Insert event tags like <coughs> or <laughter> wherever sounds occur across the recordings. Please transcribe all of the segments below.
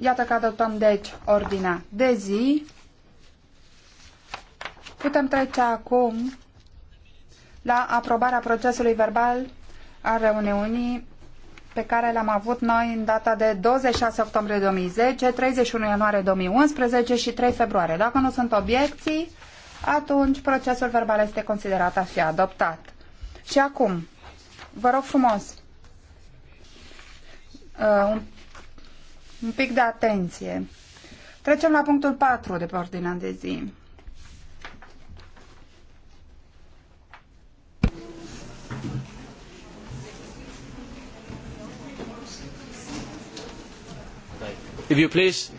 Iată că adoptăm deci ordinea de zi. Putem trece acum la aprobarea procesului verbal a reuniunii pe care l am avut noi în data de 26 octombrie 2010, 31 ianuarie 2011 și 3 februarie. Dacă nu sunt obiecții, atunci procesul verbal este considerat a fi adoptat. Și acum, vă rog frumos, uh, un pic de atenție. Trecem la punctul 4 de pe ordinea de zi. If you please,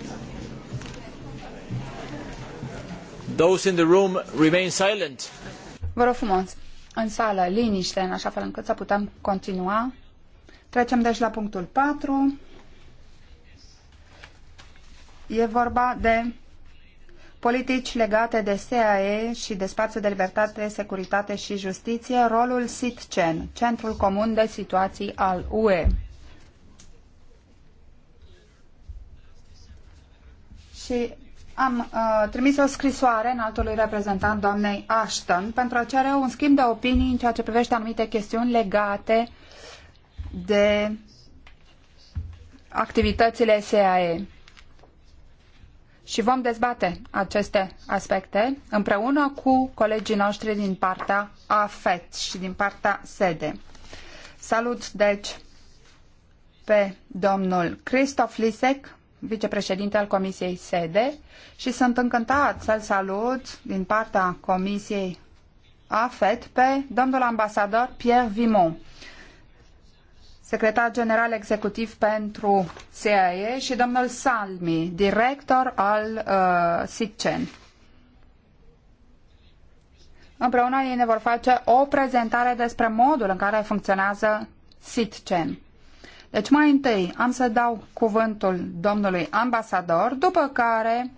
those in the room remain silent. Vă rog frumos, în sală, liniște, în așa fel încât să putem continua. Trecem deci la punctul 4. E vorba de politici legate de CAE și de spațiul de libertate, securitate și justiție, rolul SITCEN, Centrul Comun de Situații al UE. Și am uh, trimis o scrisoare în altului reprezentant doamnei Ashton pentru a cere un schimb de opinii în ceea ce privește anumite chestiuni legate de activitățile SAE și vom dezbate aceste aspecte împreună cu colegii noștri din partea AFET și din partea SEDE. Salut, deci, pe domnul Christoph Lisek, vicepreședinte al Comisiei SEDE și sunt încântat să-l salut din partea Comisiei AFET pe domnul ambasador Pierre Vimont secretar general executiv pentru CIA, și domnul Salmi, director al uh, SITCEN. Împreună ei ne vor face o prezentare despre modul în care funcționează SITCEN. Deci mai întâi am să dau cuvântul domnului ambasador, după care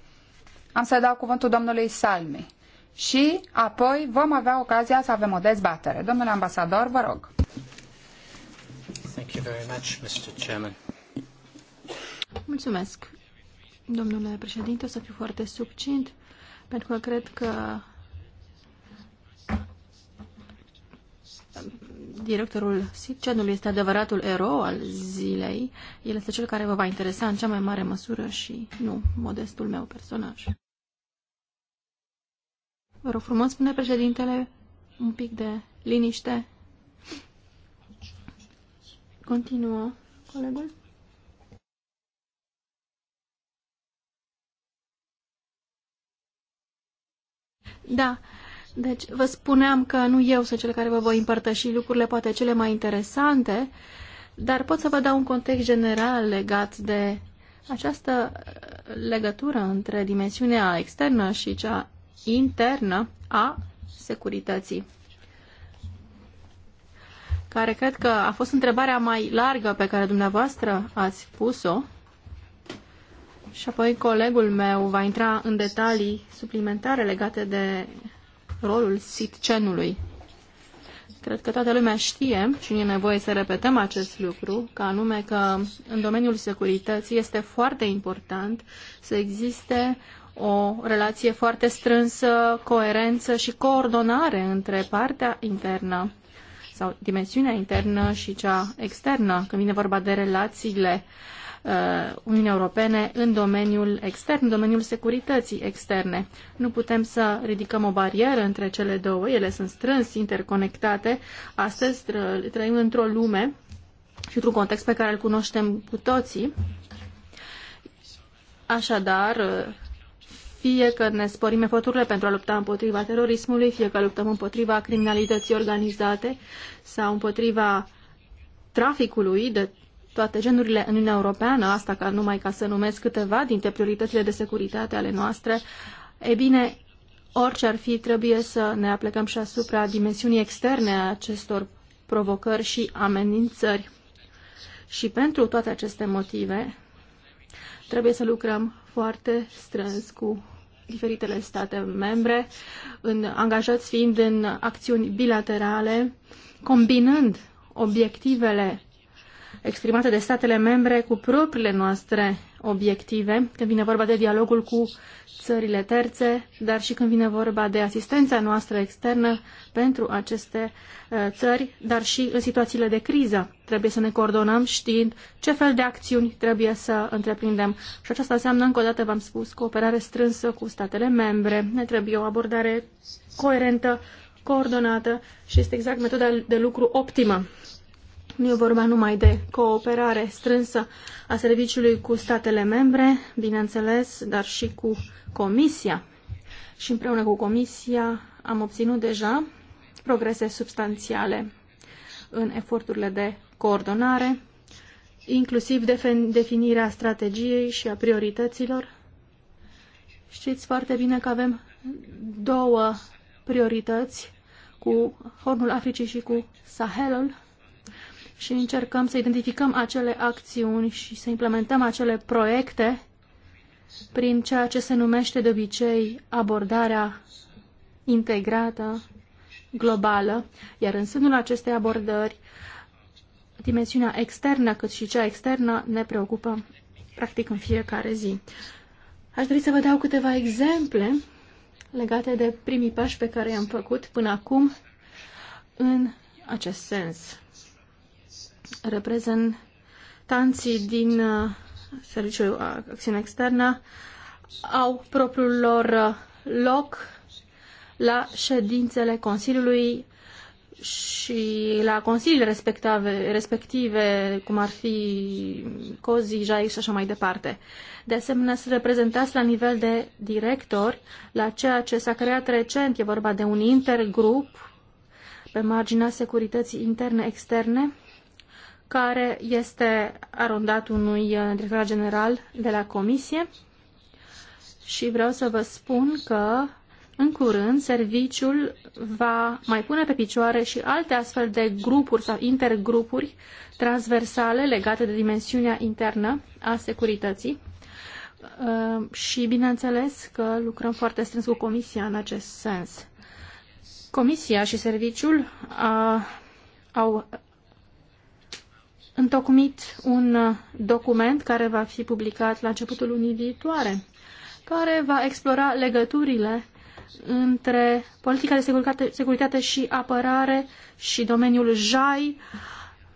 am să dau cuvântul domnului Salmi. Și apoi vom avea ocazia să avem o dezbatere. Domnule ambasador, vă rog. Thank you very much, Mr. Chairman. Mulțumesc, domnule președinte. O să fiu foarte succint, pentru că cred că directorul Sitgenului este adevăratul erou al zilei. El este cel care vă va interesa în cea mai mare măsură și nu modestul meu personaj. Vă rog frumos, spune președintele, un pic de liniște. Continuă colegul. Da, deci vă spuneam că nu eu sunt cel care vă voi împărtăși lucrurile poate cele mai interesante, dar pot să vă dau un context general legat de această legătură între dimensiunea externă și cea internă a securității care cred că a fost întrebarea mai largă pe care dumneavoastră ați pus-o și apoi colegul meu va intra în detalii suplimentare legate de rolul sitcenului. Cred că toată lumea știe și e nevoie să repetăm acest lucru, că anume că în domeniul securității este foarte important să existe o relație foarte strânsă, coerență și coordonare între partea internă sau dimensiunea internă și cea externă, când vine vorba de relațiile uh, Uniunii Europene în domeniul extern, în domeniul securității externe. Nu putem să ridicăm o barieră între cele două, ele sunt strâns interconectate. Astăzi trăim într-o lume și într-un context pe care îl cunoaștem cu toții. Așadar, uh, fie că ne sporim eforturile pentru a lupta împotriva terorismului, fie că luptăm împotriva criminalității organizate sau împotriva traficului de toate genurile în Uniunea Europeană, asta ca numai ca să numesc câteva dintre prioritățile de securitate ale noastre, e bine, orice ar fi, trebuie să ne aplecăm și asupra dimensiunii externe a acestor provocări și amenințări. Și pentru toate aceste motive, trebuie să lucrăm foarte strâns cu diferitele state membre, în, angajați fiind în acțiuni bilaterale, combinând obiectivele exprimate de statele membre cu propriile noastre obiective, când vine vorba de dialogul cu țările terțe, dar și când vine vorba de asistența noastră externă pentru aceste uh, țări, dar și în situațiile de criză. Trebuie să ne coordonăm știind ce fel de acțiuni trebuie să întreprindem. Și aceasta înseamnă, încă o dată v-am spus, cooperare strânsă cu statele membre. Ne trebuie o abordare coerentă, coordonată și este exact metoda de lucru optimă nu e vorba numai de cooperare strânsă a serviciului cu statele membre, bineînțeles, dar și cu Comisia. Și împreună cu Comisia am obținut deja progrese substanțiale în eforturile de coordonare, inclusiv definirea strategiei și a priorităților. Știți foarte bine că avem două priorități cu Hornul Africii și cu Sahelul și încercăm să identificăm acele acțiuni și să implementăm acele proiecte prin ceea ce se numește de obicei abordarea integrată, globală, iar în sânul acestei abordări, dimensiunea externă cât și cea externă ne preocupă practic în fiecare zi. Aș dori să vă dau câteva exemple legate de primii pași pe care i-am făcut până acum în acest sens reprezentanții din uh, Serviciul Acțiune Externă au propriul lor uh, loc la ședințele Consiliului și la consiliile respective, respective, cum ar fi COZI, JAI și așa mai departe. De asemenea, sunt reprezentați la nivel de directori la ceea ce s-a creat recent, e vorba de un intergrup pe marginea securității interne-externe, care este arondat unui uh, director general de la Comisie și vreau să vă spun că în curând serviciul va mai pune pe picioare și alte astfel de grupuri sau intergrupuri transversale legate de dimensiunea internă a securității uh, și bineînțeles că lucrăm foarte strâns cu Comisia în acest sens. Comisia și serviciul uh, au întocmit un uh, document care va fi publicat la începutul lunii viitoare, care va explora legăturile între politica de securitate, și apărare și domeniul JAI,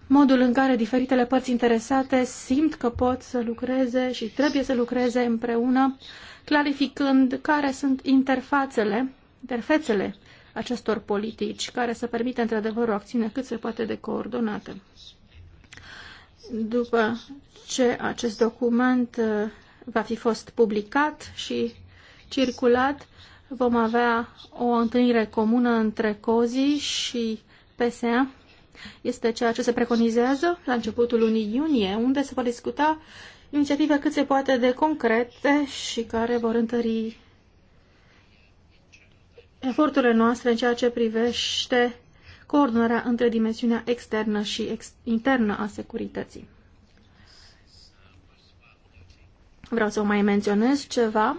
modul în care diferitele părți interesate simt că pot să lucreze și trebuie să lucreze împreună, clarificând care sunt interfațele, interfețele acestor politici, care să permită într-adevăr o acțiune cât se poate de coordonată după ce acest document uh, va fi fost publicat și circulat, vom avea o întâlnire comună între COZI și PSA. Este ceea ce se preconizează la începutul lunii iunie, unde se vor discuta inițiative cât se poate de concrete și care vor întări eforturile noastre în ceea ce privește coordonarea între dimensiunea externă și internă a securității. Vreau să o mai menționez ceva,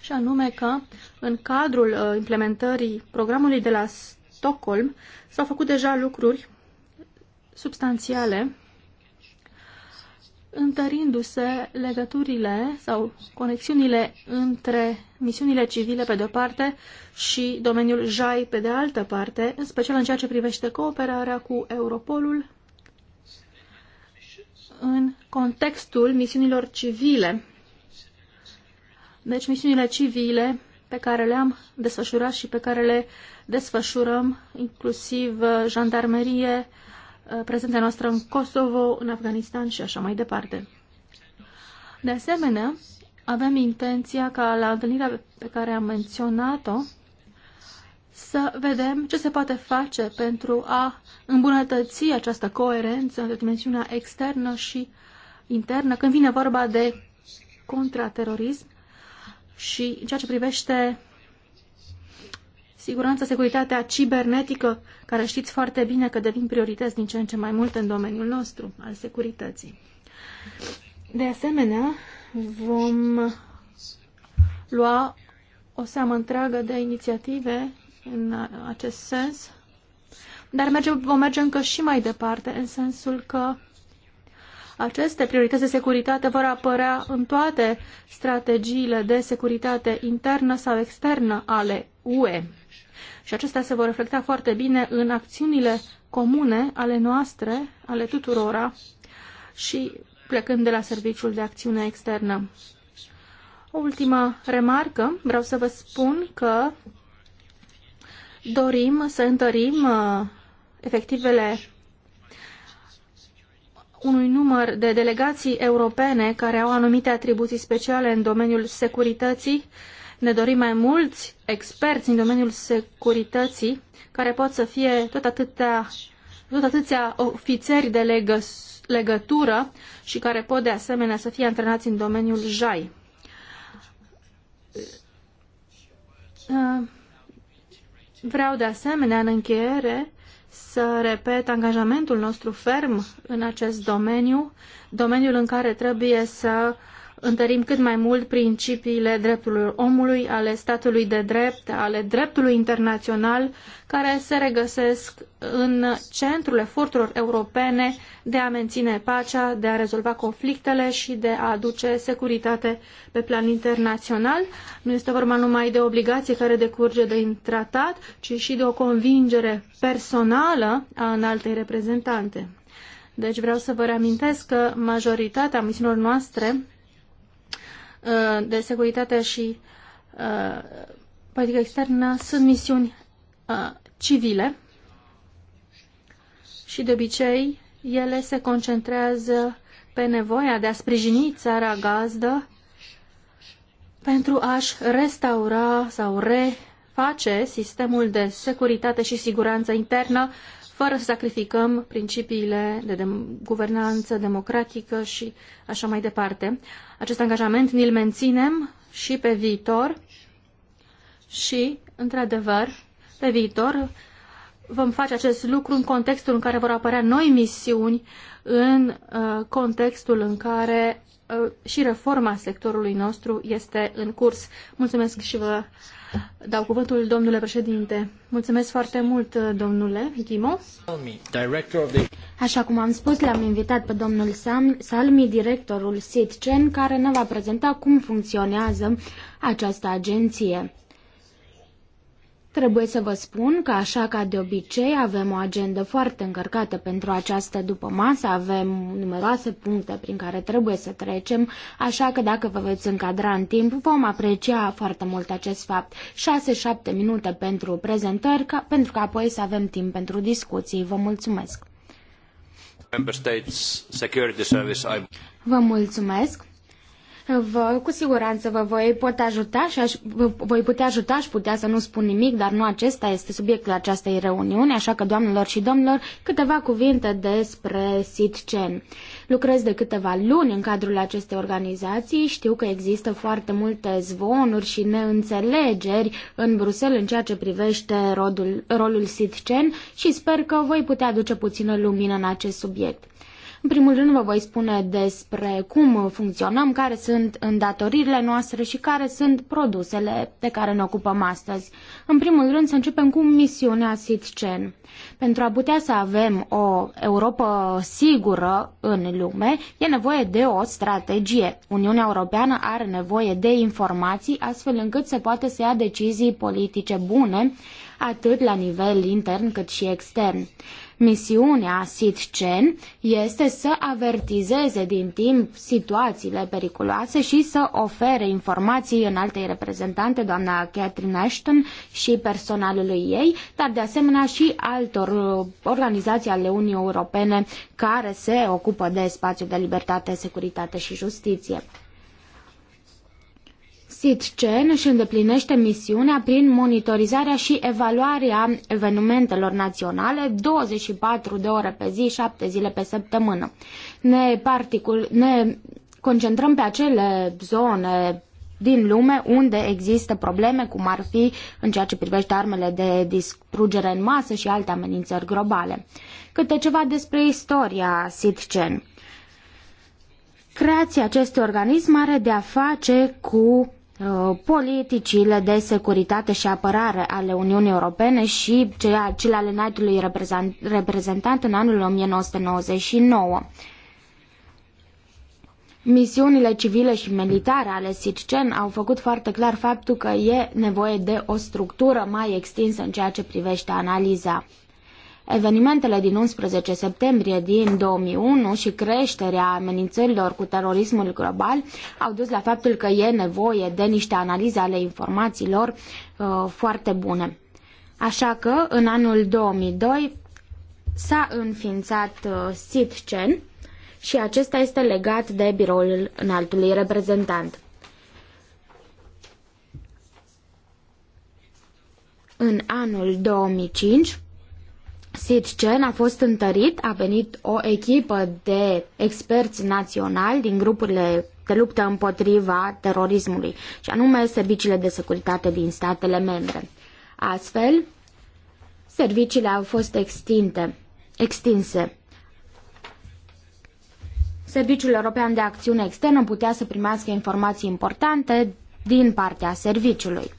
și anume că în cadrul uh, implementării programului de la Stockholm s-au făcut deja lucruri substanțiale întărindu-se legăturile sau conexiunile între misiunile civile pe de-o parte și domeniul JAI pe de altă parte, în special în ceea ce privește cooperarea cu Europolul în contextul misiunilor civile. Deci misiunile civile pe care le-am desfășurat și pe care le desfășurăm, inclusiv uh, jandarmerie, Uh, prezența noastră în Kosovo, în Afganistan și așa mai departe. De asemenea, avem intenția ca la întâlnirea pe care am menționat-o să vedem ce se poate face pentru a îmbunătăți această coerență între dimensiunea externă și internă când vine vorba de contraterorism și în ceea ce privește siguranța, securitatea cibernetică, care știți foarte bine că devin priorități din ce în ce mai mult în domeniul nostru al securității. De asemenea, vom lua o seamă întreagă de inițiative în acest sens, dar merge, vom merge încă și mai departe, în sensul că aceste priorități de securitate vor apărea în toate strategiile de securitate internă sau externă ale UE și acestea se vor reflecta foarte bine în acțiunile comune ale noastre, ale tuturora și plecând de la Serviciul de Acțiune Externă. O ultimă remarcă, vreau să vă spun că dorim să întărim uh, efectivele unui număr de delegații europene care au anumite atribuții speciale în domeniul securității ne dorim mai mulți experți în domeniul securității care pot să fie tot atâtea tot atâția ofițeri de legă, legătură și care pot de asemenea să fie antrenați în domeniul JAI. Uh, vreau de asemenea în încheiere să repet angajamentul nostru ferm în acest domeniu, domeniul în care trebuie să uh, întărim cât mai mult principiile drepturilor omului, ale statului de drept, ale dreptului internațional, care se regăsesc în centrul eforturilor europene de a menține pacea, de a rezolva conflictele și de a aduce securitate pe plan internațional. Nu este vorba numai de o obligație care decurge din tratat, ci și de o convingere personală a înaltei reprezentante. Deci vreau să vă reamintesc că majoritatea misiunilor noastre Uh, de securitate și uh, politică externă sunt misiuni uh, civile și de obicei ele se concentrează pe nevoia de a sprijini țara gazdă pentru a-și restaura sau reface sistemul de securitate și siguranță internă fără să sacrificăm principiile de dem- guvernanță democratică și așa mai departe. Acest angajament ni-l menținem și pe viitor și, într-adevăr, pe viitor vom face acest lucru în contextul în care vor apărea noi misiuni, în uh, contextul în care uh, și reforma sectorului nostru este în curs. Mulțumesc și vă Dau cuvântul, domnule președinte. Mulțumesc foarte mult, domnule Ghimo. Așa cum am spus, l-am invitat pe domnul Salmi, directorul SITCEN, care ne va prezenta cum funcționează această agenție. Trebuie să vă spun că, așa ca de obicei, avem o agendă foarte încărcată pentru această după masă, avem numeroase puncte prin care trebuie să trecem, așa că dacă vă veți încadra în timp, vom aprecia foarte mult acest fapt. 6-7 minute pentru prezentări, ca, pentru că apoi să avem timp pentru discuții. Vă mulțumesc! Vă mulțumesc! Vă, cu siguranță vă voi pot ajuta și aș, vă voi putea ajuta, și putea să nu spun nimic, dar nu acesta este subiectul acestei reuniuni, așa că, doamnelor și domnilor, câteva cuvinte despre SITCEN. Lucrez de câteva luni în cadrul acestei organizații, știu că există foarte multe zvonuri și neînțelegeri în Bruxelles în ceea ce privește rodul, rolul SITCEN și sper că voi putea aduce puțină lumină în acest subiect. În primul rând vă voi spune despre cum funcționăm, care sunt îndatoririle noastre și care sunt produsele de care ne ocupăm astăzi. În primul rând să începem cu misiunea SITCEN. Pentru a putea să avem o Europa sigură în lume, e nevoie de o strategie. Uniunea Europeană are nevoie de informații astfel încât să poată să ia decizii politice bune, atât la nivel intern cât și extern. Misiunea SITCEN este să avertizeze din timp situațiile periculoase și să ofere informații în altei reprezentante, doamna Catherine Ashton și personalului ei, dar de asemenea și altor uh, organizații ale Uniunii Europene care se ocupă de spațiul de libertate, securitate și justiție. SITCEN își îndeplinește misiunea prin monitorizarea și evaluarea evenimentelor naționale 24 de ore pe zi, 7 zile pe săptămână. Ne, particul, ne concentrăm pe acele zone din lume unde există probleme, cum ar fi în ceea ce privește armele de distrugere în masă și alte amenințări globale. Câte ceva despre istoria SITCEN. Creația acestui organism are de a face cu Uh, politicile de securitate și apărare ale Uniunii Europene și cele ale înaltului reprezentant în anul 1999. Misiunile civile și militare ale SITCEN au făcut foarte clar faptul că e nevoie de o structură mai extinsă în ceea ce privește analiza Evenimentele din 11 septembrie din 2001 și creșterea amenințărilor cu terorismul global au dus la faptul că e nevoie de niște analize ale informațiilor uh, foarte bune. Așa că, în anul 2002, s-a înființat uh, SITCEN și acesta este legat de biroul înaltului reprezentant. În anul 2005, SITGEN a fost întărit, a venit o echipă de experți naționali din grupurile de luptă împotriva terorismului, și anume serviciile de securitate din statele membre. Astfel, serviciile au fost extinte, extinse. Serviciul European de Acțiune Externă putea să primească informații importante din partea serviciului.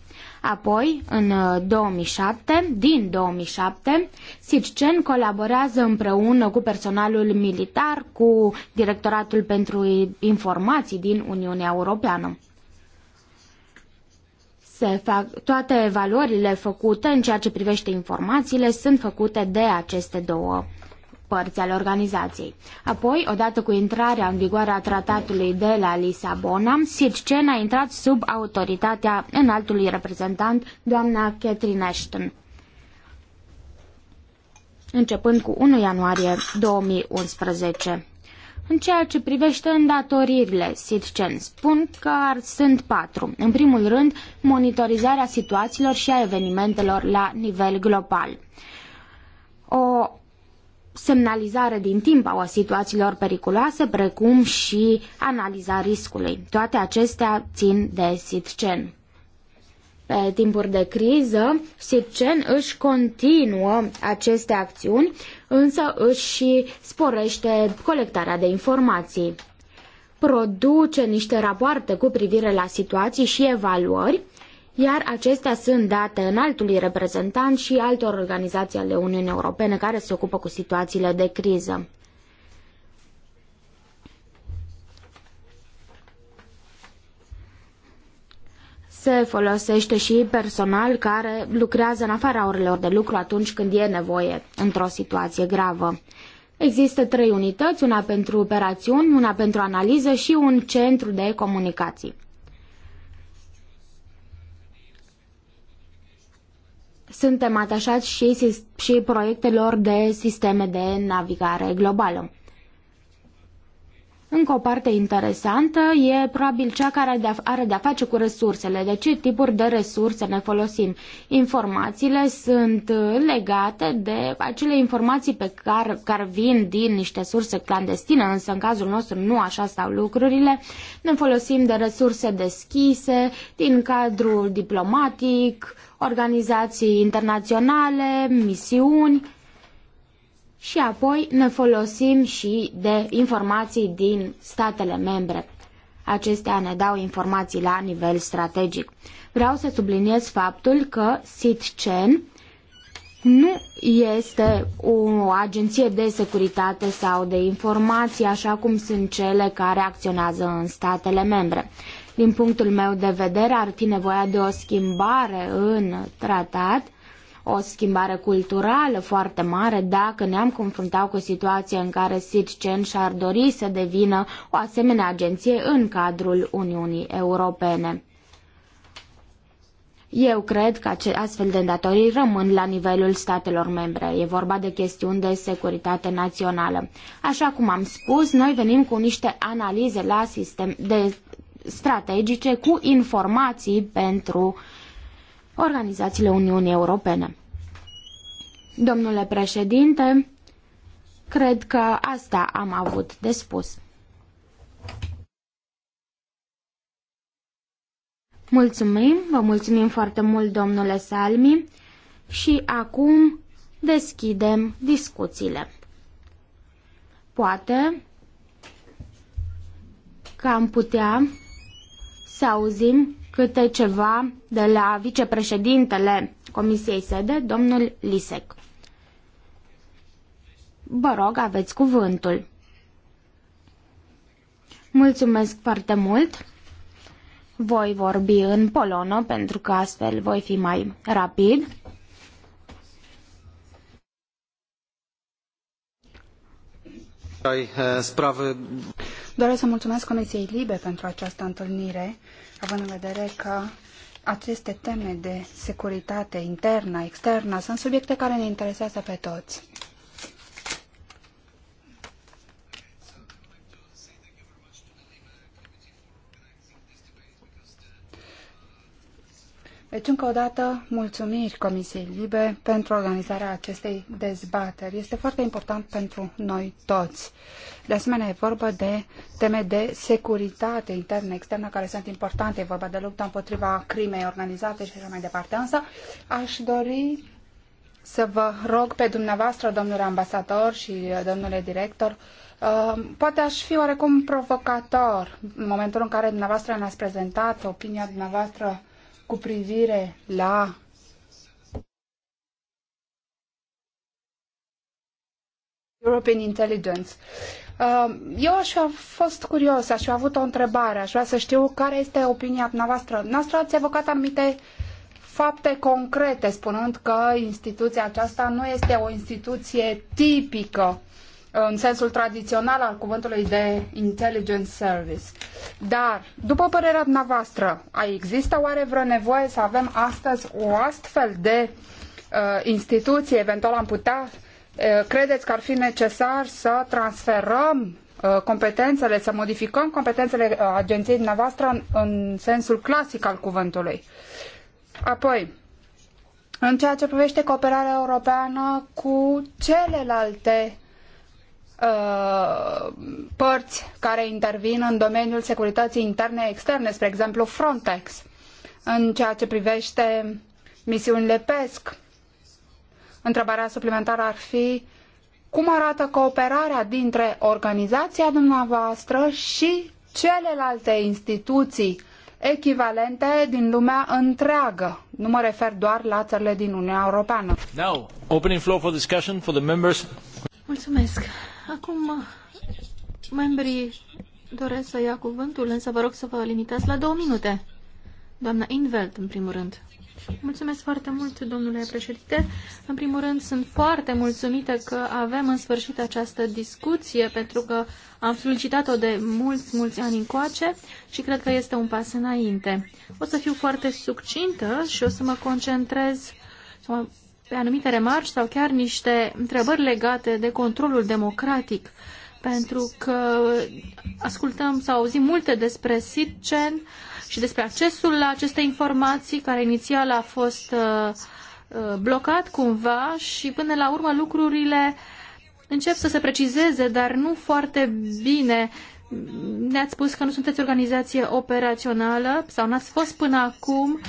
Apoi, în 2007, uh, din 2007, Sircen colaborează împreună cu personalul militar, cu Directoratul pentru Informații din Uniunea Europeană se fac, toate valorile făcute în ceea ce privește informațiile sunt făcute de aceste două părți ale organizației. Apoi, odată cu intrarea în vigoare a tratatului de la Lisabona, Sircen a intrat sub autoritatea înaltului reprezentant, doamna Catherine Ashton, începând cu 1 ianuarie 2011. În ceea ce privește îndatoririle, Sitcen spun că ar, sunt patru. În primul rând, monitorizarea situațiilor și a evenimentelor la nivel global. O semnalizare din timp a situațiilor periculoase, precum și analiza riscului. Toate acestea țin de SITCEN. Pe timpuri de criză, SITCEN își continuă aceste acțiuni, însă își și sporește colectarea de informații. Produce niște rapoarte cu privire la situații și evaluări, iar acestea sunt date înaltului reprezentant și altor organizații ale Uniunii Europene care se ocupă cu situațiile de criză. se folosește și personal care lucrează în afara orelor de lucru atunci când e nevoie, într-o situație gravă. Există trei unități, una pentru operațiuni, una pentru analiză și un centru de comunicații. Suntem atașați și, și proiectelor de sisteme de navigare globală. Încă o parte interesantă e probabil cea care are de-a face cu resursele. De ce tipuri de resurse ne folosim? Informațiile sunt uh, legate de acele informații pe care, care vin din niște surse clandestine, însă în cazul nostru nu așa stau lucrurile. Ne folosim de resurse deschise, din cadrul diplomatic, organizații internaționale, misiuni și apoi ne folosim și de informații din statele membre. Acestea ne dau informații la nivel strategic. Vreau să subliniez faptul că SITCEN nu este o agenție de securitate sau de informații, așa cum sunt cele care acționează în statele membre. Din punctul meu de vedere, ar fi nevoia de o schimbare în tratat, o schimbare culturală foarte mare dacă ne-am confruntat cu o situație în care SIDCEN și-ar dori să devină o asemenea agenție în cadrul Uniunii Europene. Eu cred că astfel de îndatorii rămân la nivelul statelor membre. E vorba de chestiuni de securitate națională. Așa cum am spus, noi venim cu niște analize la sistem, de strategice cu informații pentru organizațiile Uniunii Europene. Domnule președinte, cred că asta am avut de spus. Mulțumim, vă mulțumim foarte mult, domnule Salmi, și acum deschidem discuțiile. Poate că am putea să auzim câte ceva de la vicepreședintele Comisiei Sede, domnul Lisec. Vă rog, aveți cuvântul. Mulțumesc foarte mult. Voi vorbi în polonă pentru că astfel voi fi mai rapid. sprawy Doresc să mulțumesc Comisiei Libe pentru această întâlnire, având în vedere că aceste teme de securitate internă, externă, sunt subiecte care ne interesează pe toți. Deci, încă o dată, mulțumiri Comisiei Libe pentru organizarea acestei dezbateri. Este foarte important pentru noi toți. De asemenea, e vorba de teme de securitate internă, externă, care sunt importante. E vorba de lupta împotriva crimei organizate și așa mai departe. Însă, aș dori să vă rog pe dumneavoastră, domnule ambasador și uh, domnule director, uh, poate aș fi oarecum provocator în momentul în care dumneavoastră ne-ați prezentat opinia dumneavoastră cu privire la European Intelligence. Uh, eu aș fi fost curios, aș fi avut o întrebare, aș vrea să știu care este opinia noastră. Noastră ați evocat anumite fapte concrete, spunând că instituția aceasta nu este o instituție tipică în sensul tradițional al cuvântului de intelligence service. Dar, după părerea dumneavoastră, există oare vreo nevoie să avem astăzi o astfel de uh, instituție? Eventual am putea, uh, credeți că ar fi necesar să transferăm uh, competențele, să modificăm competențele uh, agenției dumneavoastră în, în sensul clasic al cuvântului. Apoi, în ceea ce privește cooperarea europeană cu celelalte uh, părți care intervin în domeniul securității interne externe, spre exemplu Frontex, în ceea ce privește misiunile PESC. Întrebarea suplimentară ar fi cum arată cooperarea dintre organizația dumneavoastră și celelalte instituții echivalente din lumea întreagă. Nu mă refer doar la țările din Uniunea Europeană. Now, opening floor for discussion for the members. Mulțumesc. Acum, membrii doresc să ia cuvântul, însă vă rog să vă limitați la două minute. Doamna Invelt, în primul rând. Mulțumesc foarte mult, domnule președinte. În primul rând, sunt foarte mulțumită că avem în sfârșit această discuție, pentru că am solicitat-o de mulți, mulți ani încoace și cred că este un pas înainte. O să fiu foarte succintă și o să mă concentrez, să mă pe anumite remarci sau chiar niște întrebări legate de controlul democratic, pentru că ascultăm sau auzim multe despre SITCEN și despre accesul la aceste informații, care inițial a fost uh, uh, blocat cumva și până la urmă lucrurile încep să se precizeze, dar nu foarte bine ne-ați spus că nu sunteți organizație operațională sau n-ați fost până acum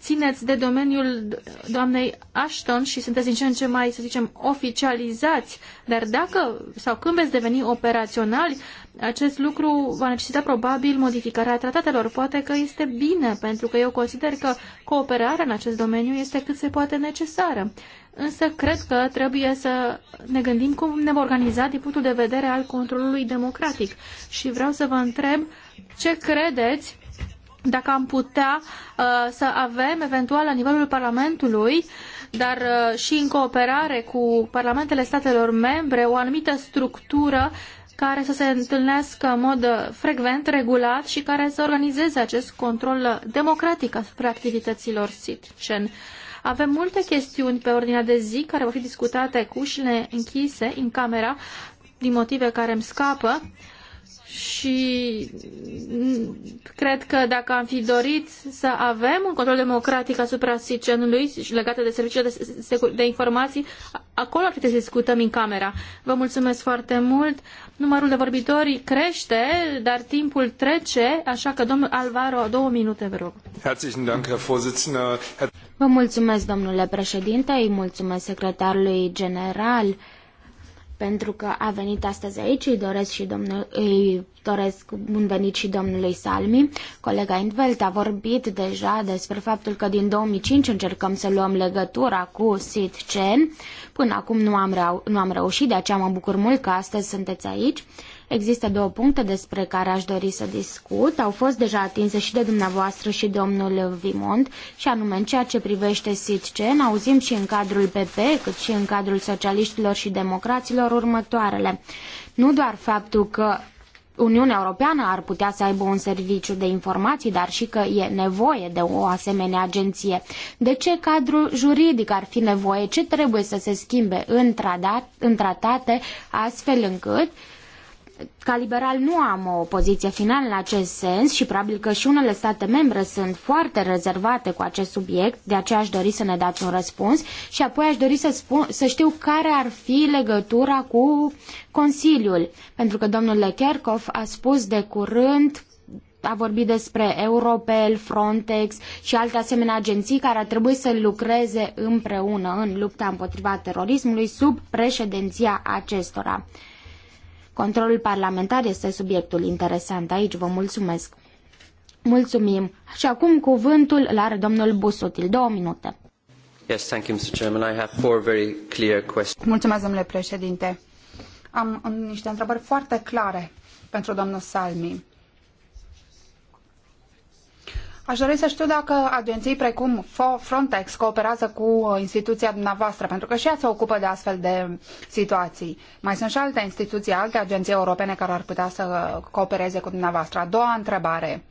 țineți de domeniul doamnei Ashton și sunteți din ce în ce mai, să zicem, oficializați, dar dacă sau când veți deveni operaționali, acest lucru va necesita probabil modificarea tratatelor. Poate că este bine, pentru că eu consider că cooperarea în acest domeniu este cât se poate necesară. Însă cred că trebuie să ne gândim cum ne vom organiza din punctul de vedere al controlului democratic. Și vreau să vă întreb ce credeți dacă am putea uh, să avem eventual la nivelul Parlamentului, dar uh, și în cooperare cu parlamentele statelor membre, o anumită structură care să se întâlnească în mod uh, frecvent, regulat și care să organizeze acest control uh, democratic asupra activităților CITCEN. Avem multe chestiuni pe ordinea de zi care vor fi discutate cu ușile închise în camera din motive care îmi scapă și cred că dacă am fi dorit să avem un control democratic asupra SICEN-ului și legate de serviciile de, de informații, acolo ar trebui să discutăm în camera. Vă mulțumesc foarte mult. Numărul de vorbitori crește, dar timpul trece, așa că domnul Alvaro, două minute, vă rog. Vă mulțumesc, domnule președinte, îi mulțumesc secretarului general pentru că a venit astăzi aici. Îi doresc, și domnul, îi doresc bun venit și domnului Salmi. Colega Indvelt a vorbit deja despre faptul că din 2005 încercăm să luăm legătura cu Chen. Până acum nu am, reu- nu am reușit, de aceea mă bucur mult că astăzi sunteți aici. Uh, Există două puncte despre care aș dori să discut. Au fost deja atinse și de dumneavoastră și domnul Vimont, și anume în ceea ce privește SITCEN, auzim și în cadrul PP, cât și în cadrul socialiștilor și democraților următoarele. Nu doar faptul că Uniunea Europeană ar putea să aibă un serviciu de informații, dar și că e nevoie de o asemenea agenție. De ce cadrul juridic ar fi nevoie? Ce trebuie să se schimbe în, tratat, în tratate astfel încât ca liberal nu am o poziție finală în acest sens și probabil că și unele state membre sunt foarte rezervate cu acest subiect, de aceea aș dori să ne dați un răspuns și apoi aș dori să, spun, să știu care ar fi legătura cu Consiliul, pentru că domnul Kerkhoff a spus de curând a vorbit despre Europel, Frontex și alte asemenea agenții care ar trebui să lucreze împreună în lupta împotriva terorismului sub președinția acestora. Controlul parlamentar este subiectul interesant aici, vă mulțumesc. Mulțumim. Și acum cuvântul îl are domnul Busutil. Două minute. Yes, thank you, Mr. Chairman. I have four very clear questions. Mulțumesc, domnule președinte. Am niște întrebări foarte clare pentru domnul Salmi. Aș dori să știu dacă agenții precum Frontex cooperează cu uh, instituția dumneavoastră, pentru că și ea se ocupă de astfel de situații. Mai sunt și alte instituții, alte agenții europene care ar putea să coopereze cu dumneavoastră. A doua întrebare.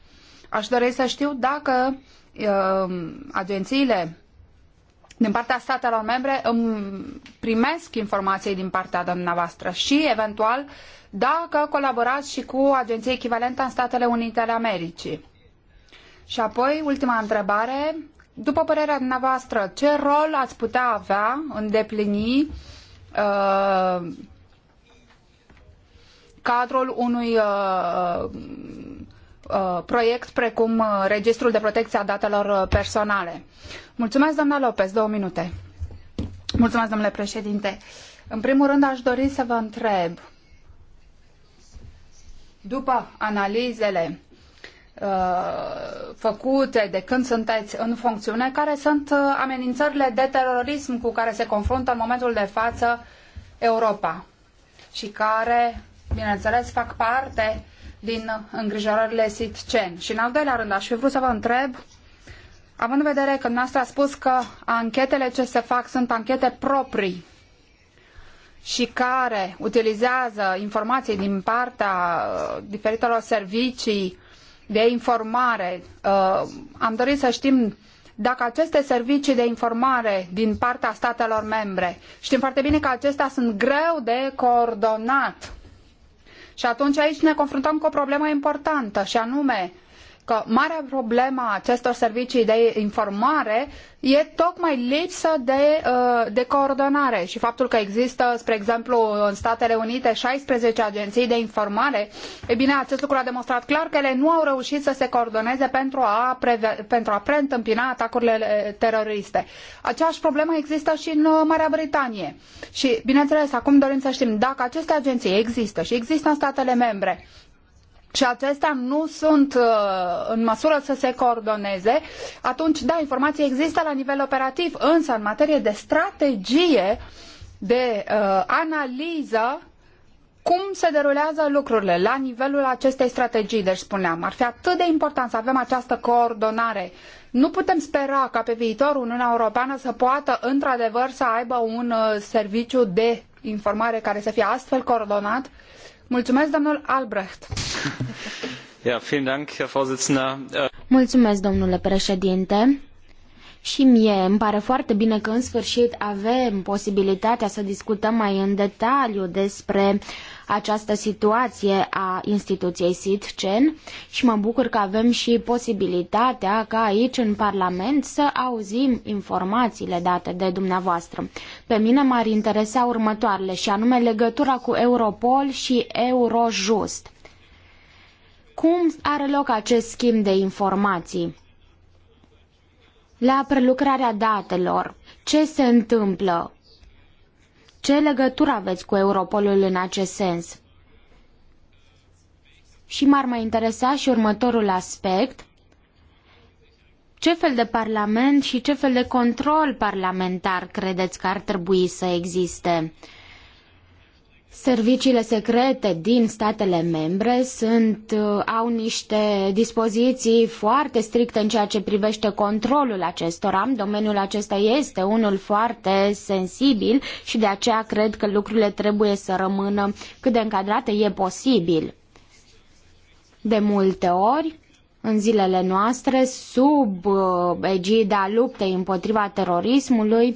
Aș dori să știu dacă uh, agențiile din partea statelor membre îmi primesc informații din partea dumneavoastră și, eventual, dacă colaborați și cu agenții echivalente în Statele Unite ale Americii. Și apoi, ultima întrebare, după părerea dumneavoastră, ce rol ați putea avea, deplini uh, cadrul unui uh, uh, uh proiect precum uh, Registrul de Protecție a Datelor Personale? Mulțumesc, doamna Lopez, două minute. Mulțumesc, domnule președinte. În primul rând, aș dori să vă întreb, după analizele Uh, făcute de când sunteți în funcțiune, care sunt uh, amenințările de terorism cu care se confruntă în momentul de față Europa și care, bineînțeles, fac parte din îngrijorările SITCEN. Și în al doilea rând, aș fi vrut să vă întreb, având în vedere că noastră a spus că anchetele ce se fac sunt anchete proprii și care utilizează informații din partea uh, diferitelor servicii de informare. Uh, am dorit să știm dacă aceste servicii de informare din partea statelor membre, știm foarte bine că acestea sunt greu de coordonat. Și atunci aici ne confruntăm cu o problemă importantă, și anume că marea problemă a acestor servicii de informare e tocmai lipsă de, uh, de coordonare și faptul că există, spre exemplu, în Statele Unite 16 agenții de informare, e bine, acest lucru a demonstrat clar că ele nu au reușit să se coordoneze pentru a, preve- pentru a preîntâmpina atacurile uh, teroriste. Aceeași problemă există și în uh, Marea Britanie. Și, bineînțeles, acum dorim să știm dacă aceste agenții există și există în statele membre, și acestea nu sunt uh, în măsură să se coordoneze, atunci, da, informația există la nivel operativ, însă în materie de strategie, de uh, analiză, cum se derulează lucrurile la nivelul acestei strategii, deci spuneam, ar fi atât de important să avem această coordonare. Nu putem spera ca pe viitor Uniunea Europeană să poată într-adevăr să aibă un uh, serviciu de informare care să fie astfel coordonat uh, Mulțumesc, domnul Albrecht. Ja, vielen Dank, Herr Vorsitzender. Mulțumesc, domnule președinte. Și mie îmi pare foarte bine că în sfârșit avem posibilitatea să discutăm mai în detaliu despre această situație a instituției SITCEN și mă bucur că avem și posibilitatea ca aici în Parlament să auzim informațiile date de dumneavoastră. Pe mine m-ar interesa următoarele și anume legătura cu Europol și Eurojust. Cum are loc acest schimb de informații? la prelucrarea datelor. Ce se întâmplă? Ce legătură aveți cu Europolul în acest sens? Și m-ar mai interesa și următorul aspect. Ce fel de parlament și ce fel de control parlamentar credeți că ar trebui să existe? Serviciile secrete din statele membre sunt, uh, au niște dispoziții foarte stricte în ceea ce privește controlul acestora. Domeniul acesta este unul foarte sensibil și de aceea cred că lucrurile trebuie să rămână cât de încadrate e posibil. De multe ori, în zilele noastre, sub uh, egida luptei împotriva terorismului,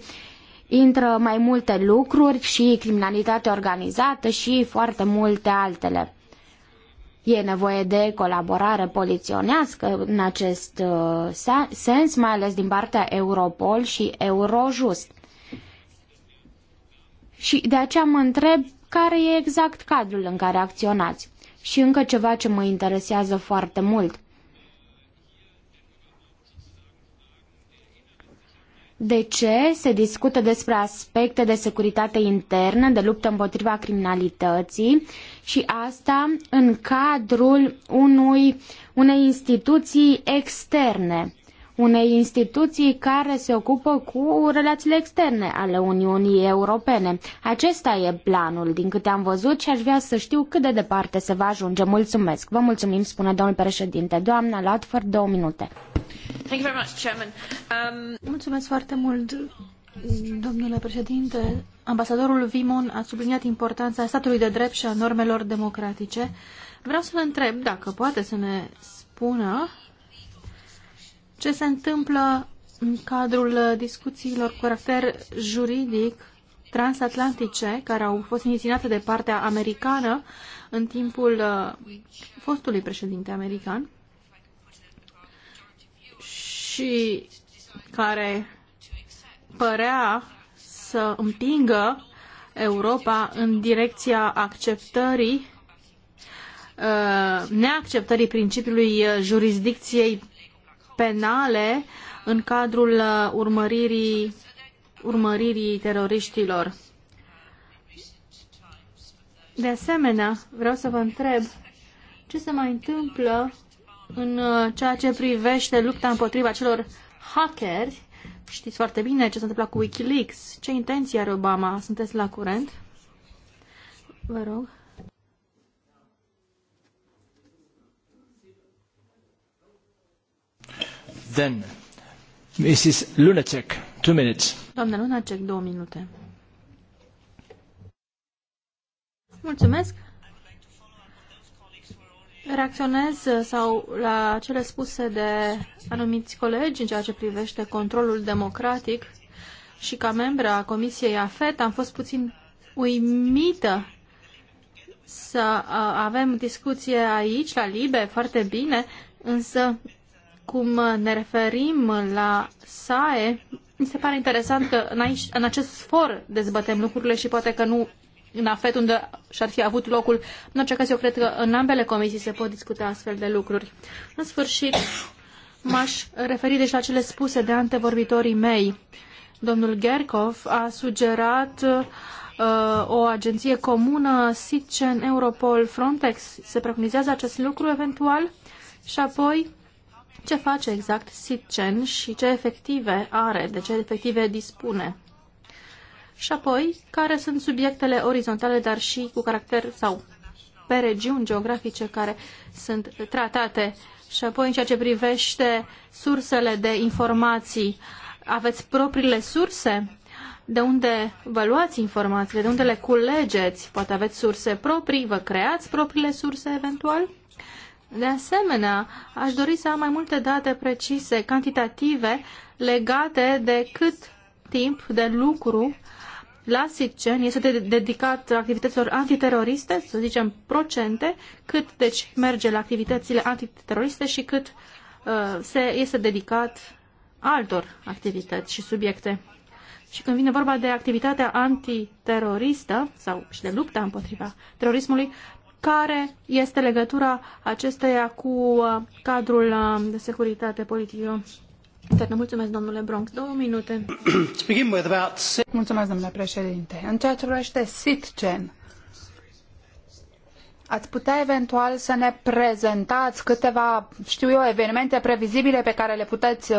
intră mai multe lucruri și criminalitatea organizată și foarte multe altele. E nevoie de colaborare poliționească în acest uh, sens, mai ales din partea Europol și Eurojust. Și de aceea mă întreb care e exact cadrul în care acționați. Și încă ceva ce mă interesează foarte mult. De ce se discută despre aspecte de securitate internă, de luptă împotriva criminalității și asta în cadrul unui, unei instituții externe, unei instituții care se ocupă cu relațiile externe ale Uniunii Europene. Acesta e planul, din câte am văzut și aș vrea să știu cât de departe se va ajunge. Mulțumesc. Vă mulțumim, spune domnul președinte. Doamna Latford, două minute. Thank you very much, Chairman. Um... Mulțumesc foarte mult, domnule președinte. Ambasadorul Vimon a subliniat importanța statului de drept și a normelor democratice. Vreau să-l întreb dacă poate să ne spună ce se întâmplă în cadrul discuțiilor cu caracter juridic transatlantice care au fost inițiate de partea americană în timpul uh, fostului președinte american și care părea să împingă Europa în direcția acceptării uh, neacceptării principiului uh, jurisdicției penale în cadrul uh, urmăririi, urmăririi teroriștilor. De asemenea, vreau să vă întreb ce se mai întâmplă în uh, ceea ce privește lupta împotriva celor hackeri, știți foarte bine ce s-a întâmplat cu Wikileaks. Ce intenții are Obama? Sunteți la curent? Vă rog. Then, Mrs. Lunacek, two minutes. Doamna Lunacek, două minute. Mulțumesc. Reacționez uh, sau la cele spuse de anumiți colegi în ceea ce privește controlul democratic și ca membra a Comisiei AFET am fost puțin uimită să uh, avem discuție aici, la Libe, foarte bine, însă cum ne referim la SAE, mi se pare interesant că în, aici, în acest for dezbatem lucrurile și poate că nu în afet unde și-ar fi avut locul. În orice caz, eu cred că în ambele comisii se pot discuta astfel de lucruri. În sfârșit, m-aș referi deci la cele spuse de antevorbitorii mei. Domnul Gerkov a sugerat uh, o agenție comună, SITCEN, Europol, Frontex. Se preconizează acest lucru eventual? Și apoi, ce face exact SITCEN și ce efective are, de ce efective dispune? și apoi care sunt subiectele orizontale, dar și cu caracter sau pe regiuni geografice care sunt tratate. Și apoi, în ceea ce privește sursele de informații, aveți propriile surse? De unde vă luați informațiile? De unde le culegeți? Poate aveți surse proprii? Vă creați propriile surse eventual? De asemenea, aș dori să am mai multe date precise, cantitative, legate de cât timp de lucru uh, la SICCEN este dedicat activităților antiteroriste, să zicem procente, cât deci merge la activitățile antiteroriste și cât uh, se, este dedicat altor activități și subiecte. Și când vine vorba de activitatea antiteroristă sau și de lupta împotriva terorismului, care este legătura acesteia cu uh, cadrul uh, de securitate politică? Două minute. În ceea ce privește SITGEN, ați putea eventual să ne prezentați câteva, știu eu, evenimente previzibile pe care le puteți uh,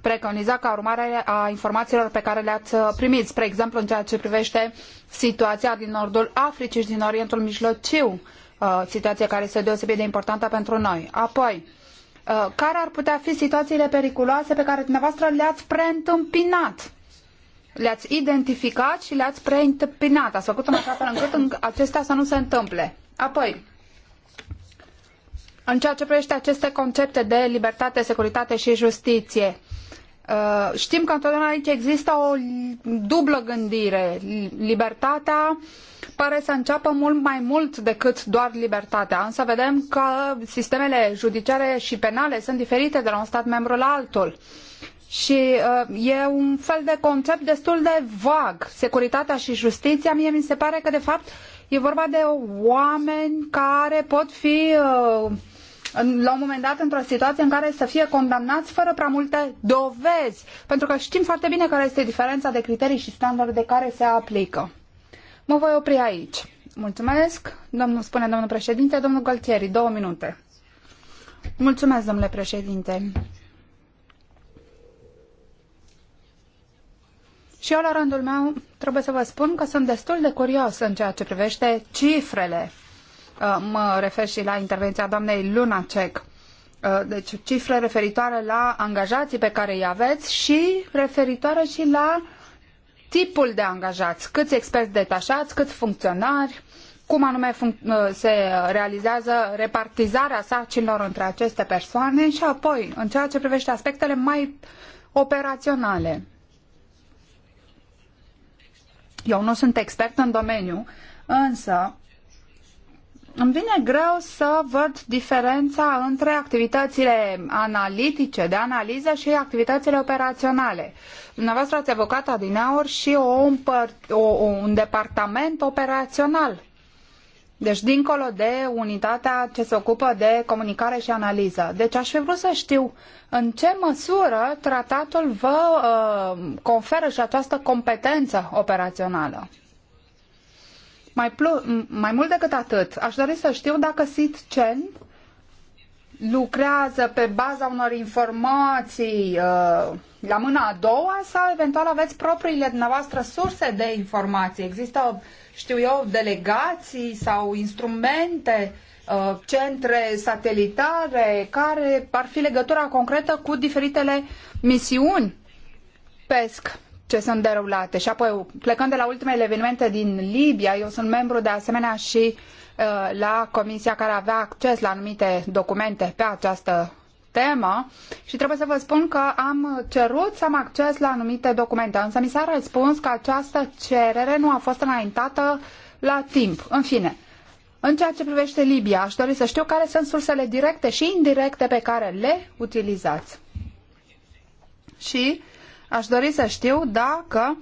preconiza ca urmare a informațiilor pe care le-ați uh, primit, spre exemplu în ceea ce privește situația din nordul Africii și din Orientul Mijlociu, uh, situație care este deosebit de importantă pentru noi. Apoi, Uh, care ar putea fi situațiile periculoase pe care dumneavoastră le-ați preîntâmpinat. Le-ați identificat și le-ați preîntâmpinat. Ați făcut în așa fel încât acestea să nu se întâmple. Apoi, în ceea ce privește aceste concepte de libertate, securitate și justiție, uh, știm că întotdeauna aici există o dublă gândire. Libertatea pare să înceapă mult mai mult decât doar libertatea, însă vedem că sistemele judiciare și penale sunt diferite de la un stat membru la altul. Și uh, e un fel de concept destul de vag. Securitatea și justiția, mie mi se pare că, de fapt, e vorba de oameni care pot fi uh, la un moment dat într-o situație în care să fie condamnați fără prea multe dovezi, pentru că știm foarte bine care este diferența de criterii și standarde care se aplică. Mă voi opri aici. Mulțumesc, domnul, spune domnul președinte, domnul Galtieri, două minute. Mulțumesc, domnule președinte. Și eu, la rândul meu, trebuie să vă spun că sunt destul de curios în ceea ce privește cifrele. Uh, mă refer și la intervenția doamnei Lunacek. Uh, deci cifre referitoare la angajații pe care îi aveți și referitoare și la tipul de angajați, câți experți detașați, câți funcționari, cum anume func- uh, se realizează repartizarea sarcinilor între aceste persoane și apoi, în ceea ce privește aspectele mai operaționale. Eu nu sunt expert în domeniu, însă îmi vine greu să văd diferența între activitățile analitice, de analiză și activitățile operaționale. Dumneavoastră ați evocat adineaur și o, o, un departament operațional. Deci, dincolo de unitatea ce se ocupă de comunicare și analiză. Deci, aș fi vrut să știu în ce măsură tratatul vă uh, conferă și această competență operațională. Mai, mai mult decât atât, aș dori să știu dacă Chen lucrează pe baza unor informații uh, la mâna a doua sau eventual aveți propriile dumneavoastră surse de informații? Există, știu eu, delegații sau instrumente, uh, centre satelitare care ar fi legătura concretă cu diferitele misiuni PESC? ce sunt derulate. Și apoi, plecând de la ultimele evenimente din Libia, eu sunt membru de asemenea și uh, la comisia care avea acces la anumite documente pe această temă și trebuie să vă spun că am cerut să am acces la anumite documente, însă mi s-a răspuns că această cerere nu a fost înaintată la timp. În fine, în ceea ce privește Libia, aș dori să știu care sunt sursele directe și indirecte pe care le utilizați. Și Aș dori să știu dacă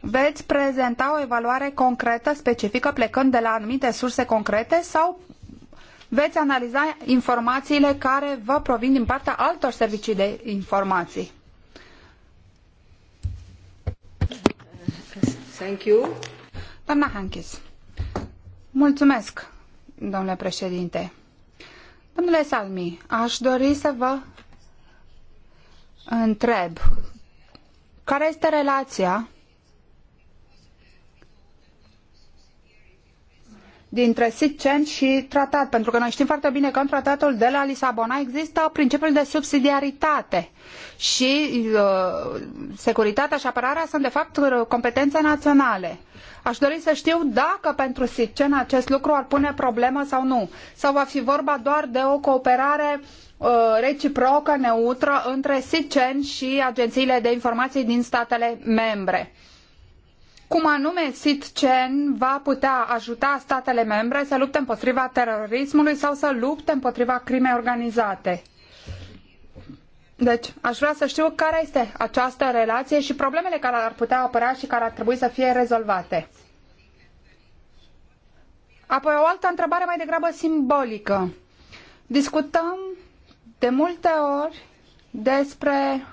veți prezenta o evaluare concretă, specifică, plecând de la anumite surse concrete sau veți analiza informațiile care vă provin din partea altor servicii de informații. Thank you. Doamna Hankis. Mulțumesc, domnule președinte. Domnule Salmi, aș dori să vă întreb care este relația dintre SITCEN și tratat? Pentru că noi știm foarte bine că în tratatul de la Lisabona există principiul de subsidiaritate și uh, securitatea și apărarea sunt de fapt competențe naționale. Aș dori să știu dacă pentru SICEN acest lucru ar pune problemă sau nu. Sau va fi vorba doar de o cooperare uh, reciprocă, neutră, între SICEN și agențiile de informații din statele membre. Cum anume SITCEN va putea ajuta statele membre să lupte împotriva terorismului sau să lupte împotriva crimei organizate? Deci, aș vrea să știu care este această relație și problemele care ar putea apărea și care ar trebui să fie rezolvate. Apoi o altă întrebare mai degrabă simbolică. Discutăm de multe ori despre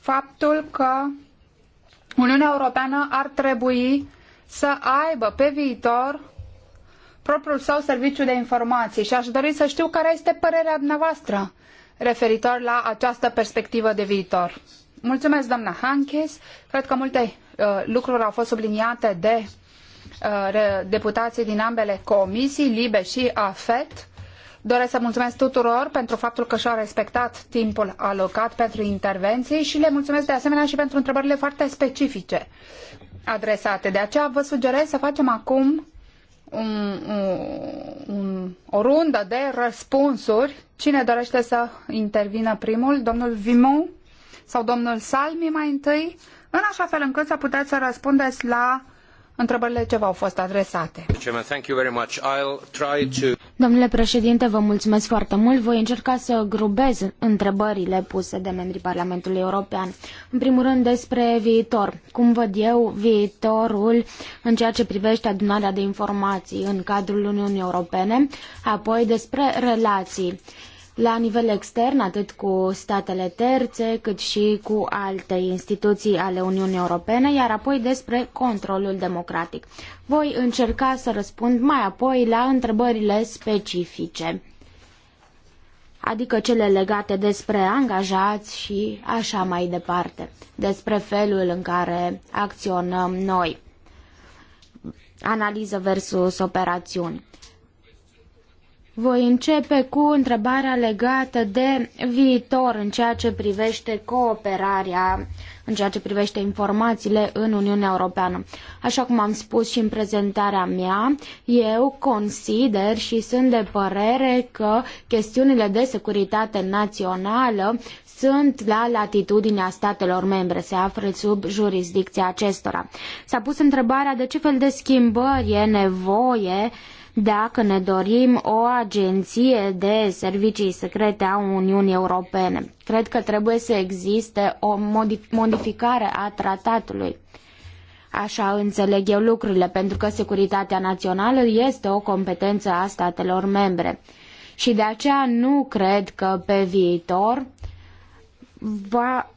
faptul că Uniunea Europeană ar trebui să aibă pe viitor propriul său serviciu de informații și aș dori să știu care este părerea dumneavoastră referitor la această perspectivă de viitor. Mulțumesc, doamna Hankes. Cred că multe uh, lucruri au fost subliniate de uh, deputații din ambele comisii, LIBE și AFET. Doresc să mulțumesc tuturor pentru faptul că și-au respectat timpul alocat pentru intervenții și le mulțumesc de asemenea și pentru întrebările foarte specifice adresate. De aceea vă sugerez să facem acum un, un, o rundă de răspunsuri. Cine dorește să intervină primul? Domnul Vimu sau domnul Salmi mai întâi? În așa fel încât să puteți să răspundeți la întrebările ce v-au fost adresate. Domnule președinte, vă mulțumesc foarte mult. Voi încerca să grubez întrebările puse de membrii Parlamentului European. În primul rând despre viitor. Cum văd eu viitorul în ceea ce privește adunarea de informații în cadrul Uniunii Europene, apoi despre relații la nivel extern, atât cu statele terțe, cât și cu alte instituții ale Uniunii Europene, iar apoi despre controlul democratic. Voi încerca să răspund mai apoi la întrebările specifice, adică cele legate despre angajați și așa mai departe, despre felul în care acționăm noi analiză versus operațiuni. Voi începe cu întrebarea legată de viitor în ceea ce privește cooperarea, în ceea ce privește informațiile în Uniunea Europeană. Așa cum am spus și în prezentarea mea, eu consider și sunt de părere că chestiunile de securitate națională sunt la latitudinea statelor membre, se află sub jurisdicția acestora. S-a pus întrebarea de ce fel de schimbări e nevoie uh, dacă ne dorim o agenție de servicii secrete a Uniunii Europene. Cred că trebuie să existe o modificare a tratatului. Așa înțeleg eu lucrurile, pentru că securitatea națională este o competență a statelor membre. Și de aceea nu cred că pe viitor va,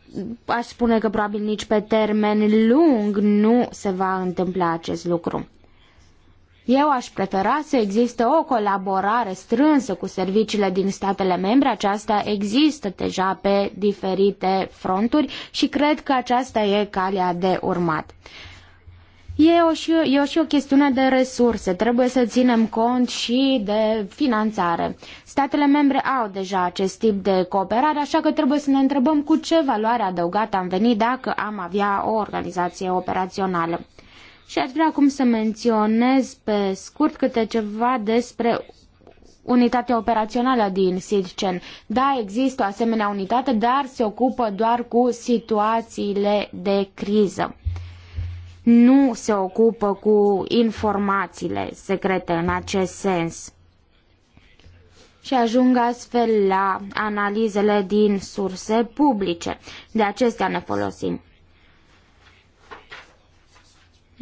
aș spune că probabil nici pe termen lung nu se va întâmpla acest lucru. Eu aș prefera să existe o colaborare strânsă cu serviciile din statele membre. Aceasta există deja pe diferite fronturi și cred că aceasta e calea de urmat. E o și, e o, și o chestiune de resurse. Trebuie să ținem cont și de finanțare. Statele membre au deja acest tip de cooperare, așa că trebuie să ne întrebăm cu ce valoare adăugată am venit dacă am avea o organizație operațională. Și aș vrea acum să menționez pe scurt câte ceva despre unitatea operațională din SIDCEN. Da, există o asemenea unitate, dar se ocupă doar cu situațiile de criză. Nu se ocupă cu informațiile secrete în acest sens. Și ajung astfel la analizele din surse publice. De acestea ne folosim.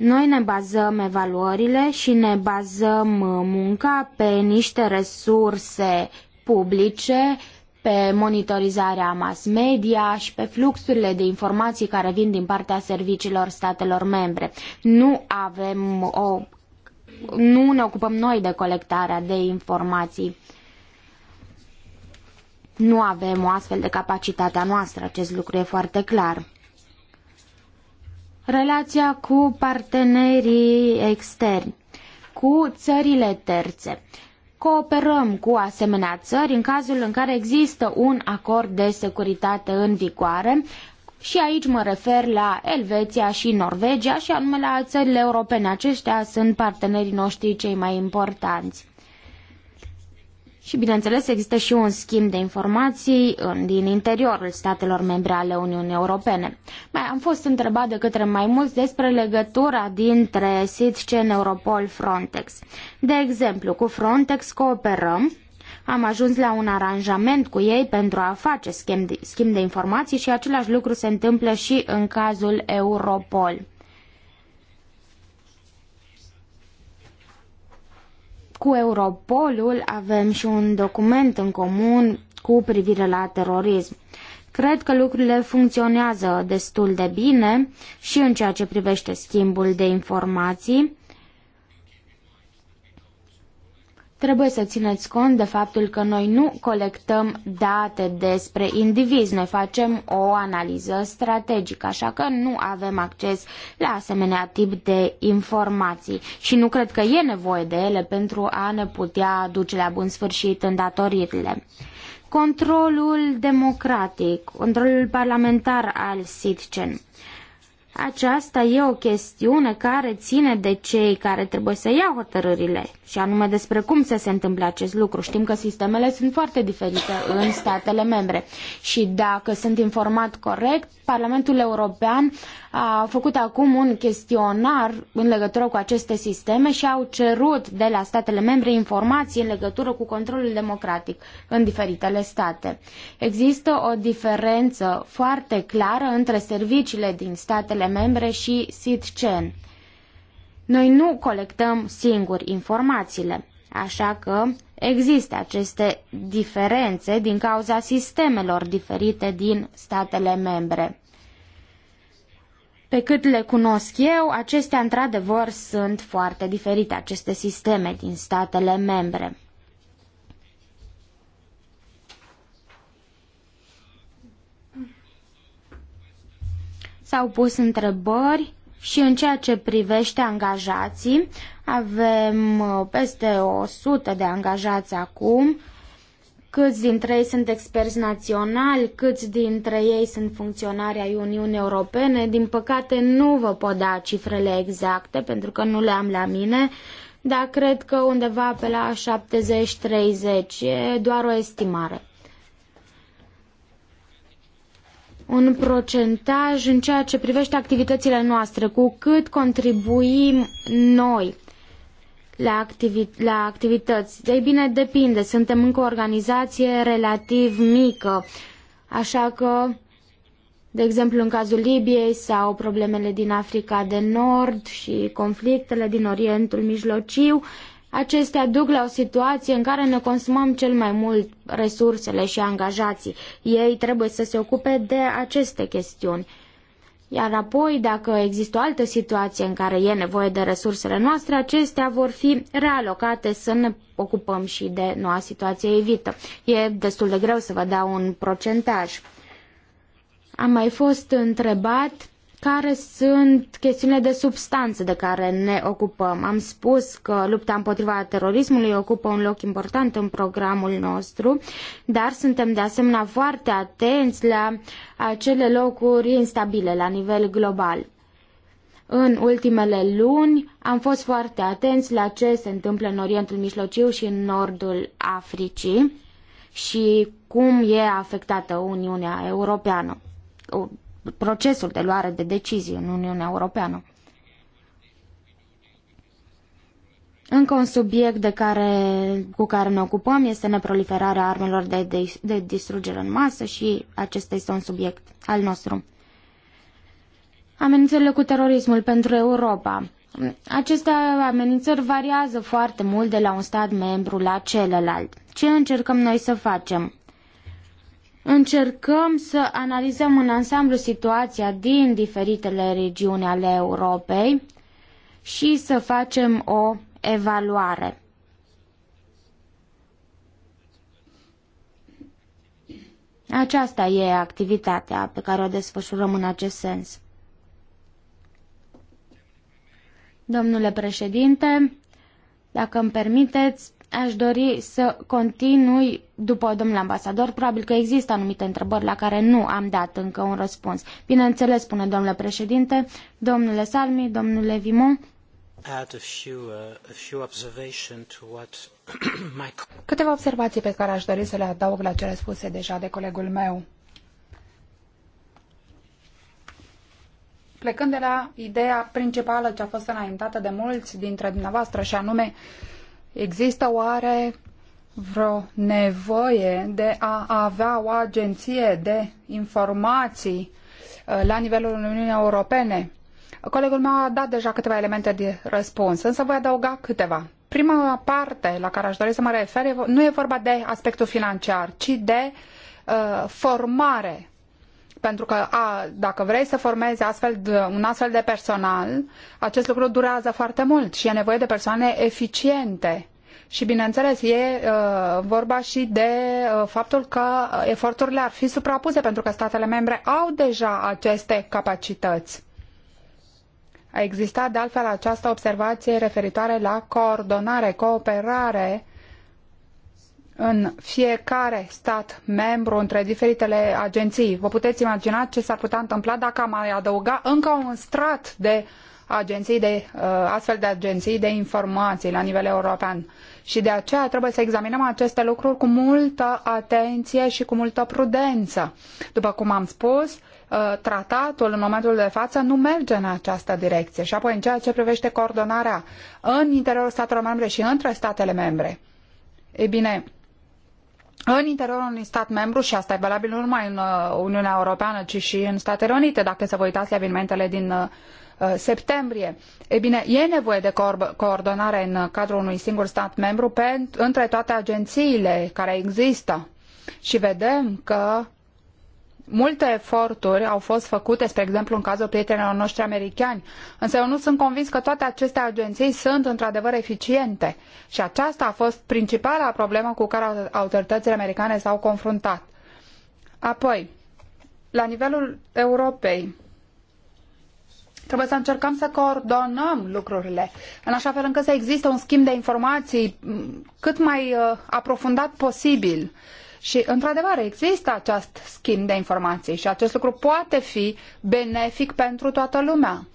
Noi ne bazăm evaluările și ne bazăm uh, munca pe niște resurse publice, pe monitorizarea mass media și pe fluxurile de informații care vin din partea serviciilor statelor membre. Nu avem o nu ne ocupăm noi de colectarea de informații. Nu avem o astfel de capacitate a noastră, acest lucru e foarte clar. Relația cu partenerii externi, cu țările terțe. Cooperăm cu asemenea țări în cazul în care există un acord de securitate în vigoare și aici mă refer la Elveția și Norvegia și anume la țările europene. Aceștia sunt partenerii noștri cei mai importanți. Și, bineînțeles, există și un schimb de informații din interiorul statelor membre ale Uniunii Europene. Mai am fost întrebat de către mai mulți despre legătura dintre SITCEN, Europol, Frontex. De exemplu, cu Frontex cooperăm am ajuns la un aranjament cu ei pentru a face schimb de, schimb de informații și același lucru se întâmplă și în cazul Europol. Cu Europolul avem și un document în comun cu privire la terorism. Cred că lucrurile funcționează destul de bine și în ceea ce privește schimbul de informații Trebuie să țineți cont de faptul că noi nu colectăm date despre indivizi, noi facem o analiză strategică, așa că nu avem acces la asemenea tip de informații și nu cred că e nevoie de ele pentru a ne putea duce la bun sfârșit îndatoririle controlul democratic, controlul parlamentar al SITCEN. Aceasta e o chestiune care ține de cei care trebuie să iau hotărârile și anume despre cum să se întâmple acest lucru. Știm că sistemele sunt foarte diferite în statele membre și dacă sunt informat corect, Parlamentul European a făcut acum un chestionar în legătură cu aceste sisteme și au cerut de la statele membre informații în legătură cu controlul democratic în diferitele state. Există o diferență foarte clară între serviciile din statele membre și SITCEN. Noi nu colectăm singuri informațiile, așa că Există aceste diferențe din cauza sistemelor diferite din statele membre. Pe cât le cunosc eu, acestea într-adevăr sunt foarte diferite, aceste sisteme din statele membre. S-au pus întrebări și în ceea ce privește angajații, avem uh, peste 100 de angajați acum, câți dintre ei sunt experți naționali, câți dintre ei sunt funcționari ai Uniunii Europene. Din păcate nu vă pot da cifrele exacte pentru că nu le am la mine, dar cred că undeva pe la 70-30 e doar o estimare. un procentaj în ceea ce privește activitățile noastre, cu cât contribuim noi la, activi- la activități. Ei bine, depinde. Suntem încă o organizație relativ mică, așa că, de exemplu, în cazul Libiei sau problemele din Africa de Nord și conflictele din Orientul Mijlociu, Acestea duc la o situație în care ne consumăm cel mai mult resursele și angajații. Ei trebuie să se ocupe de aceste chestiuni. Iar apoi, dacă există o altă situație în care e nevoie de resursele noastre, acestea vor fi realocate să ne ocupăm și de noua situație evită. E destul de greu să vă dau un procentaj. Am mai fost întrebat care sunt chestiunile de substanță de care ne ocupăm. Am spus că lupta împotriva terorismului ocupă un loc important în programul nostru, dar suntem de asemenea foarte atenți la acele locuri instabile la nivel global. În ultimele luni am fost foarte atenți la ce se întâmplă în Orientul Mijlociu și în Nordul Africii și cum e afectată Uniunea Europeană procesul de luare de decizii în Uniunea Europeană. Încă un subiect de care, cu care ne ocupăm este neproliferarea armelor de, de, de distrugere în masă și acesta este un subiect al nostru. Amenințările cu terorismul pentru Europa. Aceste amenințări variază foarte mult de la un stat membru la celălalt. Ce încercăm noi să facem? încercăm să analizăm în ansamblu situația din diferitele regiuni ale Europei și să facem o evaluare. Aceasta e activitatea pe care o desfășurăm în acest sens. Domnule președinte, dacă îmi permiteți, Aș dori să continui după domnul ambasador. Probabil că există anumite întrebări la care nu am dat încă un răspuns. Bineînțeles, spune domnule președinte, domnule Salmi, domnule Vimon. Uh, <coughs> Câteva observații pe care aș dori să le adaug la cele spuse deja de colegul meu. Plecând de la ideea principală ce a fost înaintată de mulți dintre dumneavoastră și anume Există oare vreo nevoie de a avea o agenție de informații uh, la nivelul Uniunii Europene? Colegul meu a dat deja câteva elemente de răspuns, însă voi adăuga câteva. Prima parte la care aș dori să mă refer nu e vorba de aspectul financiar, ci de uh, formare pentru că a, dacă vrei să formezi astfel de, un astfel de personal, acest lucru durează foarte mult și e nevoie de persoane eficiente. Și bineînțeles, e uh, vorba și de uh, faptul că eforturile ar fi suprapuse pentru că statele membre au deja aceste capacități. A existat de altfel această observație referitoare la coordonare, cooperare în fiecare stat membru între diferitele agenții. Vă puteți imagina ce s-ar putea întâmpla dacă am mai adăuga încă un strat de agenții de, uh, astfel de agenții de informații la nivel european. Și de aceea trebuie să examinăm aceste lucruri cu multă atenție și cu multă prudență. După cum am spus, uh, tratatul în momentul de față nu merge în această direcție. Și apoi în ceea ce privește coordonarea în interiorul statelor membre și între statele membre. Ei bine, în interiorul unui stat membru, și asta e valabil nu numai în uh, Uniunea Europeană, ci și în Statele Unite, dacă să vă uitați la evenimentele din uh, uh, septembrie. E bine, e nevoie de coordonare în cadrul unui singur stat membru între toate agențiile care există. Și vedem că Multe eforturi au fost făcute, spre exemplu în cazul prietenilor noștri americani, însă eu nu sunt convins că toate aceste agenții sunt într-adevăr eficiente și aceasta a fost principala problemă cu care autoritățile americane s-au confruntat. Apoi, la nivelul Europei, trebuie să încercăm să coordonăm lucrurile, în așa fel încât să existe un schimb de informații cât mai uh, aprofundat posibil. Uh, și, într-adevăr, există acest schimb de informații și acest lucru poate fi benefic pentru toată lumea.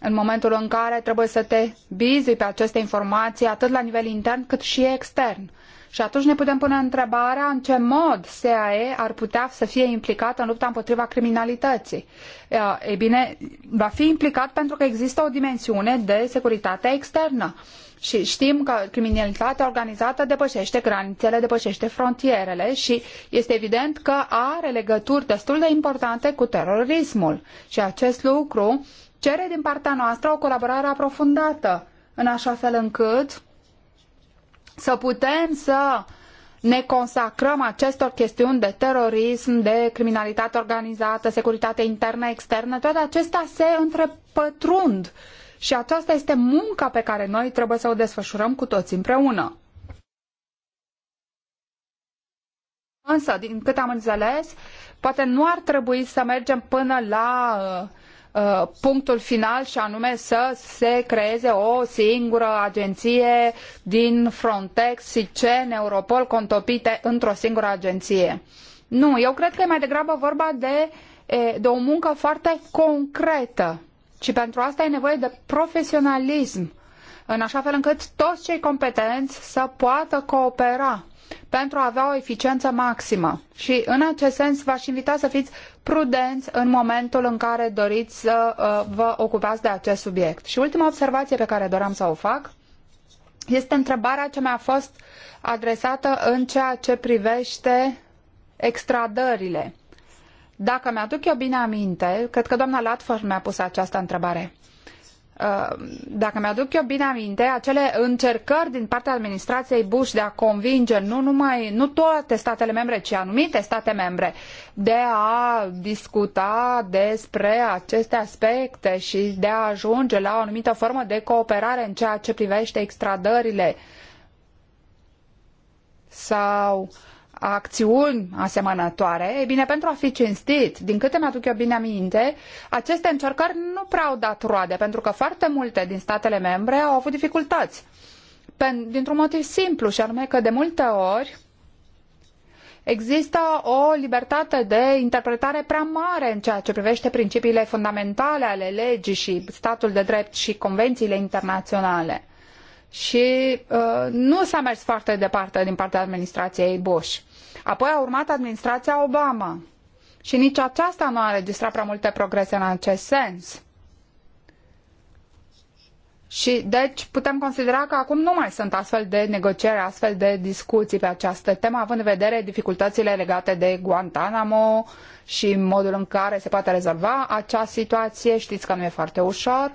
În momentul în care trebuie să te bizui pe aceste informații, atât la nivel intern cât și extern. Și atunci ne putem pune întrebarea în ce mod SAE ar putea să fie implicat în lupta împotriva criminalității. Uh, ei bine, va fi implicat pentru că există o dimensiune de securitate externă. Și știm că criminalitatea organizată depășește granițele, depășește frontierele și este evident că are legături destul de importante cu terorismul. Și acest lucru cere din partea noastră o colaborare aprofundată, în așa fel încât să putem să ne consacrăm acestor chestiuni de terorism, de criminalitate organizată, securitate internă, externă, toate acestea se întrepătrund. Și aceasta este munca pe care noi trebuie să o desfășurăm cu toți împreună. Însă, din cât am înțeles, poate nu ar trebui să mergem până la uh, Uh, punctul final și anume să se creeze o singură agenție din Frontex, SICEN, Europol, contopite într-o singură agenție. Nu, eu cred că e mai degrabă vorba de, de o muncă foarte concretă și pentru asta e nevoie de profesionalism, în așa fel încât toți cei competenți să poată coopera pentru a avea o eficiență maximă. Și în acest sens v-aș invita să fiți prudenți în momentul în care doriți să uh, vă ocupați de acest subiect. Și ultima observație pe care doream să o fac este întrebarea ce mi-a fost adresată în ceea ce privește extradările. Dacă mi-aduc eu bine aminte, cred că doamna Latford mi-a pus această întrebare. Uh, dacă mi-aduc eu bine aminte, acele încercări din partea administrației Bush de a convinge nu numai, nu toate statele membre, ci anumite state membre, de a discuta despre aceste aspecte și de a ajunge la o anumită formă de cooperare în ceea ce privește extradările sau uh, acțiuni asemănătoare, e bine, pentru a fi cinstit, din câte mi-aduc eu bine aminte, aceste încercări nu prea au dat roade, pentru că foarte multe din statele membre au avut dificultăți. Dintr-un motiv simplu, și anume că de multe ori există o libertate de interpretare prea mare în ceea ce privește principiile fundamentale ale legii și statul de drept și convențiile internaționale și uh, nu s-a mers foarte departe din partea administrației Bush. Apoi a urmat administrația Obama și nici aceasta nu a înregistrat prea multe progrese în acest sens. Și deci putem considera că acum nu mai sunt astfel de negocieri, astfel de discuții pe această temă, având în vedere dificultățile legate de Guantanamo și modul în care se poate rezolva acea situație. Știți că nu e foarte ușor.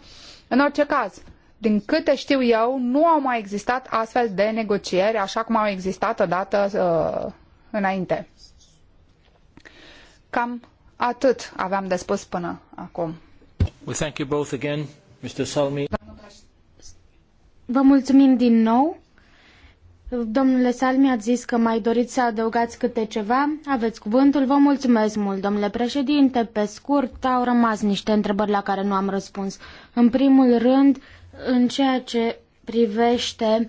În orice caz, din câte știu eu, nu au mai existat astfel de negocieri așa cum au existat odată uh, înainte. Cam atât aveam de spus până acum. thank you both again, Mr. Salmi. Vă mulțumim din nou. Domnule Salmi, ați zis că mai doriți să adăugați câte ceva? Aveți cuvântul. Vă mulțumesc mult, domnule președinte. Pe scurt, au rămas niște întrebări la care nu am răspuns. În primul rând, în ceea ce privește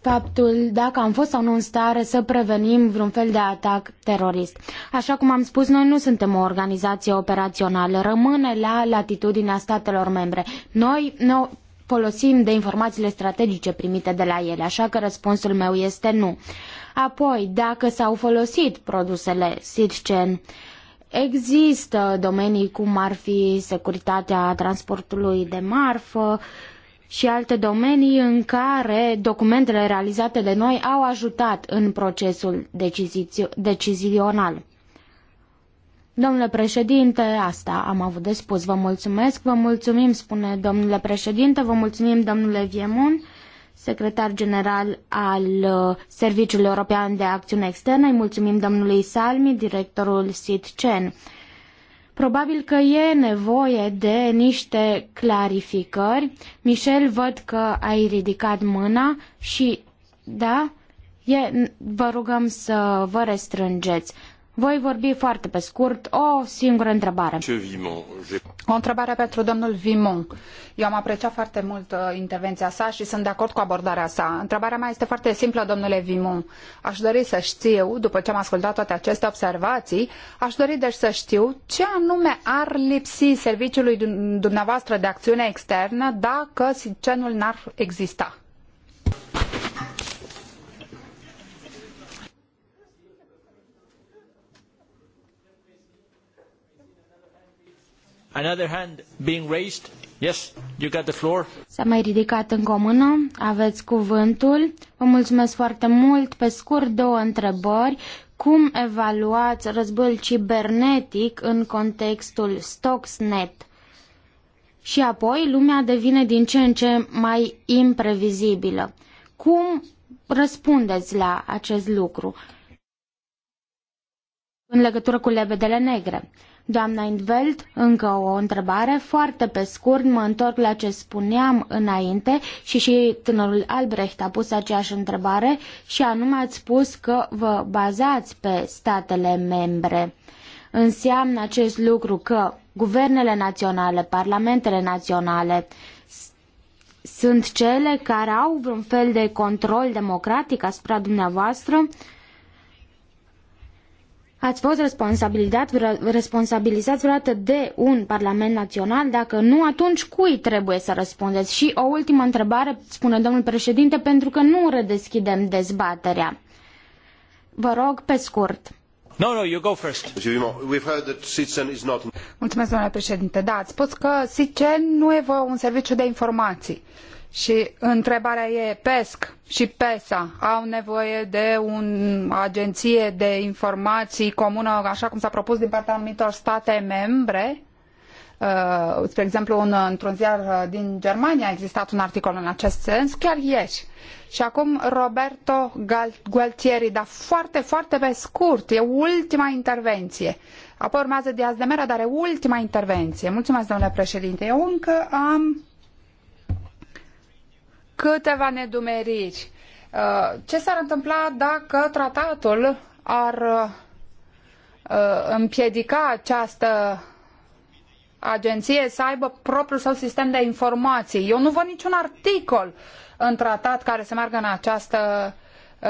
faptul dacă am fost sau nu în stare să prevenim vreun fel de atac terorist. Așa cum am spus, noi nu suntem o organizație operațională, rămâne la latitudinea statelor membre. Noi ne folosim de informațiile strategice primite de la ele, așa că răspunsul meu este nu. Apoi, dacă s-au folosit produsele SIRCEN, există domenii cum ar fi securitatea transportului de marfă, uh, și alte domenii în care documentele realizate de noi au ajutat în procesul decizional. Domnule președinte, asta am avut de spus. Vă mulțumesc, vă mulțumim, spune domnule președinte, vă mulțumim, domnule Viemun, secretar general al uh, Serviciului European de Acțiune Externă, îi mulțumim domnului Salmi, directorul SITCEN. Probabil că e nevoie de niște clarificări. Michel, văd că ai ridicat mâna și, da, e, vă rugăm să vă restrângeți. Voi vorbi foarte pe scurt, o singură întrebare. O întrebare pentru domnul Vimon. Eu am apreciat foarte mult uh, intervenția sa și sunt de acord cu abordarea sa. Întrebarea mea este foarte simplă, domnule Vimon. Aș dori să știu, după ce am ascultat toate aceste observații, aș dori deci să știu ce anume ar lipsi serviciului dumneavoastră de acțiune externă dacă sicen n-ar exista. Another hand being raised. Yes, you got the floor. S-a mai ridicat încă o mână. Aveți cuvântul. Vă mulțumesc foarte mult. Pe scurt, două întrebări. Cum evaluați războiul cibernetic în contextul Stuxnet? Și apoi, lumea devine din ce în ce mai imprevizibilă. Cum răspundeți la acest lucru în legătură cu lebedele negre? Doamna Indveld, încă o întrebare. Foarte pe scurt, mă întorc la ce spuneam înainte și și tânărul Albrecht a pus aceeași întrebare și anume ați spus că vă bazați pe statele membre. Înseamnă acest lucru că guvernele naționale, parlamentele naționale sunt cele care au vreun fel de control democratic asupra dumneavoastră? Ați fost responsabilizat, responsabilizați vreodată de un Parlament Național? Dacă nu, atunci cui trebuie să răspundeți? Și o ultimă întrebare, spune domnul președinte, pentru că nu redeschidem dezbaterea. Vă rog, pe scurt. No, no, you go first. Mulțumesc, domnule președinte. Da, ați spus că SICEN nu e un serviciu de informații. Și întrebarea e, PESC și PESA au nevoie de o agenție de informații comună, așa cum s-a propus din partea anumitor state membre? Uh, spre exemplu, un, într-un ziar uh, din Germania a existat un articol în acest sens, chiar ieri. Și acum Roberto Gualtieri, dar foarte, foarte pe scurt, e ultima intervenție. Apoi urmează Diaz de Mera, dar e ultima intervenție. Mulțumesc, domnule președinte. Eu încă am câteva nedumeriri. Uh, ce s-ar întâmpla dacă tratatul ar uh, împiedica această agenție să aibă propriul său sistem de informații? Eu nu văd niciun articol în tratat care să meargă în această Uh,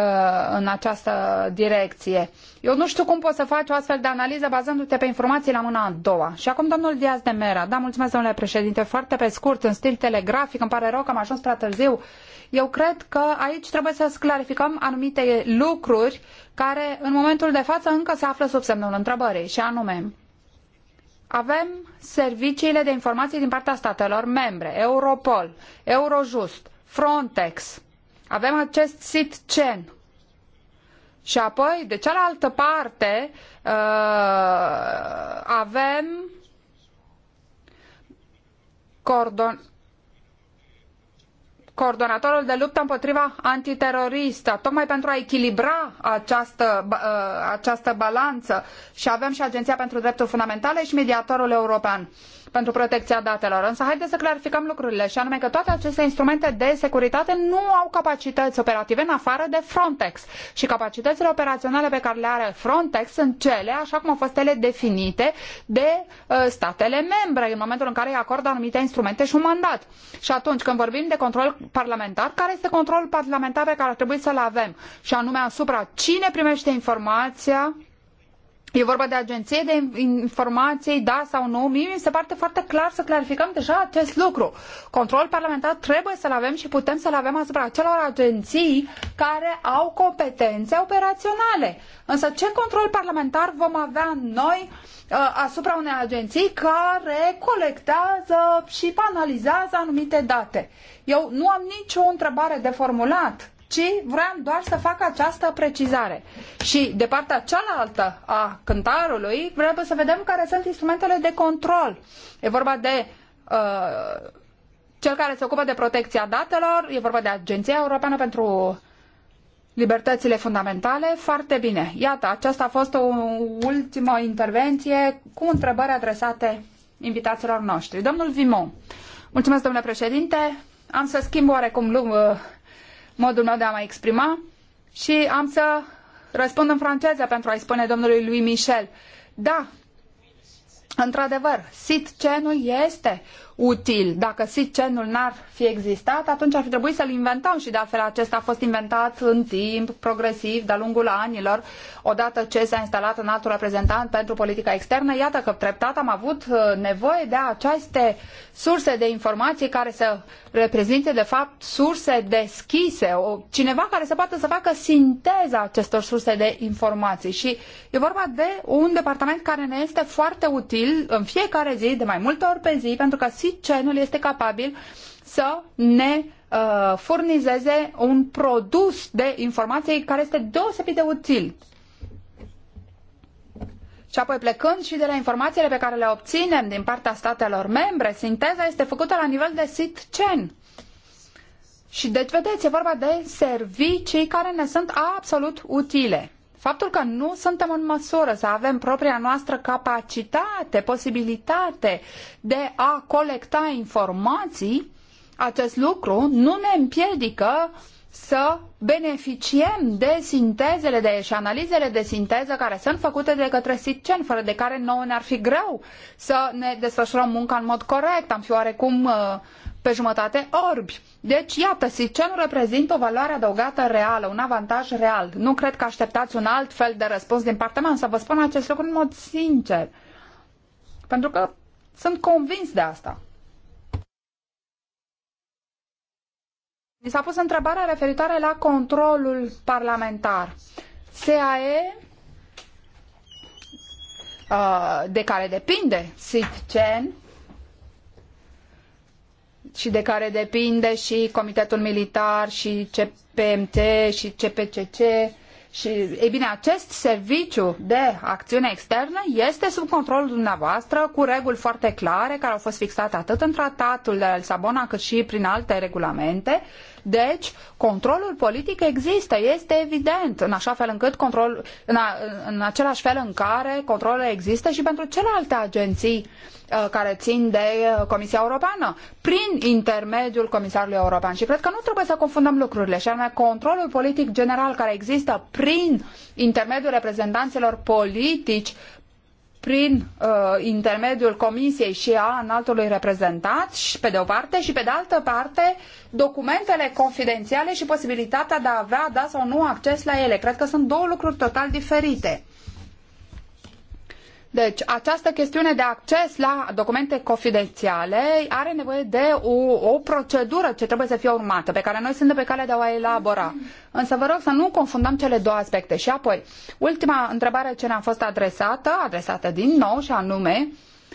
în această direcție. Eu nu știu cum poți să faci o astfel de analiză bazându-te pe informații la mâna a doua. Și acum domnul Diaz de Mera. Da, mulțumesc domnule președinte. Foarte pe scurt, în stil telegrafic, îmi pare rău că am ajuns prea târziu. Eu cred că aici trebuie să clarificăm anumite lucruri care în momentul de față încă se află sub semnul întrebării și anume avem serviciile de informații din partea statelor membre, Europol, Eurojust, Frontex, avem acest SIT-CEN. Și apoi, de cealaltă parte, uh, avem cordon coordonatorul de luptă împotriva antiteroristă, tocmai pentru a echilibra această, uh, această balanță și avem și Agenția pentru Drepturi Fundamentale și Mediatorul European. Uh, pentru protecția datelor. Însă haideți să clarificăm lucrurile și anume că toate aceste instrumente de securitate nu au capacități operative în afară de Frontex. Și capacitățile operaționale pe care le are Frontex sunt cele, așa cum au fost ele definite, de uh, statele membre în momentul în care îi acordă anumite instrumente și un mandat. Și atunci când vorbim de control parlamentar, care este controlul parlamentar pe care ar trebui să-l avem? Și anume asupra cine primește informația, E vorba de agenție de informații, da sau nu. Mie mi se pare foarte clar să clarificăm deja acest lucru. Control parlamentar trebuie să-l avem și putem să-l avem asupra celor agenții care au competențe operaționale. Însă ce control parlamentar vom avea noi uh, asupra unei agenții care colectează și analizează anumite date? Eu nu am nicio întrebare de formulat ci vreau doar să fac această precizare. Și de partea cealaltă a cântarului, vreau să vedem care sunt instrumentele de control. E vorba de uh, cel care se ocupă de protecția datelor, e vorba de Agenția Europeană pentru libertățile fundamentale, foarte bine. Iată, aceasta a fost o ultimă intervenție cu întrebări adresate invitaților noștri. Domnul Vimon, mulțumesc, domnule președinte. Am să schimb oarecum modul meu de a mă exprima și am să răspund în franceză pentru a-i spune domnului lui Michel. Da, într-adevăr, sit nu este util. Dacă sicenul n-ar fi existat, atunci ar fi trebuit să-l inventăm și de altfel acesta a fost inventat în timp, progresiv, de-a lungul anilor. Odată ce s-a instalat în altul reprezentant pentru politica externă, iată că treptat am avut uh, nevoie de aceste surse de informații care să reprezinte de fapt surse deschise, o, cineva care să poată să facă sinteza acestor surse de informații. Și e vorba de un departament care ne este foarte util în fiecare zi, de mai multe ori pe zi, pentru că oxigenul este capabil să ne uh, furnizeze un produs de informații care este deosebit de util. Și apoi plecând și de la informațiile pe care le obținem din partea statelor membre, sinteza este făcută la nivel de CEN. Și deci, vedeți, e vorba de servicii care ne sunt absolut utile faptul că nu suntem în măsură să avem propria noastră capacitate, posibilitate de a colecta informații, acest lucru nu ne împiedică să beneficiem de sintezele de, și analizele de sinteză care sunt făcute de către SITCEN, fără de care nouă ne-ar fi greu să ne desfășurăm munca în mod corect. Am fi oarecum uh, pe jumătate orbi. Deci, iată, nu reprezintă o valoare adăugată reală, un avantaj real. Nu cred că așteptați un alt fel de răspuns din partea mea, să vă spun acest lucru în mod sincer. Pentru că sunt convins de asta. Mi s-a pus întrebarea referitoare la controlul parlamentar. CAE, uh, de care depinde SICEN, și de care depinde și Comitetul Militar și CPMT și CPCC. Și, ei bine, acest serviciu de acțiune externă este sub controlul dumneavoastră cu reguli foarte clare care au fost fixate atât în tratatul de la Lisabona cât și prin alte regulamente deci, controlul politic există, este evident, în așa fel încât control, în, a, în același fel în care controlul există și pentru celelalte agenții uh, care țin de uh, Comisia Europeană, prin intermediul Comisarului European. Și cred că nu trebuie să confundăm lucrurile, și anume controlul politic general care există prin intermediul reprezentanților politici prin uh, intermediul Comisiei și a înaltului reprezentant, și pe de o parte, și pe de altă parte, documentele confidențiale și posibilitatea de a avea, da sau nu, acces la ele. Cred că sunt două lucruri total diferite. Deci, această chestiune de acces la documente confidențiale are nevoie de o, o procedură ce trebuie să fie urmată, pe care noi suntem pe calea de a o elabora. Însă vă rog să nu confundăm cele două aspecte. Și apoi, ultima întrebare ce ne-a fost adresată, adresată din nou și anume,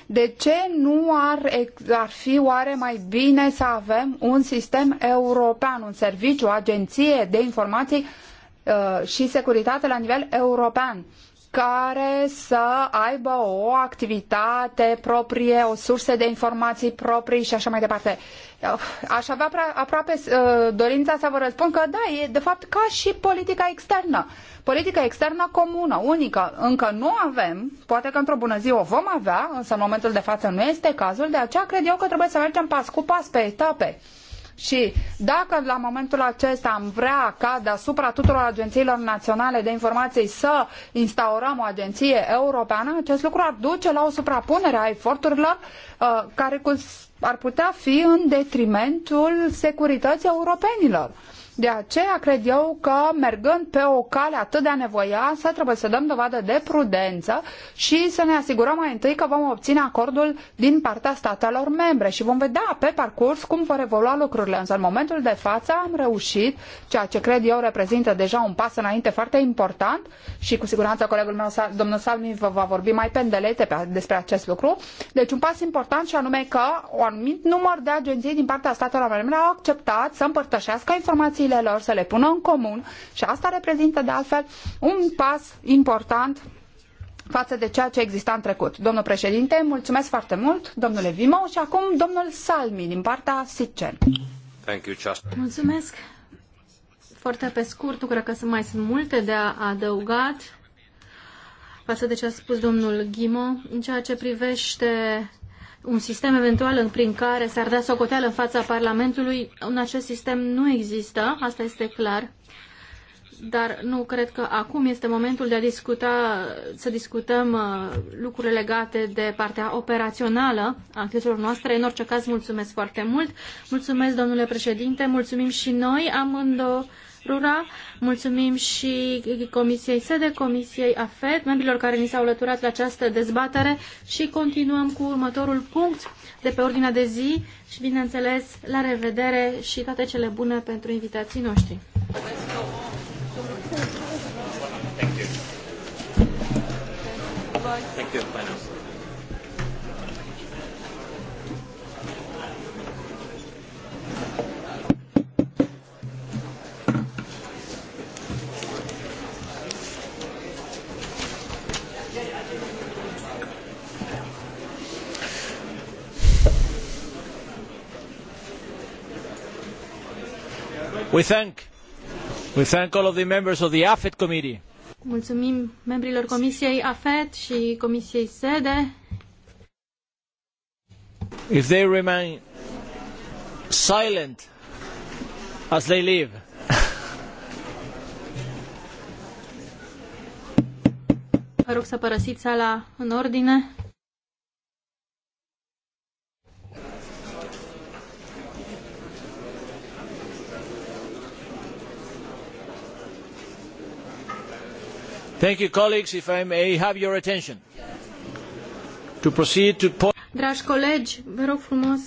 de ce nu ar, ar fi oare mai bine să avem un sistem european, un serviciu, o agenție de informații uh, și securitate la nivel european? Uh, care să aibă o activitate proprie, o sursă de informații proprii și așa mai departe. Uh, aș avea aproape uh, dorința să vă răspund că da, e de fapt ca și politica externă. Politica externă comună, unică. Încă nu avem, poate că într-o bună zi o vom avea, însă în momentul de față nu este cazul, de aceea cred eu că trebuie să mergem pas cu pas pe etape. Și dacă la momentul acesta am vrea ca deasupra tuturor agențiilor naționale de informații să instaurăm o agenție europeană, acest lucru ar duce la o suprapunere a eforturilor uh, care cu, ar putea fi în detrimentul securității europenilor. De aceea cred eu că mergând pe o cale atât de anevoioasă, trebuie să dăm dovadă de prudență și să ne asigurăm mai întâi că vom obține acordul din partea statelor membre și vom vedea pe parcurs cum vor evolua lucrurile. Însă în momentul de față am reușit, ceea ce cred eu reprezintă deja un pas înainte foarte important și cu siguranță colegul meu, domnul Salmi, vă va vorbi mai pendelete despre acest lucru. Deci un pas important și anume că un anumit număr de agenții din partea statelor membre au acceptat să împărtășească informații ideile lor, să le pună în comun și asta reprezintă de altfel un pas important față de ceea ce exista în trecut. Domnul președinte, mulțumesc foarte mult, domnule Vimo și acum domnul Salmi din partea SICEN. Mulțumesc. Foarte pe scurt, cred că mai sunt multe de adăugat față de ce a spus domnul Ghimo în ceea ce privește un sistem eventual prin care s-ar da socoteală în fața Parlamentului, în acest sistem nu există, asta este clar. Dar nu cred că acum este momentul de a discuta, să discutăm uh, lucrurile legate de partea operațională a activităților noastre. În orice caz, mulțumesc foarte mult. Mulțumesc, domnule președinte, mulțumim și noi amândouă Rura. Mulțumim și Comisiei SEDE, Comisiei AFET, membrilor care ni s-au alăturat la această dezbatere și continuăm cu următorul punct de pe ordinea de zi și, bineînțeles, la revedere și toate cele bune pentru invitații noștri. Thank you. Thank you. Bye now. We thank, we thank all of the members of the AFET committee. Mulțumim membrilor Comisiei AFET și Comisiei SEDE. If they remain silent as they leave. Vă rog să părăsiți sala în ordine. Dragi colegi, vă rog frumos,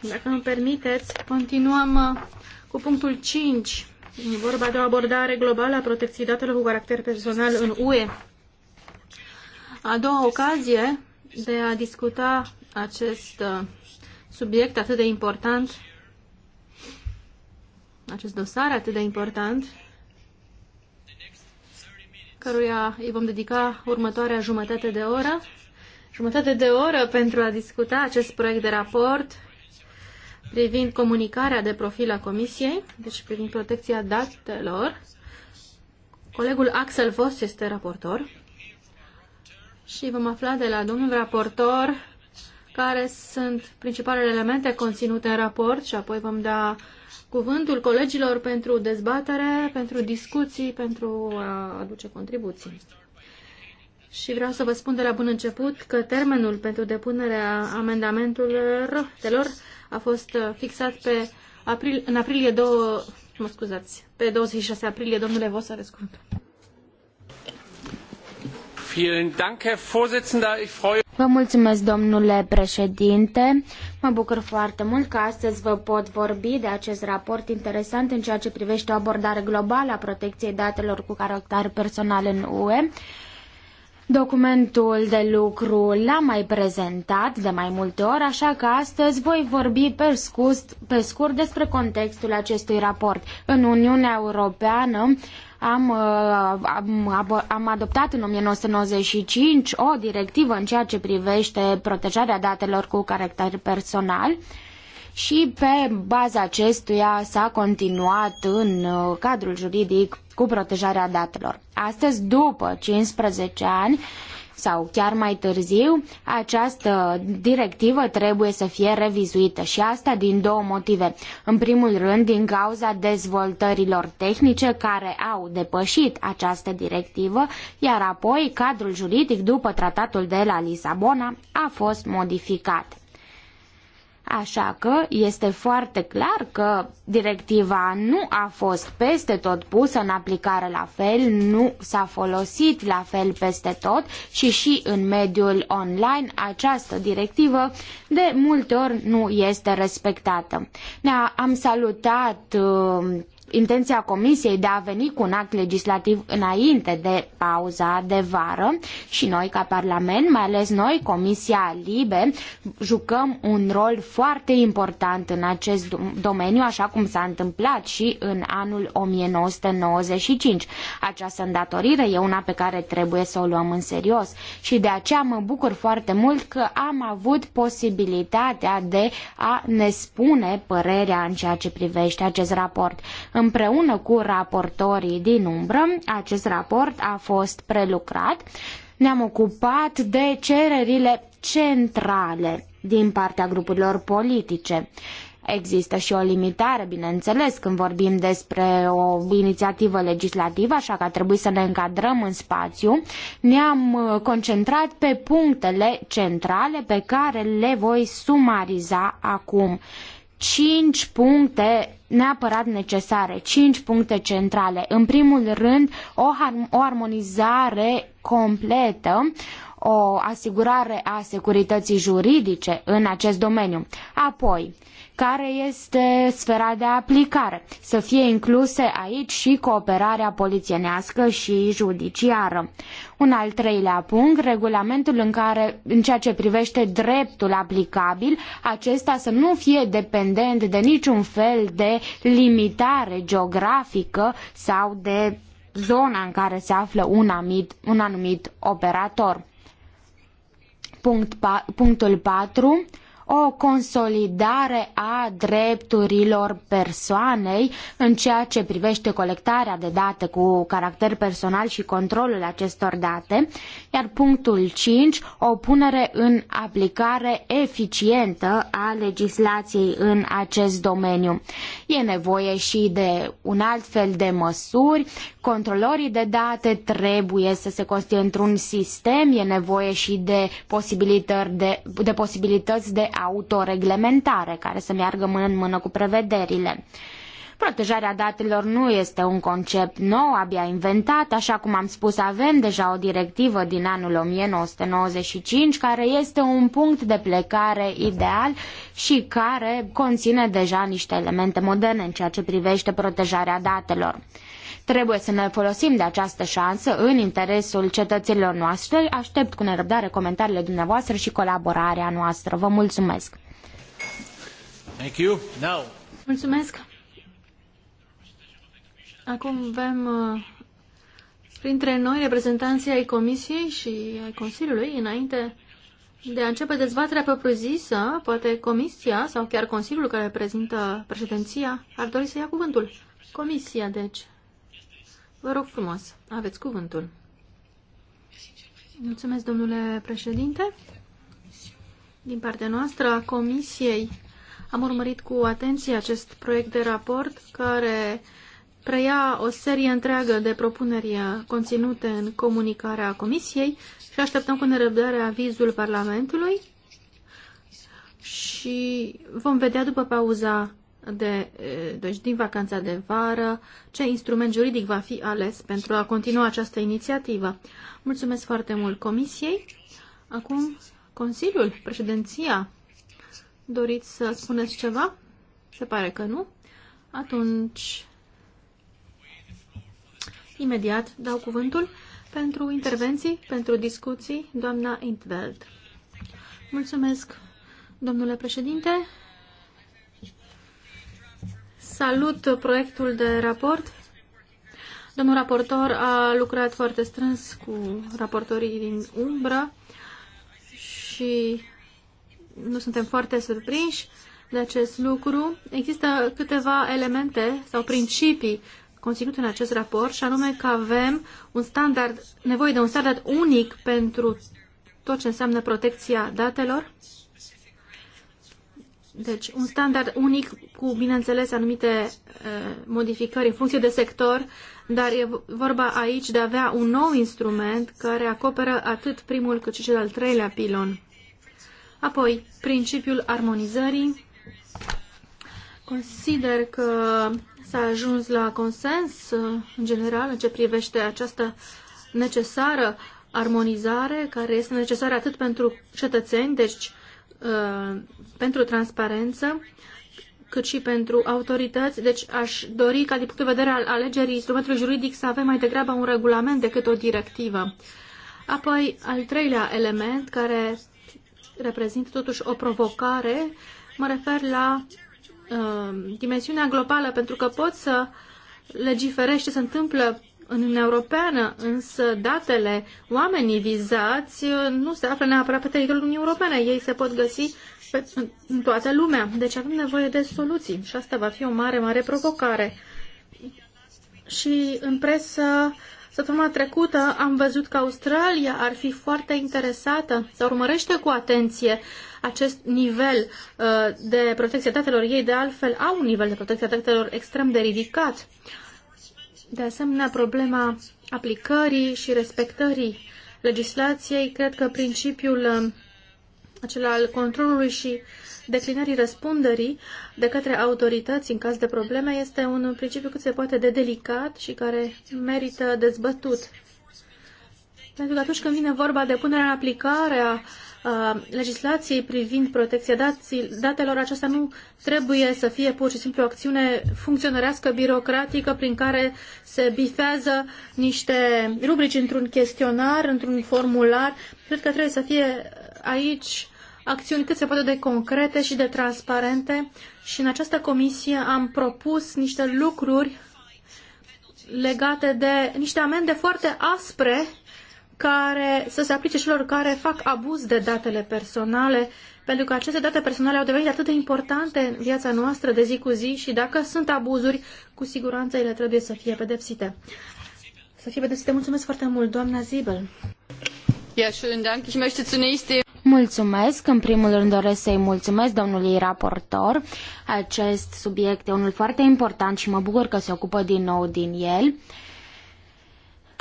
dacă îmi permiteți, continuăm uh, cu punctul 5. E vorba de o abordare globală a protecției datelor cu caracter personal în UE. A doua ocazie de a discuta acest uh, subiect atât de important, acest dosar atât de important căruia îi vom dedica următoarea jumătate de oră. Jumătate de oră pentru a discuta acest proiect de raport privind comunicarea de profil a Comisiei, deci privind protecția datelor. Colegul Axel Voss este raportor și vom afla de la domnul raportor care sunt principalele elemente conținute în raport și apoi vom da cuvântul colegilor pentru dezbatere, pentru discuții, pentru a aduce contribuții. Și vreau să vă spun de la bun început că termenul pentru depunerea amendamentelor a fost fixat pe april, în aprilie 2, mă scuzați, pe 26 aprilie. Domnule, vă Vorsitzender. Ich freue Vă mulțumesc, domnule președinte. Mă bucur foarte mult că astăzi vă pot vorbi de acest raport interesant în ceea ce privește o abordare globală a protecției datelor cu caracter personal în UE. Documentul de lucru l-am mai prezentat de mai multe ori, așa că astăzi voi vorbi pe scurt, pe scurt despre contextul acestui raport. În Uniunea Europeană, am, uh, am, am adoptat în 1995 o directivă în ceea ce privește protejarea datelor cu caracter personal și pe baza acestuia s-a continuat în uh, cadrul juridic cu protejarea datelor. Astăzi, după 15 ani, sau chiar mai târziu, această directivă trebuie să fie revizuită și asta din două motive. În primul rând, din cauza dezvoltărilor tehnice care au depășit această directivă, iar apoi cadrul juridic după tratatul de la Lisabona a fost modificat. Așa că este foarte clar că directiva nu a fost peste tot pusă în aplicare la fel, nu s-a folosit la fel peste tot și și în mediul online această directivă de multe ori nu este respectată. Ne-am salutat uh, intenția Comisiei de a veni cu un act legislativ înainte de pauza de vară și noi ca Parlament, mai ales noi, Comisia Libe, jucăm un rol foarte important în acest domeniu, așa cum s-a întâmplat și în anul 1995. Această îndatorire e una pe care trebuie să o luăm în serios și de aceea mă bucur foarte mult că am avut posibilitatea de a ne spune părerea în ceea ce privește acest raport. Împreună cu raportorii din umbră, acest raport a fost prelucrat. Ne-am ocupat de cererile centrale din partea grupurilor politice. Există și o limitare, bineînțeles, când vorbim despre o inițiativă legislativă, așa că a trebuit să ne încadrăm în spațiu. Ne-am uh, concentrat pe punctele centrale pe care le voi sumariza acum cinci puncte neapărat necesare, cinci puncte centrale. În primul rând, o, o armonizare completă, o asigurare a securității juridice în acest domeniu. Apoi, uh, care este sfera de aplicare, să fie incluse aici și cooperarea polițienească și judiciară. Un al treilea punct, regulamentul în, care, în ceea ce privește dreptul aplicabil, acesta să nu fie dependent de niciun fel de limitare geografică sau de zona în care se află un, amit, un anumit operator. Punct, punctul 4 o consolidare a drepturilor persoanei în ceea ce privește colectarea de date cu caracter personal și controlul acestor date, iar punctul 5, o punere în aplicare eficientă a legislației în acest domeniu. E nevoie și de un alt fel de măsuri, controlorii de date trebuie să se constituie într-un sistem, e nevoie și de posibilități de, de, posibilități de autoreglementare care să meargă mână în mână cu prevederile. Protejarea datelor nu este un concept nou, abia inventat, așa cum am spus, avem deja o directivă din anul 1995 care este un punct de plecare ideal și care conține deja niște elemente moderne în ceea ce privește protejarea datelor. Trebuie să ne folosim de această șansă în interesul cetățenilor noastre. Aștept cu nerăbdare comentariile dumneavoastră și colaborarea noastră. Vă mulțumesc! Thank you. Now. Mulțumesc! Acum avem uh, printre noi reprezentanții ai Comisiei și ai Consiliului înainte de a începe dezbaterea propriu-zisă, poate Comisia sau chiar Consiliul care reprezintă președinția ar dori să ia cuvântul. Comisia, deci. Vă rog frumos, aveți cuvântul. Mulțumesc, domnule președinte. Din partea noastră, a Comisiei, am urmărit cu atenție acest proiect de raport care preia o serie întreagă de propuneri conținute în comunicarea Comisiei și așteptăm cu nerăbdare avizul Parlamentului și vom vedea după pauza de, deci din vacanța de vară, ce instrument juridic va fi ales pentru a continua această inițiativă. Mulțumesc foarte mult Comisiei. Acum, Consiliul, președinția, doriți să spuneți ceva? Se pare că nu. Atunci, imediat dau cuvântul pentru intervenții, pentru discuții, doamna Intveld. Mulțumesc, domnule președinte. Salut proiectul de raport. Domnul raportor a lucrat foarte strâns cu raportorii din umbră și nu suntem foarte surprinși de acest lucru. Există câteva elemente sau principii conținute în acest raport și anume că avem un standard, nevoie de un standard unic pentru tot ce înseamnă protecția datelor deci, un standard unic cu, bineînțeles, anumite uh, modificări în funcție de sector, dar e vorba aici de a avea un nou instrument care acoperă atât primul cât și cel al treilea pilon. Apoi, principiul armonizării. Consider că s-a ajuns la consens uh, în general în ce privește această necesară armonizare care este necesară atât pentru cetățeni, deci Uh, pentru transparență, cât și pentru autorități. Deci aș dori ca, din punct de vedere al alegerii instrumentului juridic, să avem mai degrabă un regulament decât o directivă. Apoi, al treilea element, care reprezintă totuși o provocare, mă refer la uh, dimensiunea globală, pentru că pot să legiferești ce se întâmplă în Uniunea Europeană, însă, datele oamenii vizați nu se află neapărat pe teritoriul Uniunii Europene. Ei se pot găsi pe, în toată lumea. Deci avem nevoie de soluții și asta va fi o mare, mare provocare. Și în presă, săptămâna trecută, am văzut că Australia ar fi foarte interesată să urmărește cu atenție acest nivel uh, de protecție datelor. Ei, de altfel, au un nivel de protecție datelor extrem de ridicat. Uh, de asemenea, problema aplicării și respectării legislației, cred că principiul um, acela al controlului și declinării răspunderii de către autorități în caz de probleme este un principiu cât se poate de delicat și care merită dezbătut. Pentru că atunci când vine vorba de punerea în aplicare a legislației privind protecția datelor, aceasta nu trebuie să fie pur și simplu o acțiune funcționărească, birocratică, prin care se bifează niște rubrici într-un chestionar, într-un formular. Cred că trebuie să fie aici acțiuni cât se poate de concrete și de transparente și în această comisie am propus niște lucruri legate de niște amende foarte aspre care să se aplice celor care fac abuz de datele personale, pentru că aceste date personale au devenit atât de importante în viața noastră de zi cu zi și dacă sunt abuzuri, cu siguranță ele trebuie să fie pedepsite. Să fie pedepsite. Mulțumesc foarte mult, doamna Zibel. Ja, schön, dank. Ich möchte zunächst Mulțumesc. În primul rând doresc să-i mulțumesc domnului raportor. Acest subiect e unul foarte important și mă bucur că se ocupă din nou din el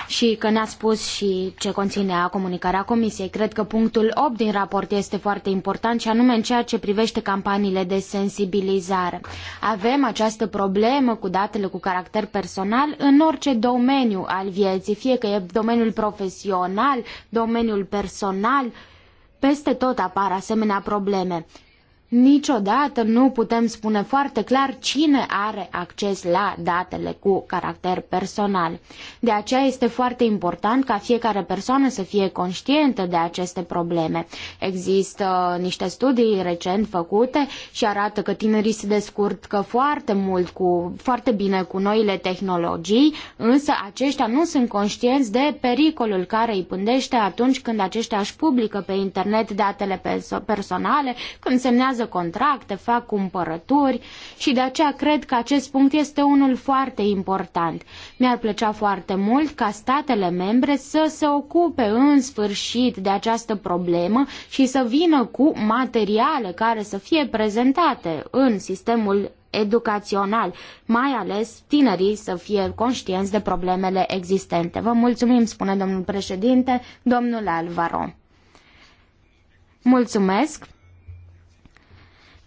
și că ne-a spus și ce conținea comunicarea Comisiei. Cred că punctul opt din raport este foarte important și anume în ceea ce privește campaniile de sensibilizare. Avem această problemă cu datele cu caracter personal în orice domeniu al vieții, fie că e domeniul profesional, domeniul personal, peste tot apar asemenea probleme. Niciodată nu putem spune foarte clar cine are acces la datele cu caracter personal. De aceea este foarte important ca fiecare persoană să fie conștientă de aceste probleme. Există niște studii recent făcute și arată că tinerii se descurcă foarte mult cu, foarte bine cu noile tehnologii, însă aceștia nu sunt conștienți de pericolul care îi pândește atunci când aceștia își publică pe internet datele perso personale, când semnează semnează contracte, fac cumpărături și de aceea cred că acest punct este unul foarte important. Mi-ar plăcea foarte mult ca statele membre să se ocupe în sfârșit de această problemă și să vină cu materiale care să fie prezentate în sistemul educațional, mai ales tinerii să fie conștienți de problemele existente. Vă mulțumim, spune domnul președinte, domnul Alvaro. Mulțumesc.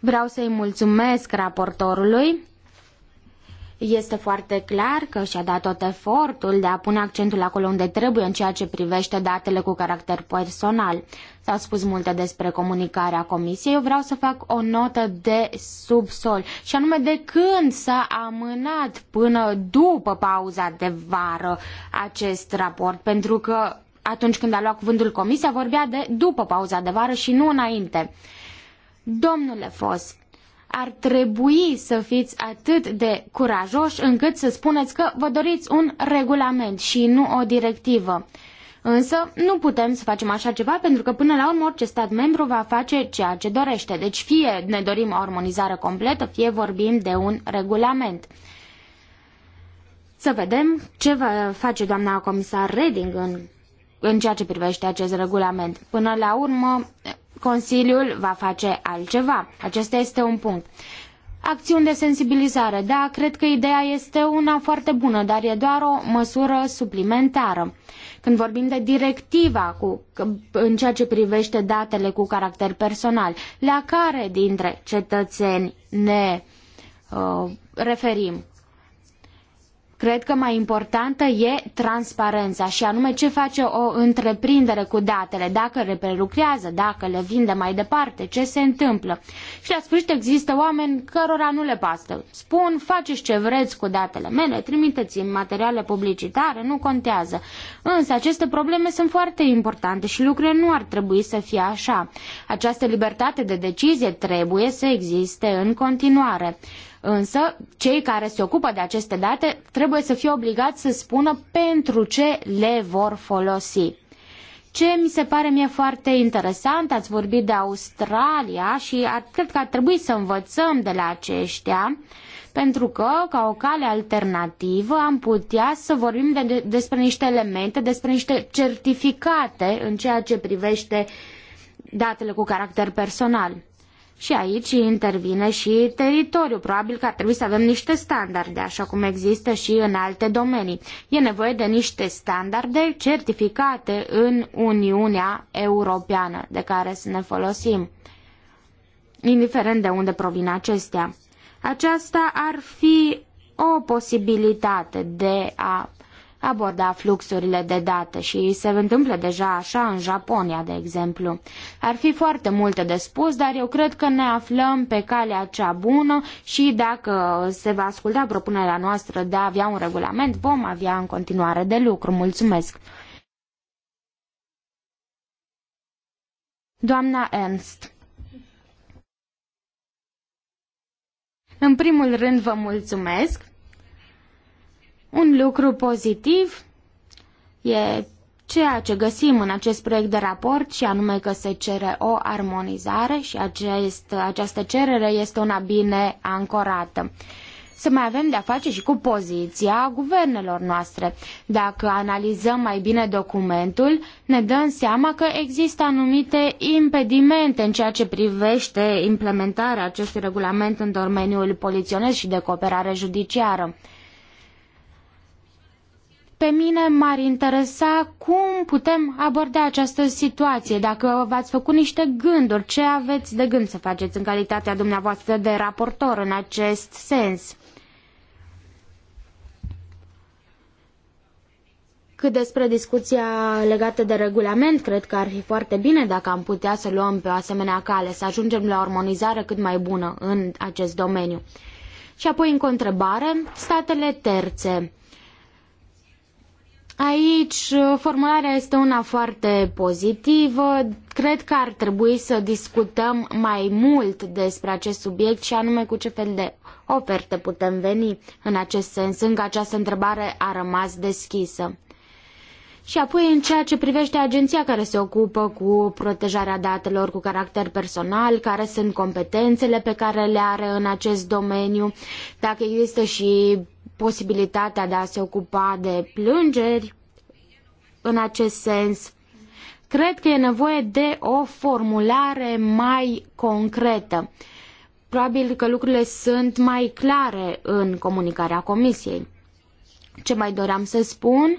Vreau să-i mulțumesc raportorului. Este foarte clar că și-a dat tot efortul de a pune accentul acolo unde trebuie în ceea ce privește datele cu caracter personal. s a spus multe despre comunicarea comisiei. Eu vreau să fac o notă de subsol și anume de când s-a amânat până după pauza de vară acest raport, pentru că atunci când a luat cuvântul comisia vorbea de după pauza de vară și nu înainte. Domnule Fos, ar trebui să fiți atât de curajoși încât să spuneți că vă doriți un regulament și nu o directivă. Însă nu putem să facem așa ceva pentru că până la urmă orice stat membru va face ceea ce dorește. Deci fie ne dorim o armonizare completă, fie vorbim de un regulament. Să vedem ce va face doamna comisar Reding în, în ceea ce privește acest regulament. Până la urmă, Consiliul va face altceva. Acesta este un punct. Acțiuni de sensibilizare. Da, cred că ideea este una foarte bună, dar e doar o măsură suplimentară. Când vorbim de directiva cu, în ceea ce privește datele cu caracter personal, la care dintre cetățeni ne uh, referim? cred că mai importantă e transparența și anume ce face o întreprindere cu datele, dacă le prelucrează, dacă le vinde mai departe, ce se întâmplă. Și la sfârșit există oameni cărora nu le pasă. Spun, faceți ce vreți cu datele mele, trimiteți-mi materiale publicitare, nu contează. Însă aceste probleme sunt foarte importante și lucrurile nu ar trebui să fie așa. Această libertate de decizie trebuie să existe în continuare. Însă, cei care se ocupă de aceste date trebuie să fie obligați să spună pentru ce le vor folosi. Ce mi se pare mie foarte interesant, ați vorbit de Australia și ar, cred că ar trebui să învățăm de la aceștia, pentru că, ca o cale alternativă, am putea să vorbim de, despre niște elemente, despre niște certificate în ceea ce privește datele cu caracter personal. Și aici intervine și teritoriul. Probabil că ar trebui să avem niște standarde, așa cum există și în alte domenii. E nevoie de niște standarde certificate în Uniunea Europeană, de care să ne folosim, indiferent de unde provin acestea. Aceasta ar fi o posibilitate de a aborda fluxurile de date și se întâmplă deja așa în Japonia, de exemplu. Ar fi foarte multe de spus, dar eu cred că ne aflăm pe calea cea bună și dacă se va asculta propunerea noastră de a avea un regulament, vom avea în continuare de lucru. Mulțumesc! Doamna Ernst În primul rând vă mulțumesc un lucru pozitiv e ceea ce găsim în acest proiect de raport și anume că se cere o armonizare și acest, această cerere este una bine ancorată. Să mai avem de-a face și cu poziția guvernelor noastre. Dacă analizăm mai bine documentul, ne dăm seama că există anumite impedimente în ceea ce privește implementarea acestui regulament în domeniul poliționez și de cooperare judiciară. Pe mine m-ar interesa cum putem aborda această situație, dacă v-ați făcut niște gânduri, ce aveți de gând să faceți în calitatea dumneavoastră de raportor în acest sens. Cât despre discuția legată de regulament, cred că ar fi foarte bine dacă am putea să luăm pe o asemenea cale, să ajungem la o armonizare cât mai bună în acest domeniu. Și apoi, în întrebare, statele terțe. Aici uh, formularea este una foarte pozitivă. Cred că ar trebui să discutăm mai mult despre acest subiect și anume cu ce fel de oferte putem veni în acest sens. Încă această întrebare a rămas deschisă. Și apoi în ceea ce privește agenția care se ocupă cu protejarea datelor cu caracter personal, care sunt competențele pe care le are în acest domeniu, dacă există și posibilitatea de a se ocupa de plângeri în acest sens. Cred că e nevoie de o formulare mai concretă. Probabil că lucrurile sunt mai clare în comunicarea Comisiei. Ce mai doream să spun?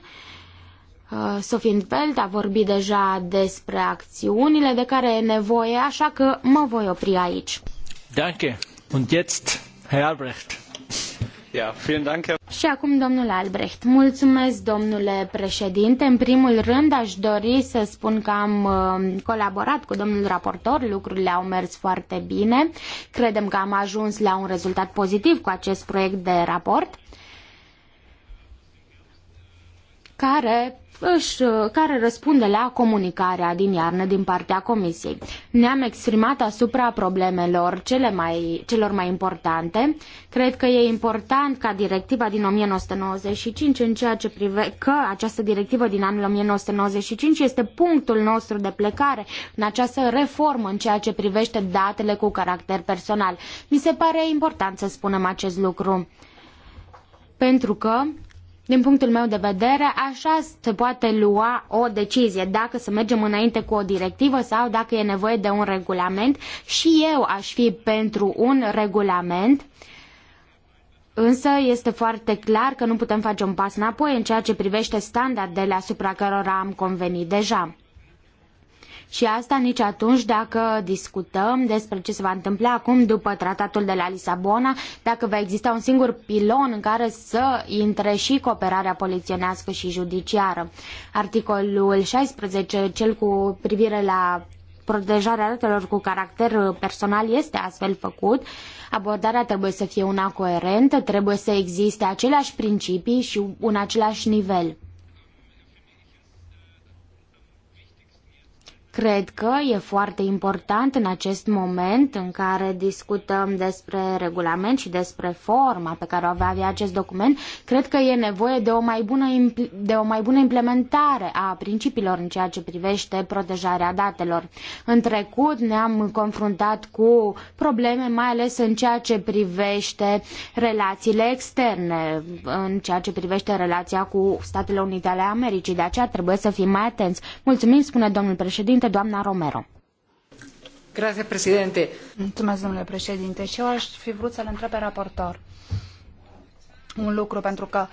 Uh, Sofie Feld a vorbit deja despre acțiunile de care e nevoie, așa că mă voi opri aici. Danke. Und jetzt, Herr Albrecht și acum domnule Albrecht. Mulțumesc, domnule președinte. În primul rând aș dori să spun că am uh, colaborat cu domnul raportor, lucrurile au mers foarte bine. Credem că am ajuns la un rezultat pozitiv cu acest proiect de raport. care, își, care răspunde la comunicarea din iarnă din partea Comisiei. Ne-am exprimat asupra problemelor cele mai, celor mai importante. Cred că e important ca directiva din 1995, în ceea ce prive, că această directivă din anul 1995 este punctul nostru de plecare în această reformă în ceea ce privește datele cu caracter personal. Mi se pare important să spunem acest lucru. Pentru că din punctul meu de vedere, așa se poate lua o decizie dacă să mergem înainte cu o directivă sau dacă e nevoie de un regulament și eu aș fi pentru un regulament. Însă este foarte clar că nu putem face un pas înapoi în ceea ce privește standardele asupra cărora am convenit deja. Și asta nici atunci dacă discutăm despre ce se va întâmpla acum după tratatul de la Lisabona, dacă va exista un singur pilon în care să intre și cooperarea poliționească și judiciară. Articolul 16, cel cu privire la protejarea datelor cu caracter personal este astfel făcut. Abordarea trebuie să fie una coerentă, trebuie să existe aceleași principii și un același nivel. Cred că e foarte important în acest moment în care discutăm despre regulament și despre forma pe care o va avea acest document, cred că e nevoie de o mai bună, de o mai bună implementare a principiilor în ceea ce privește protejarea datelor. În trecut ne-am confruntat cu probleme, mai ales în ceea ce privește relațiile externe, în ceea ce privește relația cu Statele Unite ale Americii. De aceea trebuie să fim mai atenți. Mulțumim, spune domnul președinte președinte, doamna Romero. Grazie, președinte. Mulțumesc, domnule președinte. Și eu aș fi vrut să-l întreb pe raportor un lucru, pentru că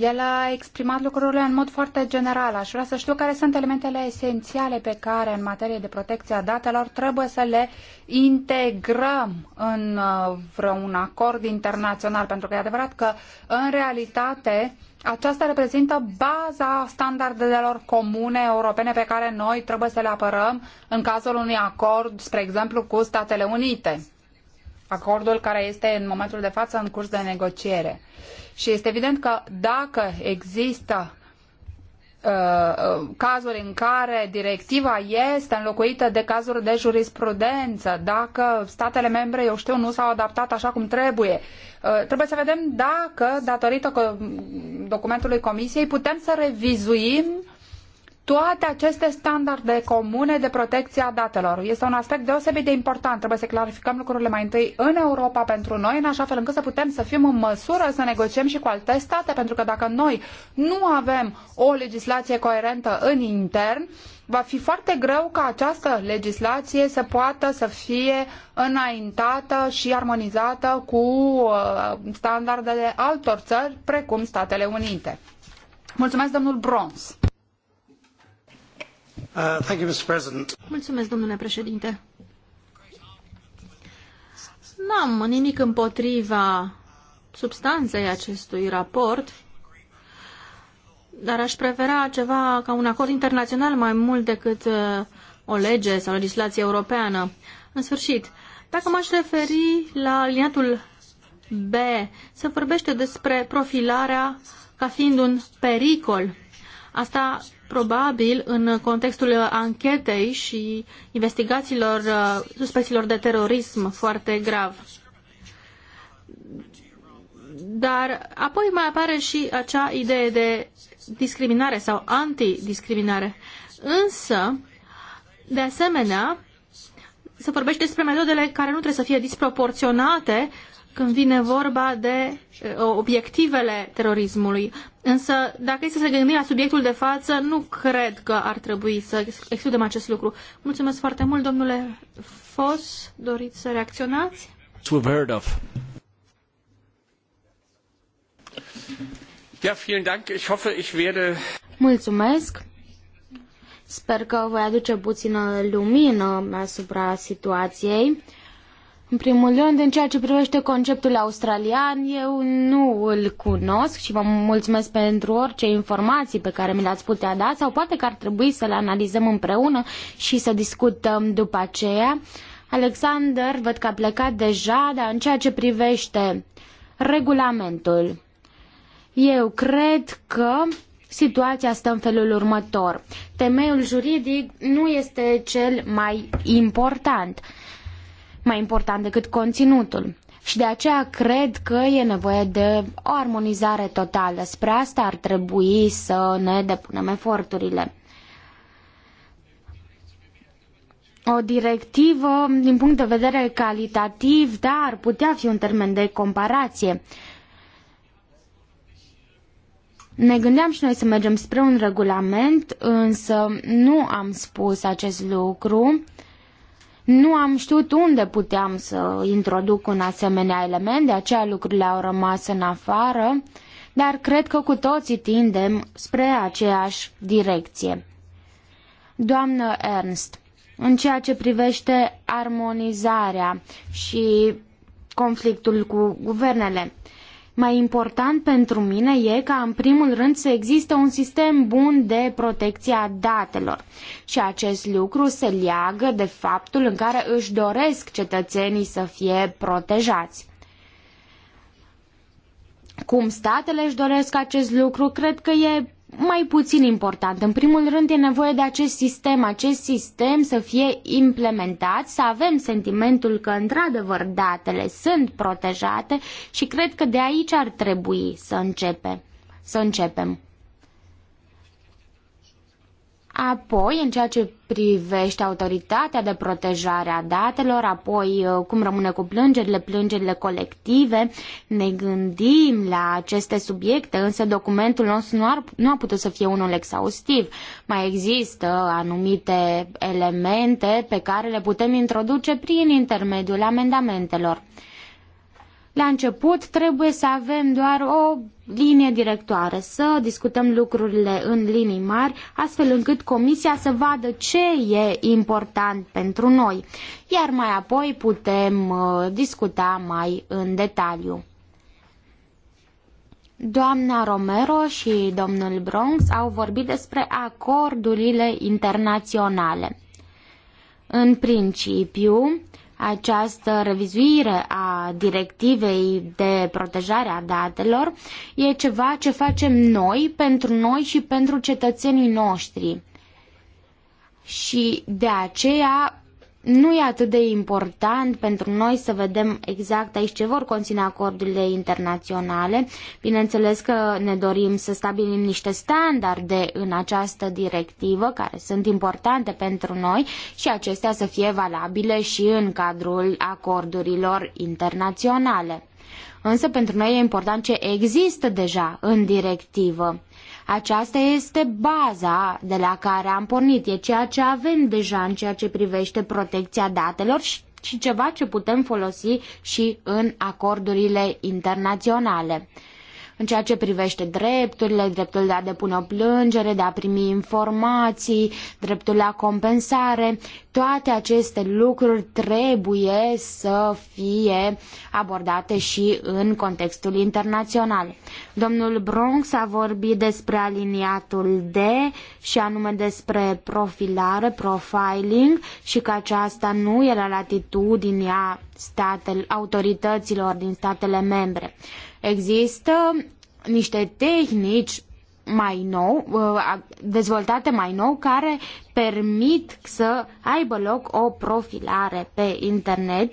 el a exprimat lucrurile în mod foarte general. Aș vrea să știu care sunt elementele esențiale pe care, în materie de protecție a datelor, trebuie să le integrăm în uh, vreun acord internațional. Pentru că e adevărat că, în realitate, aceasta reprezintă baza standardelor comune europene pe care noi trebuie să le apărăm în cazul unui acord, spre exemplu, cu Statele Unite. Acordul care este în momentul de față în curs de negociere. Și este evident că dacă există Uh, uh, cazuri în care directiva este înlocuită de cazuri de jurisprudență, dacă statele membre, eu știu, nu s-au adaptat așa cum trebuie. Uh, trebuie să vedem dacă, datorită documentului Comisiei, putem să revizuim toate aceste standarde comune de protecție a datelor. Este un aspect deosebit de important. Trebuie să clarificăm lucrurile mai întâi în Europa pentru noi, în așa fel încât să putem să fim în măsură să negociem și cu alte state, pentru că dacă noi nu avem o legislație coerentă în intern, va fi foarte greu ca această legislație să poată să fie înaintată și armonizată cu uh, standardele altor țări, precum Statele Unite. Mulțumesc, domnul Brons. Uh, Mulțumesc, domnule președinte. N-am nimic împotriva substanței acestui raport, dar aș prefera ceva ca un acord internațional mai mult decât uh, o lege sau legislație europeană. În sfârșit, dacă m-aș referi la aliniatul B, se vorbește despre profilarea ca fiind un pericol. Asta Probabil, în contextul anchetei și investigațiilor uh, suspecțiilor de terorism foarte grav. Dar apoi mai apare și acea idee de discriminare sau antidiscriminare. Însă, de asemenea, se vorbește despre metodele care nu trebuie să fie disproporționate când vine vorba de obiectivele terorismului. Însă, dacă este să se gândim la subiectul de față, nu cred că ar trebui să excludem acest lucru. Mulțumesc foarte mult, domnule Fos. Doriți să reacționați? Mulțumesc. Sper că voi aduce puțină lumină asupra situației în primul rând, în ceea ce privește conceptul australian, eu nu îl cunosc și vă mulțumesc pentru orice informații pe care mi le-ați putea da sau poate că ar trebui să le analizăm împreună și să discutăm după aceea. Alexander, văd că a plecat deja, dar în ceea ce privește regulamentul, eu cred că situația stă în felul următor. Temeiul juridic nu este cel mai important mai important decât conținutul. Și de aceea cred că e nevoie de o armonizare totală. Spre asta ar trebui să ne depunem eforturile. o directivă din punct de vedere calitativ, da, ar putea fi un termen de comparație. Ne gândeam și noi să mergem spre un regulament, însă nu am spus acest lucru nu am știut unde puteam să introduc un asemenea element, de aceea lucrurile au rămas în afară, dar cred că cu toții tindem spre aceeași direcție. Doamnă Ernst, în ceea ce privește armonizarea și conflictul cu guvernele, mai important pentru mine e ca în primul rând să existe un sistem bun de protecție a datelor și acest lucru se leagă de faptul în care își doresc cetățenii să fie protejați. Cum statele își doresc acest lucru, cred că e mai puțin important. În primul rând e nevoie de acest sistem, acest sistem să fie implementat, să avem sentimentul că într-adevăr datele sunt protejate și cred că de aici ar trebui să începe, Să începem. Apoi, în ceea ce privește autoritatea de protejare a datelor, apoi uh, cum rămâne cu plângerile, plângerile colective, ne gândim la aceste subiecte, însă documentul nostru nu, ar, nu a putut să fie unul exhaustiv. Mai există anumite elemente pe care le putem introduce prin intermediul amendamentelor. La început trebuie să avem doar o linie directoare, să discutăm lucrurile în linii mari, astfel încât comisia să vadă ce e important pentru noi, iar mai apoi putem uh, discuta mai în detaliu. Doamna Romero și domnul Bronx au vorbit despre acordurile internaționale. În principiu, această revizuire a directivei de protejare a datelor e ceva ce facem noi pentru noi și pentru cetățenii noștri. Și de aceea nu e atât de important pentru noi să vedem exact aici ce vor conține acordurile internaționale. Bineînțeles că ne dorim să stabilim niște standarde în această directivă care sunt importante pentru noi și acestea să fie valabile și în cadrul acordurilor internaționale. Însă pentru noi e important ce există deja în directivă aceasta este baza de la care am pornit, e ceea ce avem deja în ceea ce privește protecția datelor și și ceva ce putem folosi și în acordurile internaționale în ceea ce privește drepturile, dreptul de a depune o plângere, de a primi informații, dreptul la compensare, toate aceste lucruri trebuie să fie abordate și în contextul internațional. Domnul Bronx a vorbit despre aliniatul D și anume despre profilare, profiling și că aceasta nu era latitudinea statel, autorităților din statele membre. Există niște tehnici mai nou, uh, dezvoltate mai nou, care permit să aibă loc o profilare pe internet.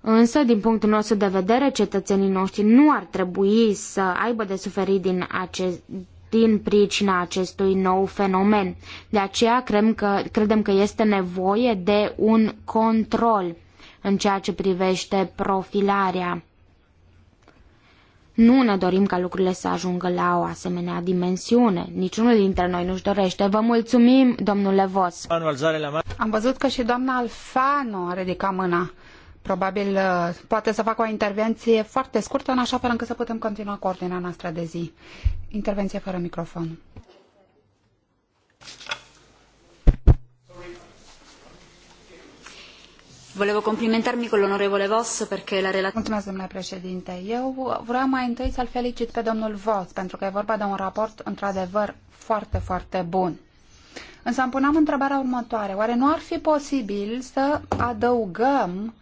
Însă, din punctul nostru de vedere, cetățenii noștri nu ar trebui să aibă de suferit din acest din pricina acestui nou fenomen. De aceea credem că, credem că este nevoie de un control în ceea ce privește profilarea. Nu ne dorim ca lucrurile să ajungă la o asemenea dimensiune. Niciunul dintre noi nu-și dorește. Vă mulțumim, domnule Vos. Am văzut că și doamna Alfano a ridicat mâna. Probabil uh, poate să facă o intervenție foarte scurtă, în așa fel încât să putem continua cu ordinea noastră de zi. Intervenție fără microfon. Volevo complimentarmi con l'onorevole Voss perché la relazione... Mulțumesc, domnule președinte. Eu vreau mai întâi să-l felicit pe domnul Voss, pentru că e vorba de un raport într-adevăr foarte, foarte bun. Însă îmi puneam întrebarea următoare. Oare nu ar fi posibil să adăugăm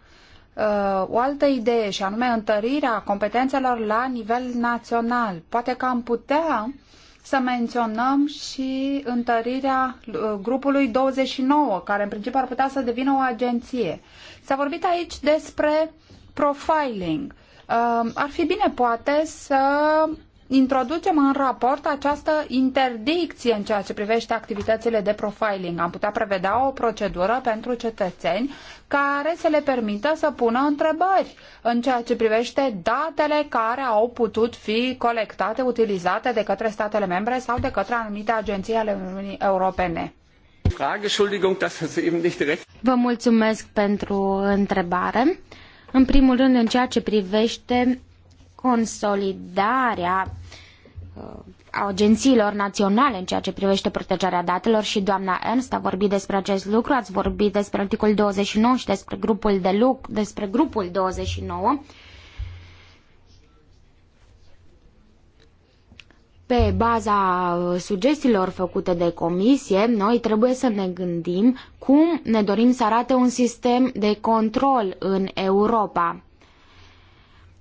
uh, o altă idee și anume întărirea competențelor la nivel național? Poate că am putea să menționăm și întărirea uh, grupului 29, care în principiu ar putea să devină o agenție. S-a vorbit aici despre profiling. Uh, ar fi bine poate să introducem în raport această interdicție în ceea ce privește activitățile de profiling. Am putea prevedea o procedură pentru cetățeni care să le permită să pună întrebări în ceea ce privește datele care au putut fi colectate, utilizate de către statele membre sau de către anumite agenții ale Uniunii Europene. Vă mulțumesc pentru întrebare. În primul rând, în ceea ce privește consolidarea uh, agențiilor naționale în ceea ce privește protejarea datelor și doamna Ernst a vorbit despre acest lucru, ați vorbit despre articolul 29 și despre grupul de lucru, despre grupul 29. Pe baza uh, sugestiilor făcute de comisie, noi trebuie să ne gândim cum ne dorim să arate un sistem de control în Europa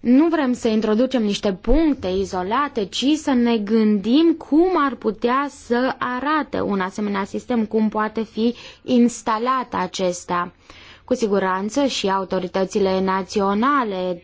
nu vrem să introducem niște puncte izolate, ci să ne gândim cum ar putea să arate un asemenea sistem, cum poate fi instalat acesta. Cu siguranță și autoritățile naționale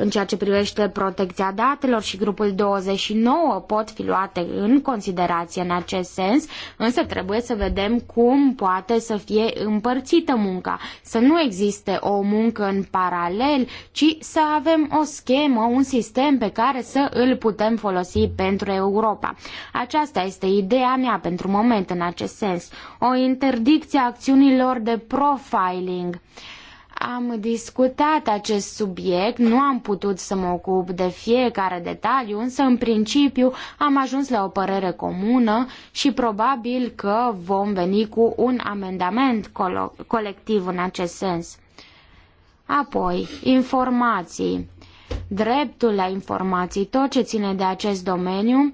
în ceea ce privește protecția datelor și grupul 29 pot fi luate în considerație în acest sens, însă trebuie să vedem cum poate să fie împărțită munca, să nu existe o muncă în paralel, ci să avem o schemă, un sistem pe care să îl putem folosi pentru Europa. Aceasta este ideea mea pentru moment în acest sens, o interdicție a acțiunilor de profiling. Am discutat acest subiect, nu am putut să mă ocup de fiecare detaliu, însă în principiu am ajuns la o părere comună și probabil că vom veni cu un amendament colectiv în acest sens. Apoi, informații. Dreptul la informații, tot ce ține de acest domeniu,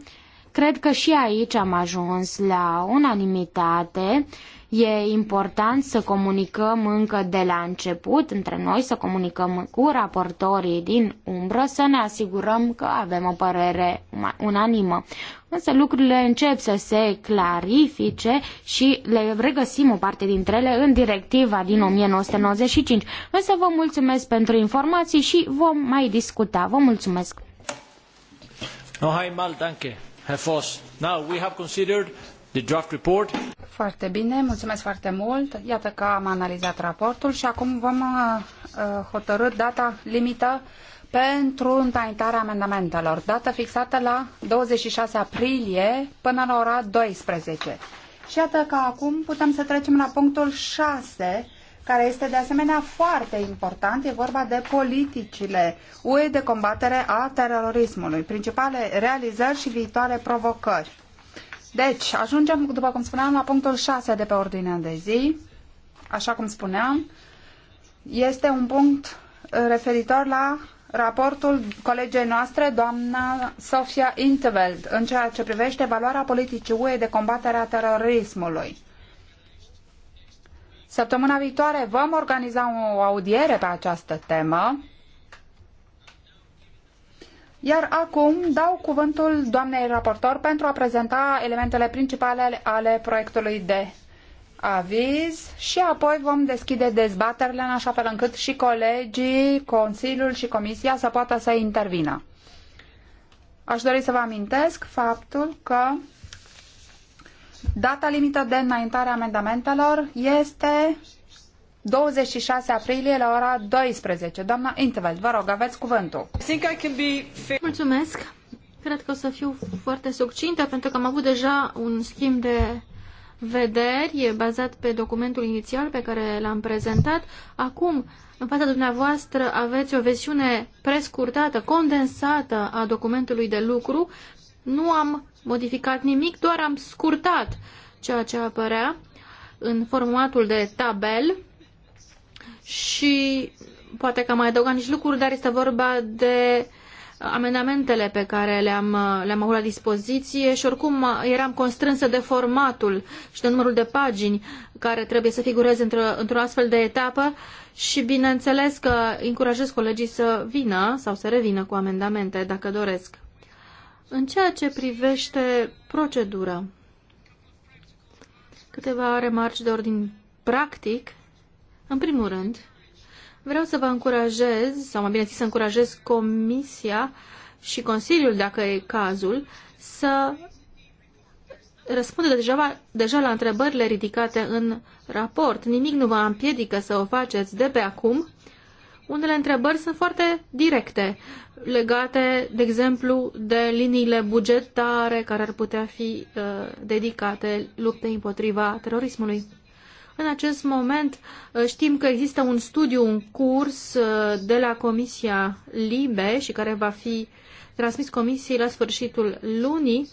cred că și aici am ajuns la unanimitate. E important să comunicăm încă de la început între noi, să comunicăm cu raportorii din umbră, să ne asigurăm că avem o părere unanimă. Însă lucrurile încep să se clarifice și le regăsim o parte dintre ele în directiva din 1995. Însă vă mulțumesc pentru informații și vom mai discuta. Vă mulțumesc! No, hai mal, danke, Herr Voss. Now, we have considered The draft report. Foarte bine, mulțumesc foarte mult. Iată că am analizat raportul și acum vom uh, uh data limită pentru înaintarea amendamentelor, dată fixată la 26 aprilie până la ora 12. Și iată că acum putem să trecem la punctul 6, care este de asemenea foarte important. E vorba de politicile UE de combatere a terorismului, principale realizări și viitoare provocări. Deci, ajungem, după cum spuneam, la punctul 6 de pe ordinea de zi. Așa cum spuneam, este un punct referitor la raportul colegei noastre, doamna Sofia Intveld, în ceea ce privește valoarea politicii UE de combaterea terorismului. Săptămâna viitoare vom organiza o audiere pe această temă iar acum dau cuvântul doamnei raportor pentru a prezenta elementele principale ale proiectului de aviz și apoi vom deschide dezbaterile în așa fel încât și colegii, Consiliul și Comisia să poată să intervină. Aș dori să vă amintesc faptul că data limită de înaintare a amendamentelor este 26 aprilie la ora 12. Doamna vă rog, aveți cuvântul. Mulțumesc. Cred că o să fiu foarte succintă pentru că am avut deja un schimb de vederi bazat pe documentul inițial pe care l-am prezentat. Acum, în fața dumneavoastră, aveți o versiune prescurtată, condensată a documentului de lucru. Nu am modificat nimic, doar am scurtat ceea ce apărea în formatul de tabel și poate că am mai adăugat nici lucruri, dar este vorba de amendamentele pe care le-am le, -am, avut la dispoziție și oricum eram constrânsă de formatul și de numărul de pagini care trebuie să figureze într-o într, astfel de etapă și bineînțeles că încurajez colegii să vină sau să revină cu amendamente dacă doresc. În ceea ce privește procedura, câteva remarci de ordin practic în primul rând, vreau să vă încurajez, sau mai bine zis să încurajez Comisia și Consiliul, dacă e cazul, să răspundă deja, deja la întrebările ridicate în raport. Nimic nu vă împiedică să o faceți de pe acum. Unele întrebări sunt foarte directe, legate, de exemplu, de liniile bugetare care ar putea fi uh, dedicate luptei împotriva terorismului. În acest moment uh, știm că există un studiu, un curs uh, de la Comisia Libe și care va fi transmis Comisiei la sfârșitul lunii.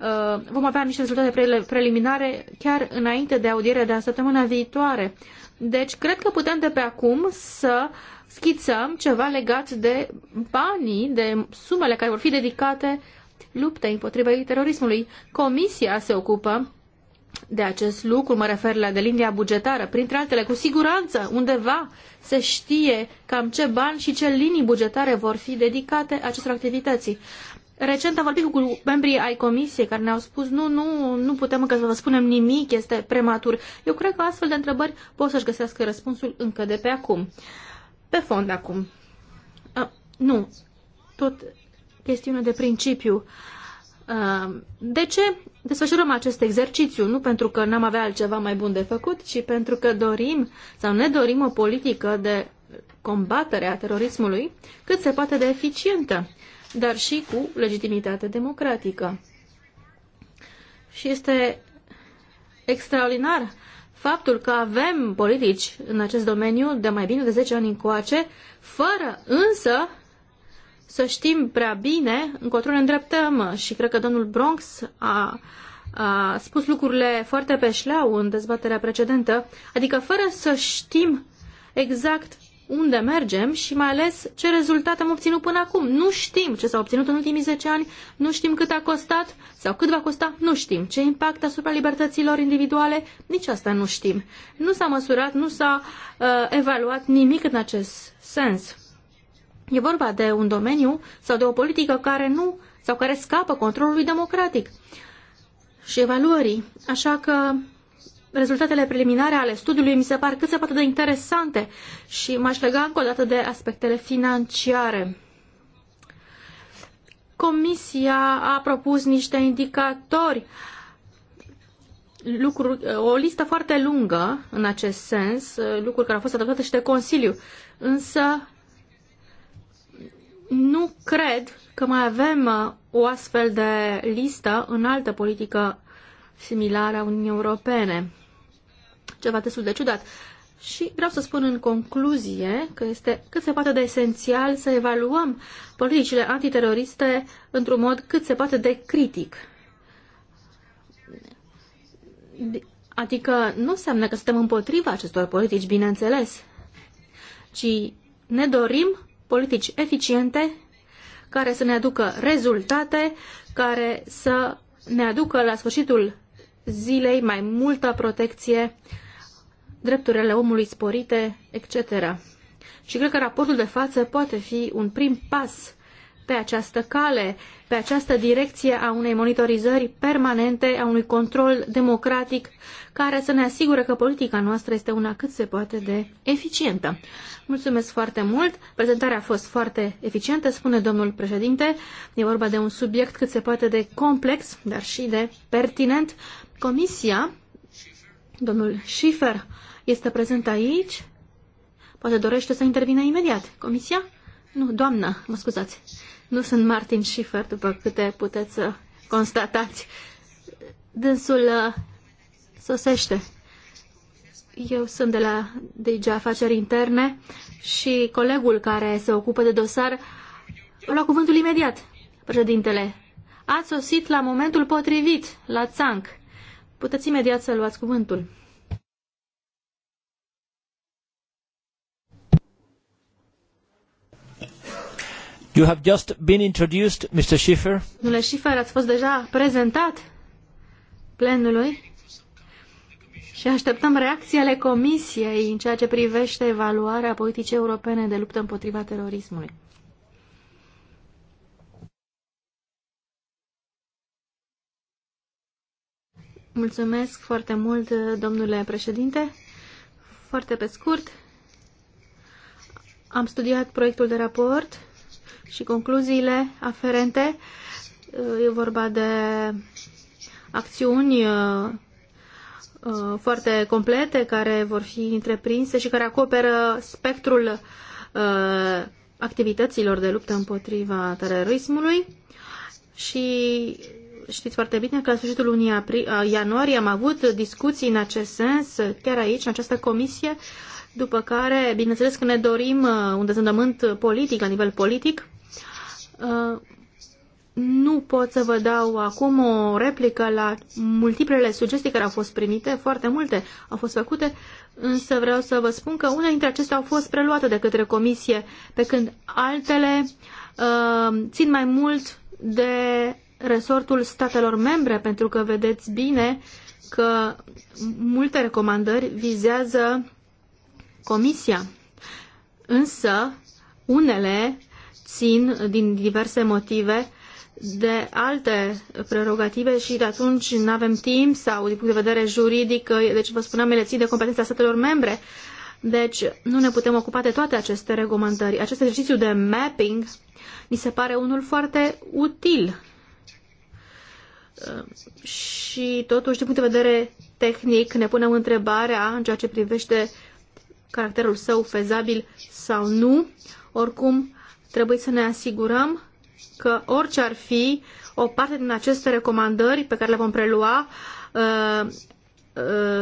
Uh, vom avea niște rezultate preliminare chiar înainte de audierea de săptămâna viitoare. Deci, cred că putem de pe acum să schițăm ceva legat de banii, de sumele care vor fi dedicate luptei împotriva terorismului. Comisia se ocupă de acest lucru, mă refer la de linia bugetară, printre altele, cu siguranță, undeva se știe cam ce bani și ce linii bugetare vor fi dedicate acestor activități. Recent am vorbit cu membrii ai comisiei care ne-au spus nu, nu, nu putem încă să vă spunem nimic, este prematur. Eu cred că astfel de întrebări pot să-și găsească răspunsul încă de pe acum. Pe fond acum. A, nu, tot chestiune de principiu. de ce desfășurăm acest exercițiu, nu pentru că n-am avea altceva mai bun de făcut, ci pentru că dorim sau ne dorim o politică de combatere a terorismului cât se poate de eficientă, dar și cu legitimitate democratică. Și este extraordinar faptul că avem politici în acest domeniu de mai bine de 10 ani încoace, fără însă să știm prea bine încotro ne îndreptăm și cred că domnul Bronx a, a spus lucrurile foarte pe șleau în dezbaterea precedentă, adică fără să știm exact unde mergem și mai ales ce rezultat am obținut până acum. Nu știm ce s-a obținut în ultimii 10 ani, nu știm cât a costat sau cât va costa, nu știm. Ce impact asupra libertăților individuale, nici asta nu știm. Nu s-a măsurat, nu s-a uh, evaluat nimic în acest sens. E vorba de un domeniu sau de o politică care nu sau care scapă controlului democratic și evaluării. Așa că rezultatele preliminare ale studiului mi se par cât se poate de interesante și m-aș lega încă o dată de aspectele financiare. Comisia a propus niște indicatori, lucruri, o listă foarte lungă în acest sens, lucruri care au fost adoptate și de Consiliu. Însă nu cred că mai avem uh, o astfel de listă în altă politică similară a Uniunii Europene. Ceva destul de ciudat. Și vreau să spun în concluzie că este cât se poate de esențial să evaluăm politicile antiteroriste într-un mod cât se poate de critic. Adică nu înseamnă că suntem împotriva acestor politici, bineînțeles, ci ne dorim politici eficiente care să ne aducă rezultate, care să ne aducă la sfârșitul zilei mai multă protecție, drepturile omului sporite, etc. Și cred că raportul de față poate fi un prim pas pe această cale, pe această direcție a unei monitorizări permanente, a unui control democratic care să ne asigure că politica noastră este una cât se poate de eficientă. Mulțumesc foarte mult. Prezentarea a fost foarte eficientă, spune domnul președinte. E vorba de un subiect cât se poate de complex, dar și de pertinent. Comisia, domnul Schiffer, este prezent aici. Poate dorește să intervină imediat. Comisia? Nu, doamnă, mă scuzați. Nu sunt Martin Schiffer, după câte puteți să uh, constatați. Dânsul uh, sosește. Eu sunt de la DG Afaceri Interne și colegul care se ocupă de dosar lua cuvântul imediat. Președintele, ați sosit la momentul potrivit, la țanc. Puteți imediat să luați cuvântul. You have just been introduced, Mr. Schiffer. Domnule Schiffer, ați fost deja prezentat plenului și așteptăm reacțiile ale Comisiei în ceea ce privește evaluarea politicii europene de luptă împotriva terorismului. Mulțumesc foarte mult, domnule președinte. Foarte pe scurt, am studiat proiectul de raport și concluziile aferente. E vorba de acțiuni foarte complete care vor fi întreprinse și care acoperă spectrul activităților de luptă împotriva terorismului și știți foarte bine că la sfârșitul lunii ianuarie am avut discuții în acest sens, chiar aici, în această comisie, după care, bineînțeles că ne dorim un dezândământ politic, la nivel politic, Uh, nu pot să vă dau acum o replică la multiplele sugestii care au fost primite, foarte multe au fost făcute, însă vreau să vă spun că unele dintre acestea au fost preluate de către comisie, pe când altele uh, țin mai mult de resortul statelor membre, pentru că vedeți bine că multe recomandări vizează comisia. Însă, unele țin din diverse motive de alte prerogative și de atunci nu avem timp sau din punct de vedere juridic, deci vă spuneam, ele țin de competența statelor membre. Deci nu ne putem ocupa de toate aceste recomandări. Acest exercițiu de mapping mi se pare unul foarte util ă, și totuși, din punct de vedere tehnic, ne punem întrebarea în ceea ce privește caracterul său fezabil sau nu. Oricum, Trebuie să ne asigurăm că orice ar fi, o parte din aceste recomandări pe care le vom prelua, uh, uh,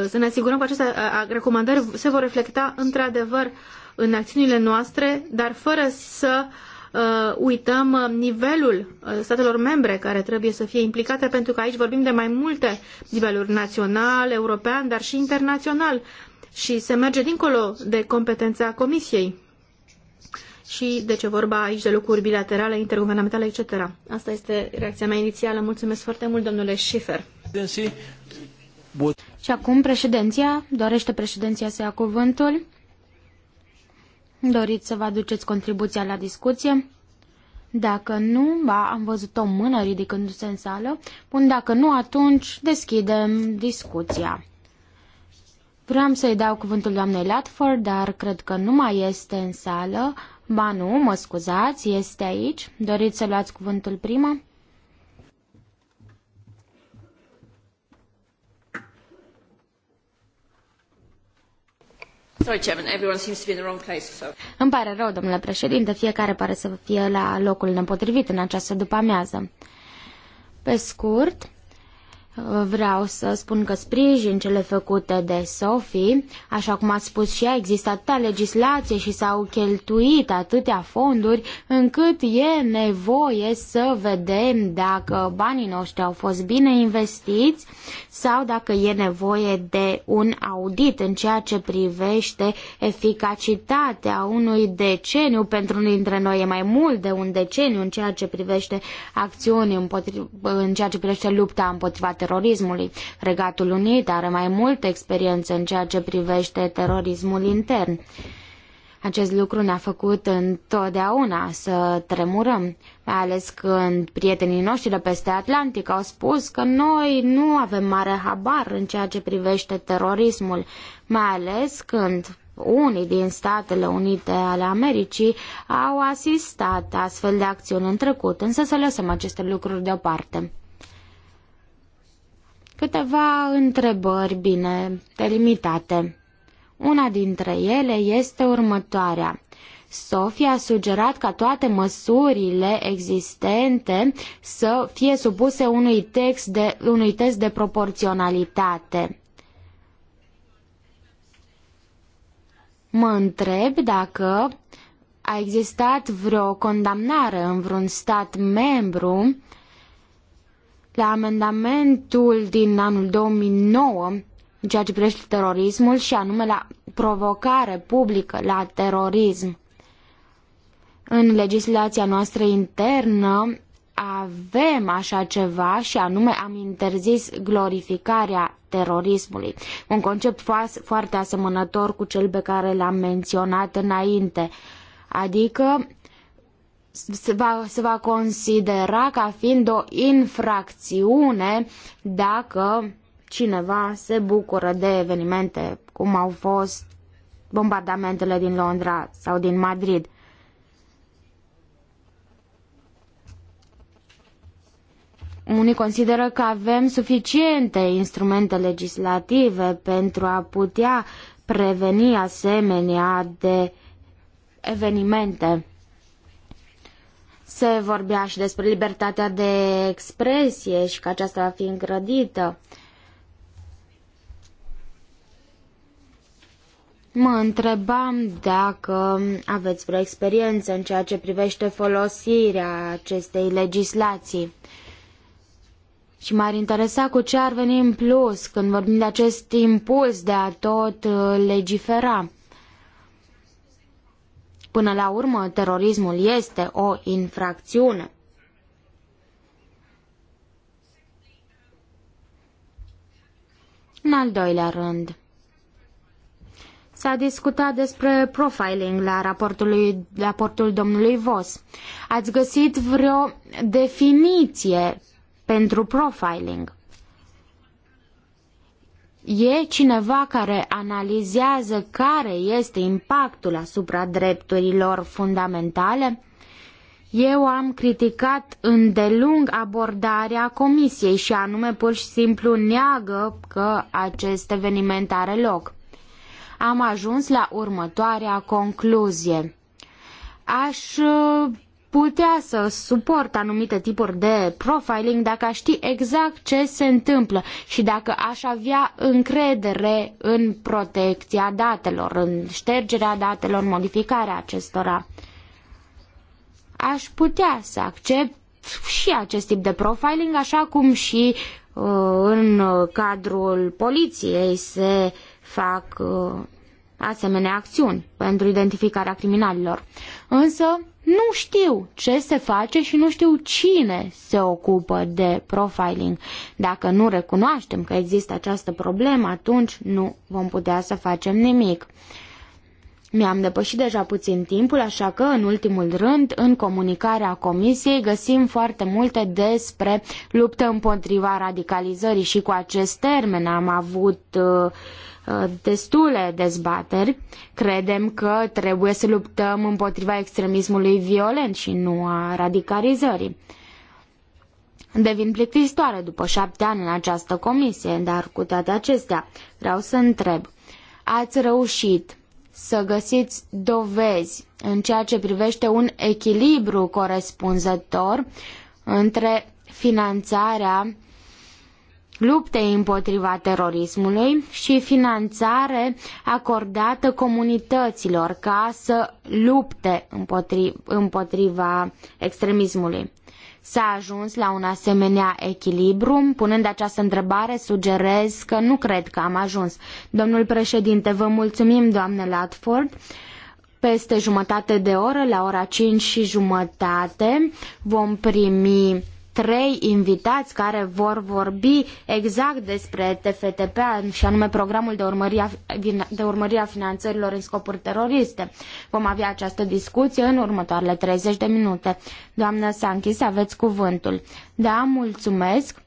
să ne asigurăm că aceste uh, recomandări se vor reflecta într-adevăr în acțiunile noastre, dar fără să uităm nivelul statelor membre care trebuie să fie implicate, pentru că aici vorbim de mai multe niveluri, național, european, dar și internațional. Și se merge dincolo de competența Comisiei și de ce vorba aici de lucruri bilaterale, interguvernamentale, etc. Asta este reacția mea inițială. Mulțumesc foarte mult, domnule Schiffer. Și acum președinția, dorește președinția să ia cuvântul. Doriți să vă aduceți contribuția la discuție? Dacă nu, ba, am văzut o mână ridicându-se în sală. Bun, dacă nu, atunci deschidem discuția. Vreau să-i dau cuvântul doamnei Latford, dar cred că nu mai este în sală, Ba nu, mă scuzați, este aici. Doriți să luați cuvântul prima? Sorry, Chairman, everyone seems to be in the wrong place, so. Îmi pare rău, domnule președinte, fiecare pare să fie la locul nepotrivit în această după-amiază. Pe scurt, Vreau să spun că sprijin cele făcute de Sophie, așa cum ați spus și ea, există atâta legislație și s-au cheltuit atâtea fonduri încât e nevoie să vedem dacă banii noștri au fost bine investiți sau dacă e nevoie de un audit în ceea ce privește eficacitatea unui deceniu. Pentru unii dintre noi e mai mult de un deceniu în ceea ce privește acțiuni, în ceea ce privește lupta împotriva terorismului terorismului. Regatul Unit are mai multă experiență în ceea ce privește terorismul intern. Acest lucru ne-a făcut întotdeauna să tremurăm, mai ales când prietenii noștri de peste Atlantic au spus că noi nu avem mare habar în ceea ce privește terorismul, mai ales când unii din Statele Unite ale Americii au asistat astfel de acțiuni în trecut, însă să lăsăm aceste lucruri deoparte. Câteva întrebări bine delimitate. Una dintre ele este următoarea. Sofia a sugerat ca toate măsurile existente să fie supuse unui, text de, unui test de proporționalitate. Mă întreb dacă a existat vreo condamnare în vreun stat membru la amendamentul din anul 2009 în ceea ce privește terorismul și anume la provocare publică la terorism. În legislația noastră internă avem așa ceva și anume am interzis glorificarea terorismului. Un concept foarte asemănător cu cel pe care l-am menționat înainte, adică se va, se va considera ca fiind o infracțiune dacă cineva se bucură de evenimente cum au fost bombardamentele din Londra sau din Madrid. Unii consideră că avem suficiente instrumente legislative pentru a putea preveni asemenea de evenimente. Se vorbea și despre libertatea de expresie și că aceasta va fi îngrădită. Mă întrebam dacă aveți vreo experiență în ceea ce privește folosirea acestei legislații. Și m-ar interesa cu ce ar veni în plus când vorbim de acest impuls de a tot uh, legifera. Până la urmă, terorismul este o infracțiune. În al doilea rând, s-a discutat despre profiling la raportul, lui, raportul domnului Vos. Ați găsit vreo definiție pentru profiling? E cineva care analizează care este impactul asupra drepturilor fundamentale? Eu am criticat îndelung abordarea comisiei și anume pur și simplu neagă că acest eveniment are loc. Am ajuns la următoarea concluzie. Aș putea să suport anumite tipuri de profiling dacă aș ști exact ce se întâmplă și dacă aș avea încredere în protecția datelor, în ștergerea datelor, în modificarea acestora. Aș putea să accept și acest tip de profiling, așa cum și uh, în uh, cadrul poliției se fac uh, asemenea acțiuni pentru identificarea criminalilor. Însă nu știu ce se face și nu știu cine se ocupă de profiling. Dacă nu recunoaștem că există această problemă, atunci nu vom putea să facem nimic. Mi-am depășit deja puțin timpul, așa că, în ultimul rând, în comunicarea Comisiei găsim foarte multe despre luptă împotriva radicalizării și cu acest termen am avut uh, Uh, destule dezbateri. Credem că trebuie să luptăm împotriva extremismului violent și nu a radicalizării. Devin plictisitoare după șapte ani în această comisie, dar cu toate acestea vreau să întreb. Ați reușit să găsiți dovezi în ceea ce privește un echilibru corespunzător între finanțarea lupte împotriva terorismului și finanțare acordată comunităților ca să lupte împotriva, împotriva extremismului. S-a ajuns la un asemenea echilibru? Punând această întrebare, sugerez că nu cred că am ajuns. Domnul președinte, vă mulțumim, doamnă Latford. Peste jumătate de oră, la ora cinci și jumătate, vom primi trei invitați care vor vorbi exact despre TFTP și anume programul de urmărire, de urmărire a finanțărilor în scopuri teroriste. Vom avea această discuție în următoarele 30 de minute. Doamnă Sanchis, aveți cuvântul. Da, mulțumesc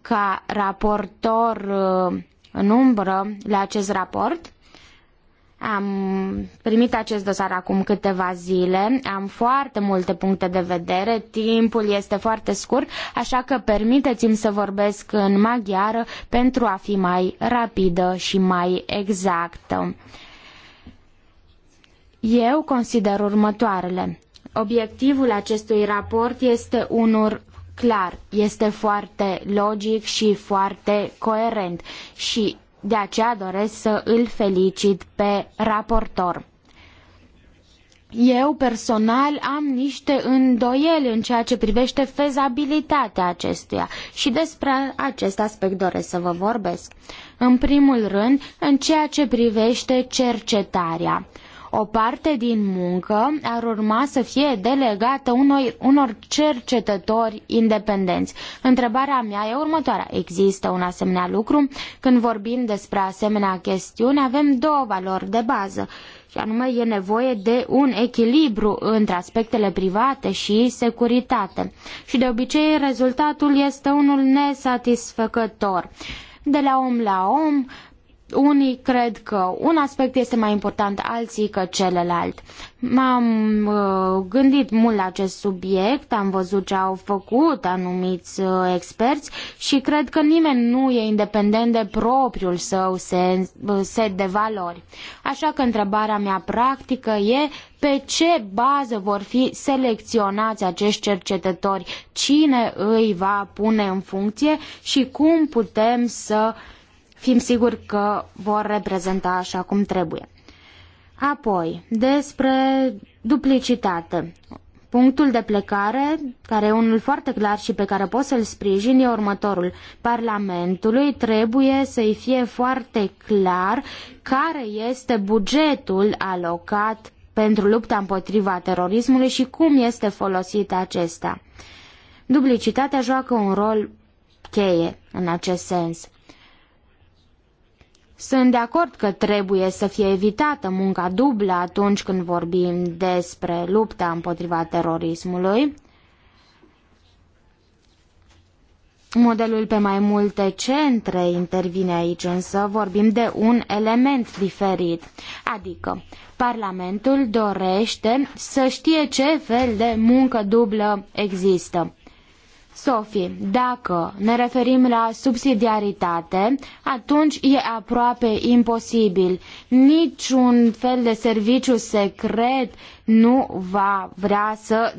ca raportor uh, în umbră la acest raport. Am primit acest dosar acum câteva zile, am foarte multe puncte de vedere, timpul este foarte scurt, așa că permiteți-mi să vorbesc în maghiară pentru a fi mai rapidă și mai exactă. Eu consider următoarele. Obiectivul acestui raport este unul clar, este foarte logic și foarte coerent și de aceea doresc să îl felicit pe raportor. Eu personal am niște îndoieli în ceea ce privește fezabilitatea acestuia și despre acest aspect doresc să vă vorbesc. În primul rând, în ceea ce privește cercetarea. O parte din muncă ar urma să fie delegată unor, unor cercetători independenți. Întrebarea mea e următoarea. Există un asemenea lucru? Când vorbim despre asemenea chestiuni, avem două valori de bază și anume e nevoie de un echilibru între aspectele private și securitate. Și de obicei rezultatul este unul nesatisfăcător. De la om la om, unii cred că un aspect este mai important, alții că celălalt. M-am uh, gândit mult la acest subiect, am văzut ce au făcut anumiți uh, experți și cred că nimeni nu e independent de propriul său uh, set, de valori. Așa că întrebarea mea practică e pe ce bază vor fi selecționați acești cercetători, cine îi va pune în funcție și cum putem să uh, fim siguri că vor reprezenta așa cum trebuie. Apoi, despre duplicitate. Punctul de plecare, care e unul foarte clar și pe care pot să-l sprijin, e următorul. Parlamentului trebuie să-i fie foarte clar care este bugetul alocat pentru lupta împotriva terorismului și cum este folosit acesta. Duplicitatea joacă un rol cheie în acest sens. Sunt de acord că trebuie să fie evitată munca dublă atunci când vorbim despre lupta împotriva terorismului. Modelul pe mai multe centre intervine aici, însă vorbim de un element diferit, adică Parlamentul dorește să știe ce fel de muncă dublă există. Sofie, dacă ne referim la subsidiaritate, atunci e aproape imposibil. Niciun fel de serviciu secret nu va vrea să,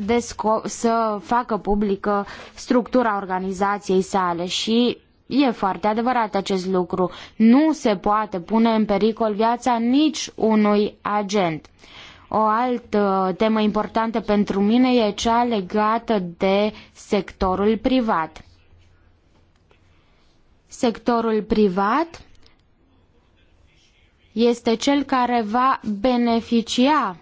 să facă publică structura organizației sale și E foarte adevărat acest lucru. Nu se poate pune în pericol viața nici unui agent. O altă temă importantă pentru mine e cea legată de sectorul privat. Sectorul privat este cel care va beneficia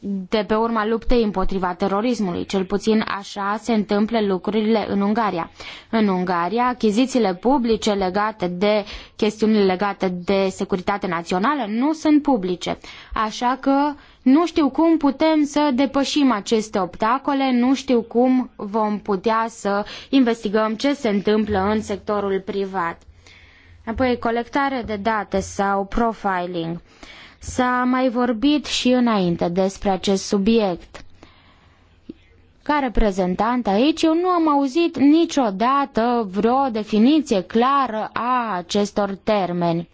de pe urma luptei împotriva terorismului. Cel puțin așa se întâmplă lucrurile în Ungaria. În Ungaria, achizițiile publice legate de chestiunile legate de securitate națională nu sunt publice. Așa că nu știu cum putem să depășim aceste obstacole, nu știu cum vom putea să investigăm ce se întâmplă în sectorul privat. Apoi, colectare de date sau profiling. Uh, S-a mai vorbit și înainte despre acest subiect. Ca reprezentant aici, eu nu am auzit niciodată vreo definiție clară a acestor termeni.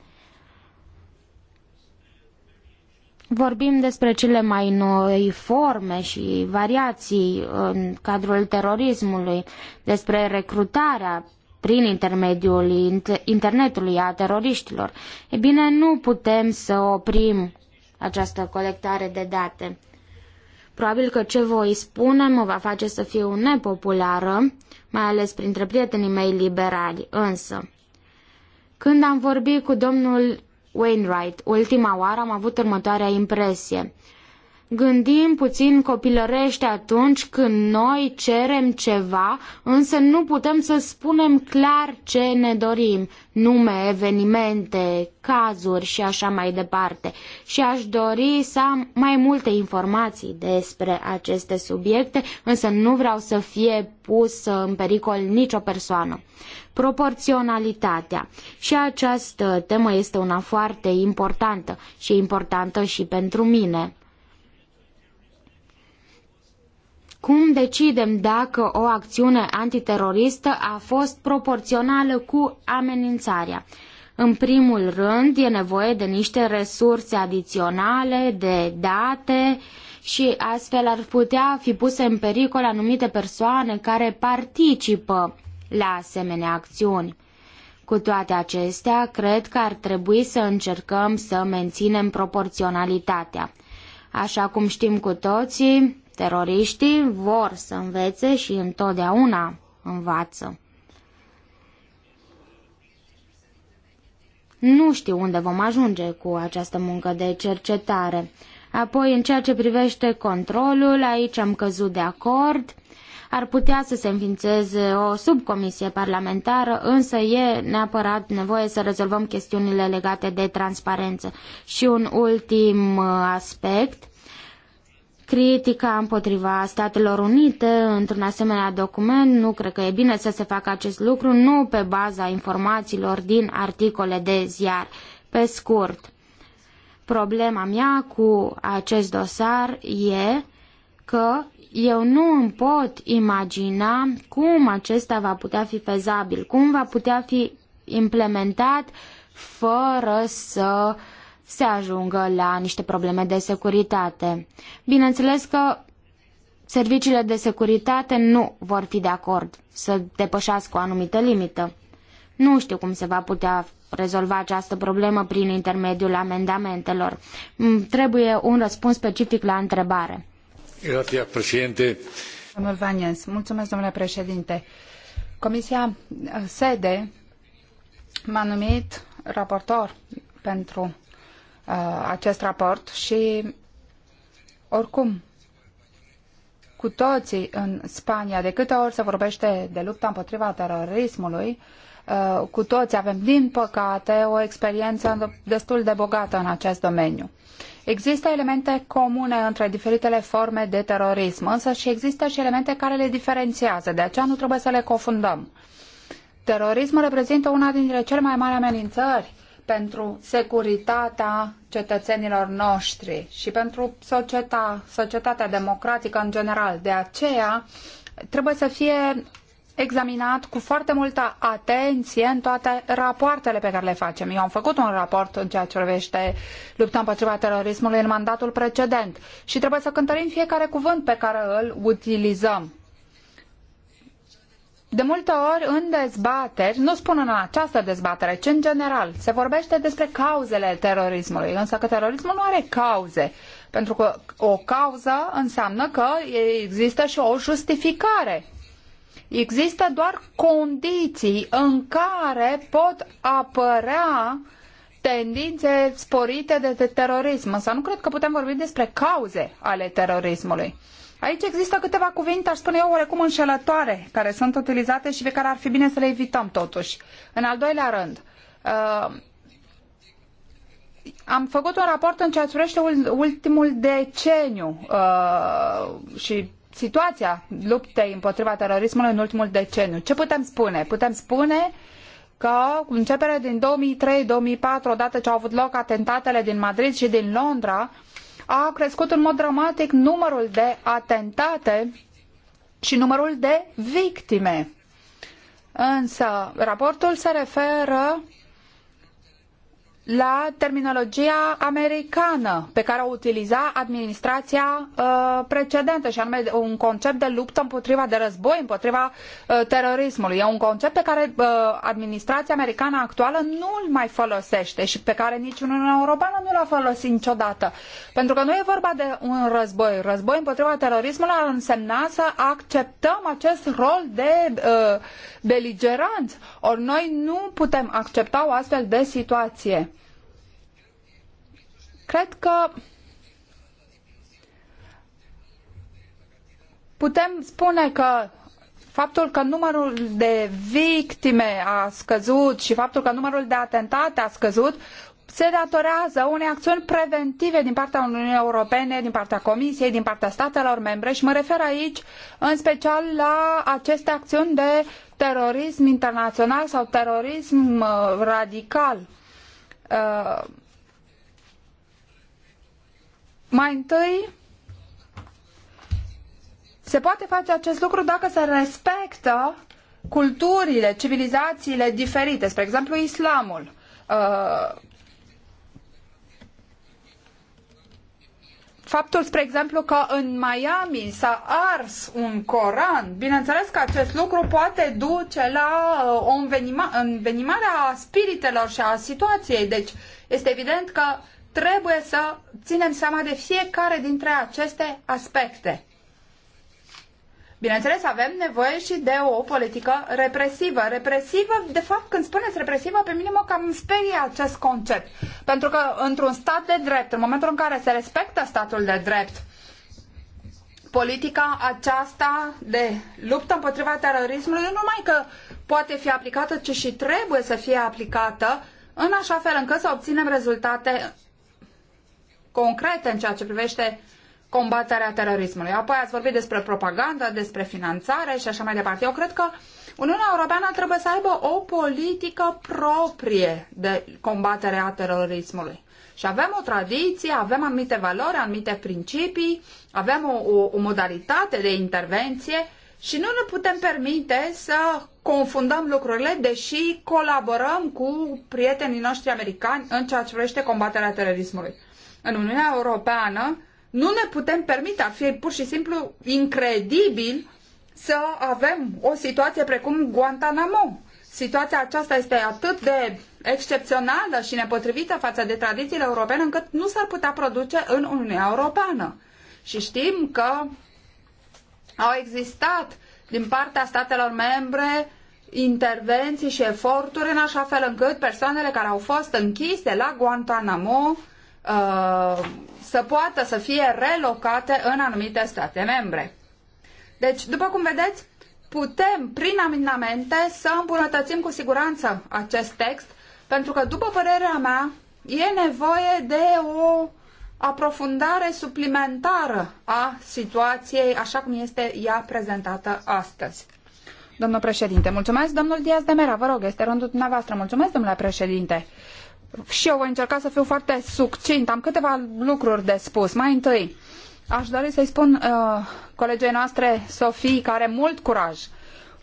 Vorbim despre cele mai noi forme și variații în cadrul terorismului, despre recrutarea prin intermediul internetului a teroriștilor. E bine, nu putem să oprim această colectare de date. Probabil că ce voi spune mă va face să fiu nepopulară, mai ales printre prietenii mei liberali, însă. Când am vorbit cu domnul Wainwright, ultima oară am avut următoarea impresie. Gândim puțin copilărește atunci când noi cerem ceva, însă nu putem să spunem clar ce ne dorim, nume, evenimente, cazuri și așa mai departe. Și aș dori să am mai multe informații despre aceste subiecte, însă nu vreau să fie pus în pericol nicio persoană proporționalitatea. Și această temă este una foarte importantă și importantă și pentru mine. Cum decidem dacă o acțiune antiteroristă a fost proporțională cu amenințarea? În primul rând, e nevoie de niște resurse adiționale, de date și astfel ar putea fi puse în pericol anumite persoane care participă la asemenea acțiuni. Cu toate acestea, cred că ar trebui să încercăm să menținem proporționalitatea. Așa cum știm cu toții, Teroriștii vor să învețe și întotdeauna învață. Nu știu unde vom ajunge cu această muncă de cercetare. Apoi, în ceea ce privește controlul, aici am căzut de acord. Ar putea să se înființeze o subcomisie parlamentară, însă e neapărat nevoie să rezolvăm chestiunile legate de transparență. Și un ultim uh, aspect – critica împotriva Statelor Unite într-un asemenea document, nu cred că e bine să se facă acest lucru, nu pe baza informațiilor din articole de ziar. Pe scurt, problema mea cu acest dosar e că eu nu îmi pot imagina cum acesta va putea fi fezabil, cum va putea fi implementat fără să uh, se ajungă la niște probleme de securitate. Bineînțeles că serviciile de securitate nu vor fi de acord să depășească o anumită limită. Nu știu cum se va putea rezolva această problemă prin intermediul amendamentelor. Mm, Trebuie un răspuns specific la întrebare. Grazie, președinte. Domnul mulțumesc, domnule președinte. Comisia eh, SEDE m-a numit raportor pentru Uh, acest raport și oricum cu toții în Spania, de câte ori se vorbește de lupta împotriva terorismului, uh, cu toți avem, din păcate, o experiență destul de bogată în acest domeniu. Există elemente comune între diferitele forme de terorism, însă și există și elemente care le diferențiază, de aceea nu trebuie să le confundăm. Terorismul reprezintă una dintre cele mai mari amenințări pentru securitatea cetățenilor noștri și pentru societa, societatea democratică în general. De aceea trebuie să fie examinat cu foarte multă atenție în toate rapoartele pe care le facem. Eu am făcut un raport în ceea ce privește lupta împotriva terorismului în mandatul precedent și trebuie să cântărim fiecare cuvânt pe care îl utilizăm de multe ori, în dezbateri, nu spun în această dezbatere, ci în general, se vorbește despre cauzele terorismului, însă că terorismul nu are cauze. Pentru că o cauză înseamnă că există și o justificare. Există doar condiții în care pot apărea tendințe sporite de terorism, însă nu cred că putem vorbi despre cauze ale terorismului. Aici există câteva cuvinte, aș spune eu, oarecum înșelătoare, care sunt utilizate și pe care ar fi bine să le evităm totuși. În al doilea rând, uh, am făcut un raport în ceea ce privește ultimul deceniu uh, și situația luptei împotriva terorismului în ultimul deceniu. Ce putem spune? Putem spune că începere din 2003-2004, odată ce au avut loc atentatele din Madrid și din Londra, a crescut în mod dramatic numărul de atentate și numărul de victime. Însă, raportul se referă la terminologia americană pe care o utiliza administrația uh, precedentă și anume un concept de luptă împotriva de război, împotriva uh, terorismului. E un concept pe care uh, administrația americană actuală nu îl mai folosește și pe care nici Uniunea Europeană nu l-a folosit niciodată. Pentru că nu e vorba de un război. Război împotriva terorismului ar însemna să acceptăm acest rol de uh, beligeranți. Ori noi nu putem accepta o astfel de situație. Cred că putem spune că faptul că numărul de victime a scăzut și faptul că numărul de atentate a scăzut se datorează unei acțiuni preventive din partea Uniunii Europene, din partea Comisiei, din partea statelor membre și mă refer aici în special la aceste acțiuni de terorism internațional sau terorism uh, radical. Uh, mai întâi, se poate face acest lucru dacă se respectă culturile, civilizațiile diferite, spre exemplu islamul. Uh, faptul, spre exemplu, că în Miami s-a ars un Coran, bineînțeles că acest lucru poate duce la uh, o învenima, învenimare a spiritelor și a situației. Deci este evident că trebuie să ținem seama de fiecare dintre aceste aspecte. Bineînțeles, avem nevoie și de o politică represivă. Represivă, de fapt, când spuneți represivă, pe mine mă cam sperie acest concept. Pentru că într-un stat de drept, în momentul în care se respectă statul de drept, politica aceasta de luptă împotriva terorismului nu numai că poate fi aplicată, ci și trebuie să fie aplicată în așa fel încât să obținem rezultate concrete în ceea ce privește uh, combaterea terorismului. Apoi ați vorbit despre propagandă, despre finanțare și așa mai departe. Eu cred că Uniunea Europeană trebuie să aibă o politică proprie de combatere a terorismului. Și avem o tradiție, avem anumite valori, anumite principii, avem o, o, o modalitate de intervenție și nu ne putem permite să confundăm lucrurile, deși colaborăm cu prietenii noștri americani în ceea ce privește combaterea terorismului. În Uniunea Europeană, nu ne putem permite, ar fi pur și simplu incredibil să avem o situație precum Guantanamo. Situația aceasta este atât de excepțională și nepotrivită față de tradițiile europene încât nu s-ar putea produce în Uniunea Europeană. Și știm că au existat din partea statelor membre intervenții și eforturi în așa fel încât persoanele care au fost închise la Guantanamo Uh, să poată să fie relocate în anumite state membre. Deci, după cum vedeți, putem, prin amendamente, să îmbunătățim cu siguranță acest text, pentru că, după părerea mea, e nevoie de o aprofundare suplimentară a situației așa cum este ea prezentată astăzi. Domnul președinte, mulțumesc. Domnul Diaz de Mera, vă rog, este rândul dumneavoastră. Mulțumesc, domnule președinte și eu voi încerca să fiu foarte succint. Am câteva lucruri de spus. Mai întâi, aș dori să-i spun uh, colegei noastre, Sofie, care are mult curaj.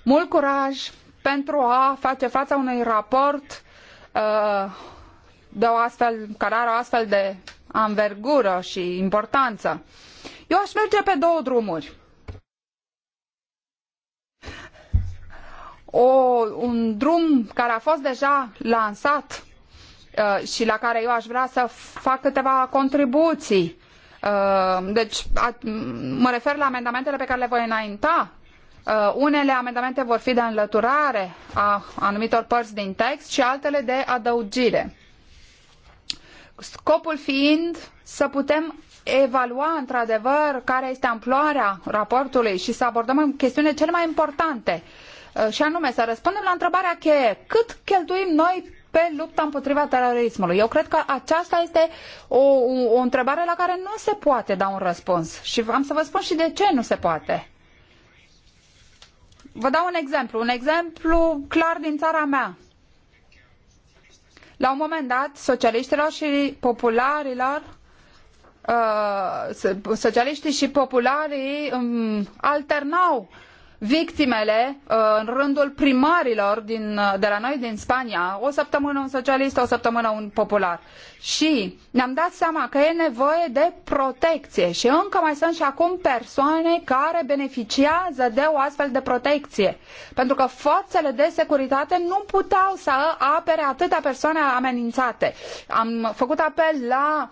Mult curaj pentru a face fața unui raport uh, de o astfel, care are o astfel de anvergură și importanță. Eu aș merge pe două drumuri. O, un drum care a fost deja lansat Uh, și la care eu aș vrea să fac câteva contribuții. Uh, deci mă refer la amendamentele pe care le voi înainta. Uh, unele amendamente vor fi de înlăturare a anumitor părți din text și altele de adăugire. Scopul fiind să putem evalua într-adevăr care este amploarea raportului și să abordăm chestiunile cele mai importante și anume să răspundem la întrebarea cheie cât cheltuim noi pe lupta împotriva terorismului. Eu cred că aceasta este o, o, o întrebare la care nu se poate da un răspuns. Și am să vă spun și de ce nu se poate. Vă dau un exemplu, un exemplu clar din țara mea. La un moment dat, socialiștilor și popularilor, uh, socialiștii și popularii um, alternau uh, victimele uh, în rândul primarilor din, uh, de la noi din Spania, o săptămână un socialist, o săptămână un popular. Și ne-am dat seama că e nevoie de protecție și încă mai sunt și acum persoane care beneficiază de o astfel de protecție. Pentru că forțele de securitate nu puteau să apere atâtea persoane amenințate. Am făcut apel la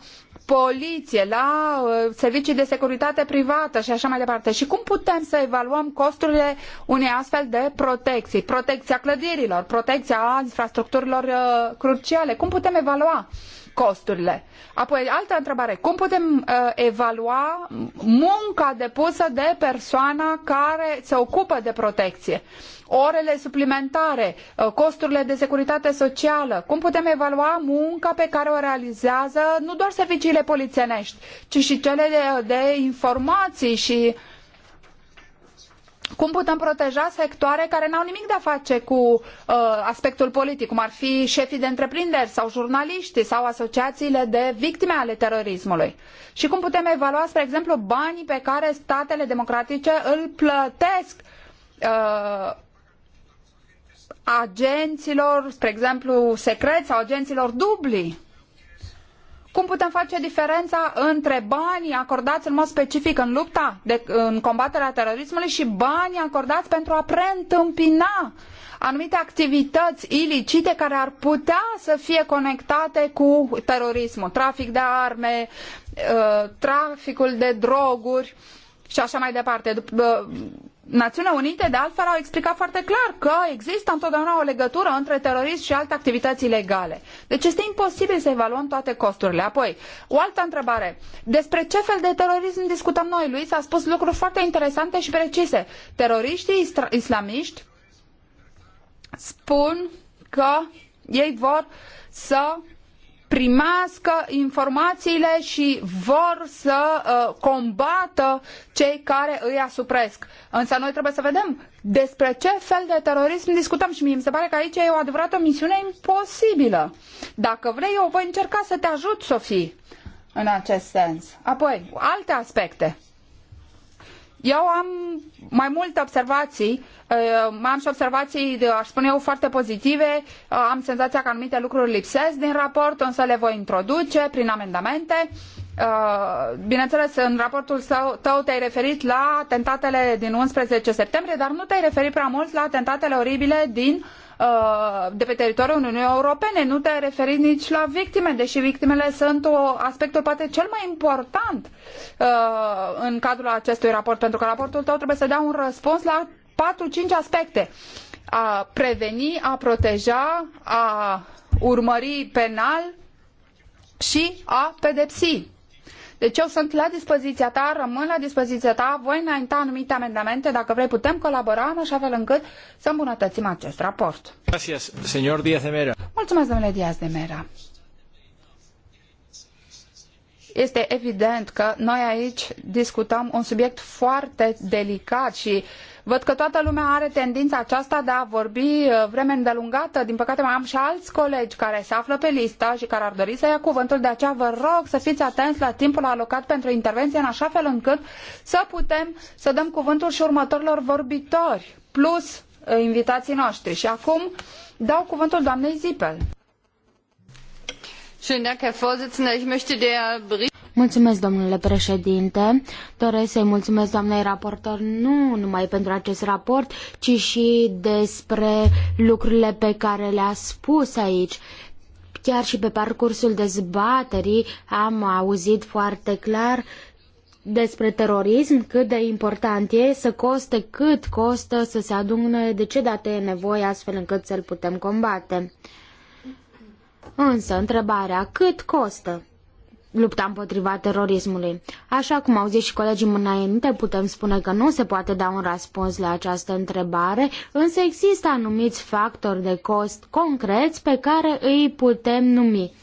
poliție, la uh, servicii de securitate privată și așa mai departe. Și cum putem să evaluăm costurile unei astfel de protecții? Protecția clădirilor, protecția infrastructurilor uh, cruciale. Cum putem evalua costurile. Apoi, altă întrebare. Cum putem uh, evalua munca depusă de persoana care se ocupă de protecție? Orele suplimentare, uh, costurile de securitate socială. Cum putem evalua munca pe care o realizează nu doar serviciile polițienești, ci și cele de, de informații și uh, cum putem proteja sectoare care n-au nimic de a face cu uh, aspectul politic, cum ar fi șefii de întreprinderi sau jurnaliștii sau asociațiile de victime ale terorismului. Și cum putem evalua, spre exemplu, banii pe care statele democratice îl plătesc uh, agenților, spre exemplu, secreți sau agenților dubli cum putem face diferența între banii acordați în mod specific în lupta de, în combaterea terorismului și banii acordați pentru a preîntâmpina anumite activități ilicite care ar putea să fie conectate cu terorismul, trafic de arme, uh, traficul de droguri și așa mai departe. Națiunile Unite, de altfel, au explicat foarte clar că există întotdeauna o legătură între terorism și alte activități ilegale. Deci este imposibil să evaluăm toate costurile. Apoi, o altă întrebare. Despre ce fel de terorism discutăm noi? s a spus lucruri foarte interesante și precise. Teroriștii islamiști spun că ei vor să primească informațiile și vor să uh, combată cei care îi asupresc. Însă noi trebuie să vedem despre ce fel de terorism discutăm și mie mi se pare că aici e o adevărată misiune imposibilă. Dacă vrei, eu voi încerca să te ajut, Sofie, în acest sens. Apoi, alte aspecte. Eu am mai multe observații, uh, am și observații, uh, aș spune eu, foarte pozitive, uh, am senzația că anumite lucruri lipsesc din raport, însă le voi introduce prin amendamente. Bineînțeles, în raportul tău te-ai referit la atentatele din 11 septembrie, dar nu te-ai referit prea mult la atentatele oribile din Uh, de pe teritoriul Uniunii Europene. Nu te-ai referit nici la victime, deși victimele sunt o, aspectul poate cel mai important uh, în cadrul acestui raport, pentru că raportul tău trebuie să dea un răspuns la patru-cinci aspecte. A preveni, a proteja, a urmări penal și a pedepsi. Deci eu sunt la dispoziția ta, rămân la dispoziția ta, voi înainta anumite amendamente, dacă vrei putem colabora în așa fel încât să îmbunătățim acest raport. Gracias, señor Díaz de Mera. Mulțumesc, domnule Diaz de Mera. Este evident că noi aici discutăm un subiect foarte delicat și uh, Văd că toată lumea are tendința aceasta de a vorbi uh, vreme îndelungată. Din păcate mai am și alți colegi care se află pe listă și care ar dori să ia cuvântul. De aceea vă rog să fiți atenți la timpul alocat pentru intervenție în așa fel încât să putem să dăm cuvântul și următorilor vorbitori, plus uh, invitații noștri. Și acum dau cuvântul doamnei Zipel. Schön, Herr Vorsitzender. Ich möchte der Mulțumesc, domnule președinte. Doresc să-i mulțumesc doamnei raportor nu numai pentru acest raport, ci și despre lucrurile pe care le-a spus aici. Chiar și pe parcursul dezbaterii am auzit foarte clar despre terorism, cât de important e să coste cât costă să se adună, de ce date e nevoie astfel încât să-l putem combate. Însă, întrebarea, cât costă? lupta împotriva terorismului. Așa cum au zis și colegii înainte, putem spune că nu se poate da un răspuns la această întrebare, însă există anumiți factori de cost concreți pe care îi putem numi.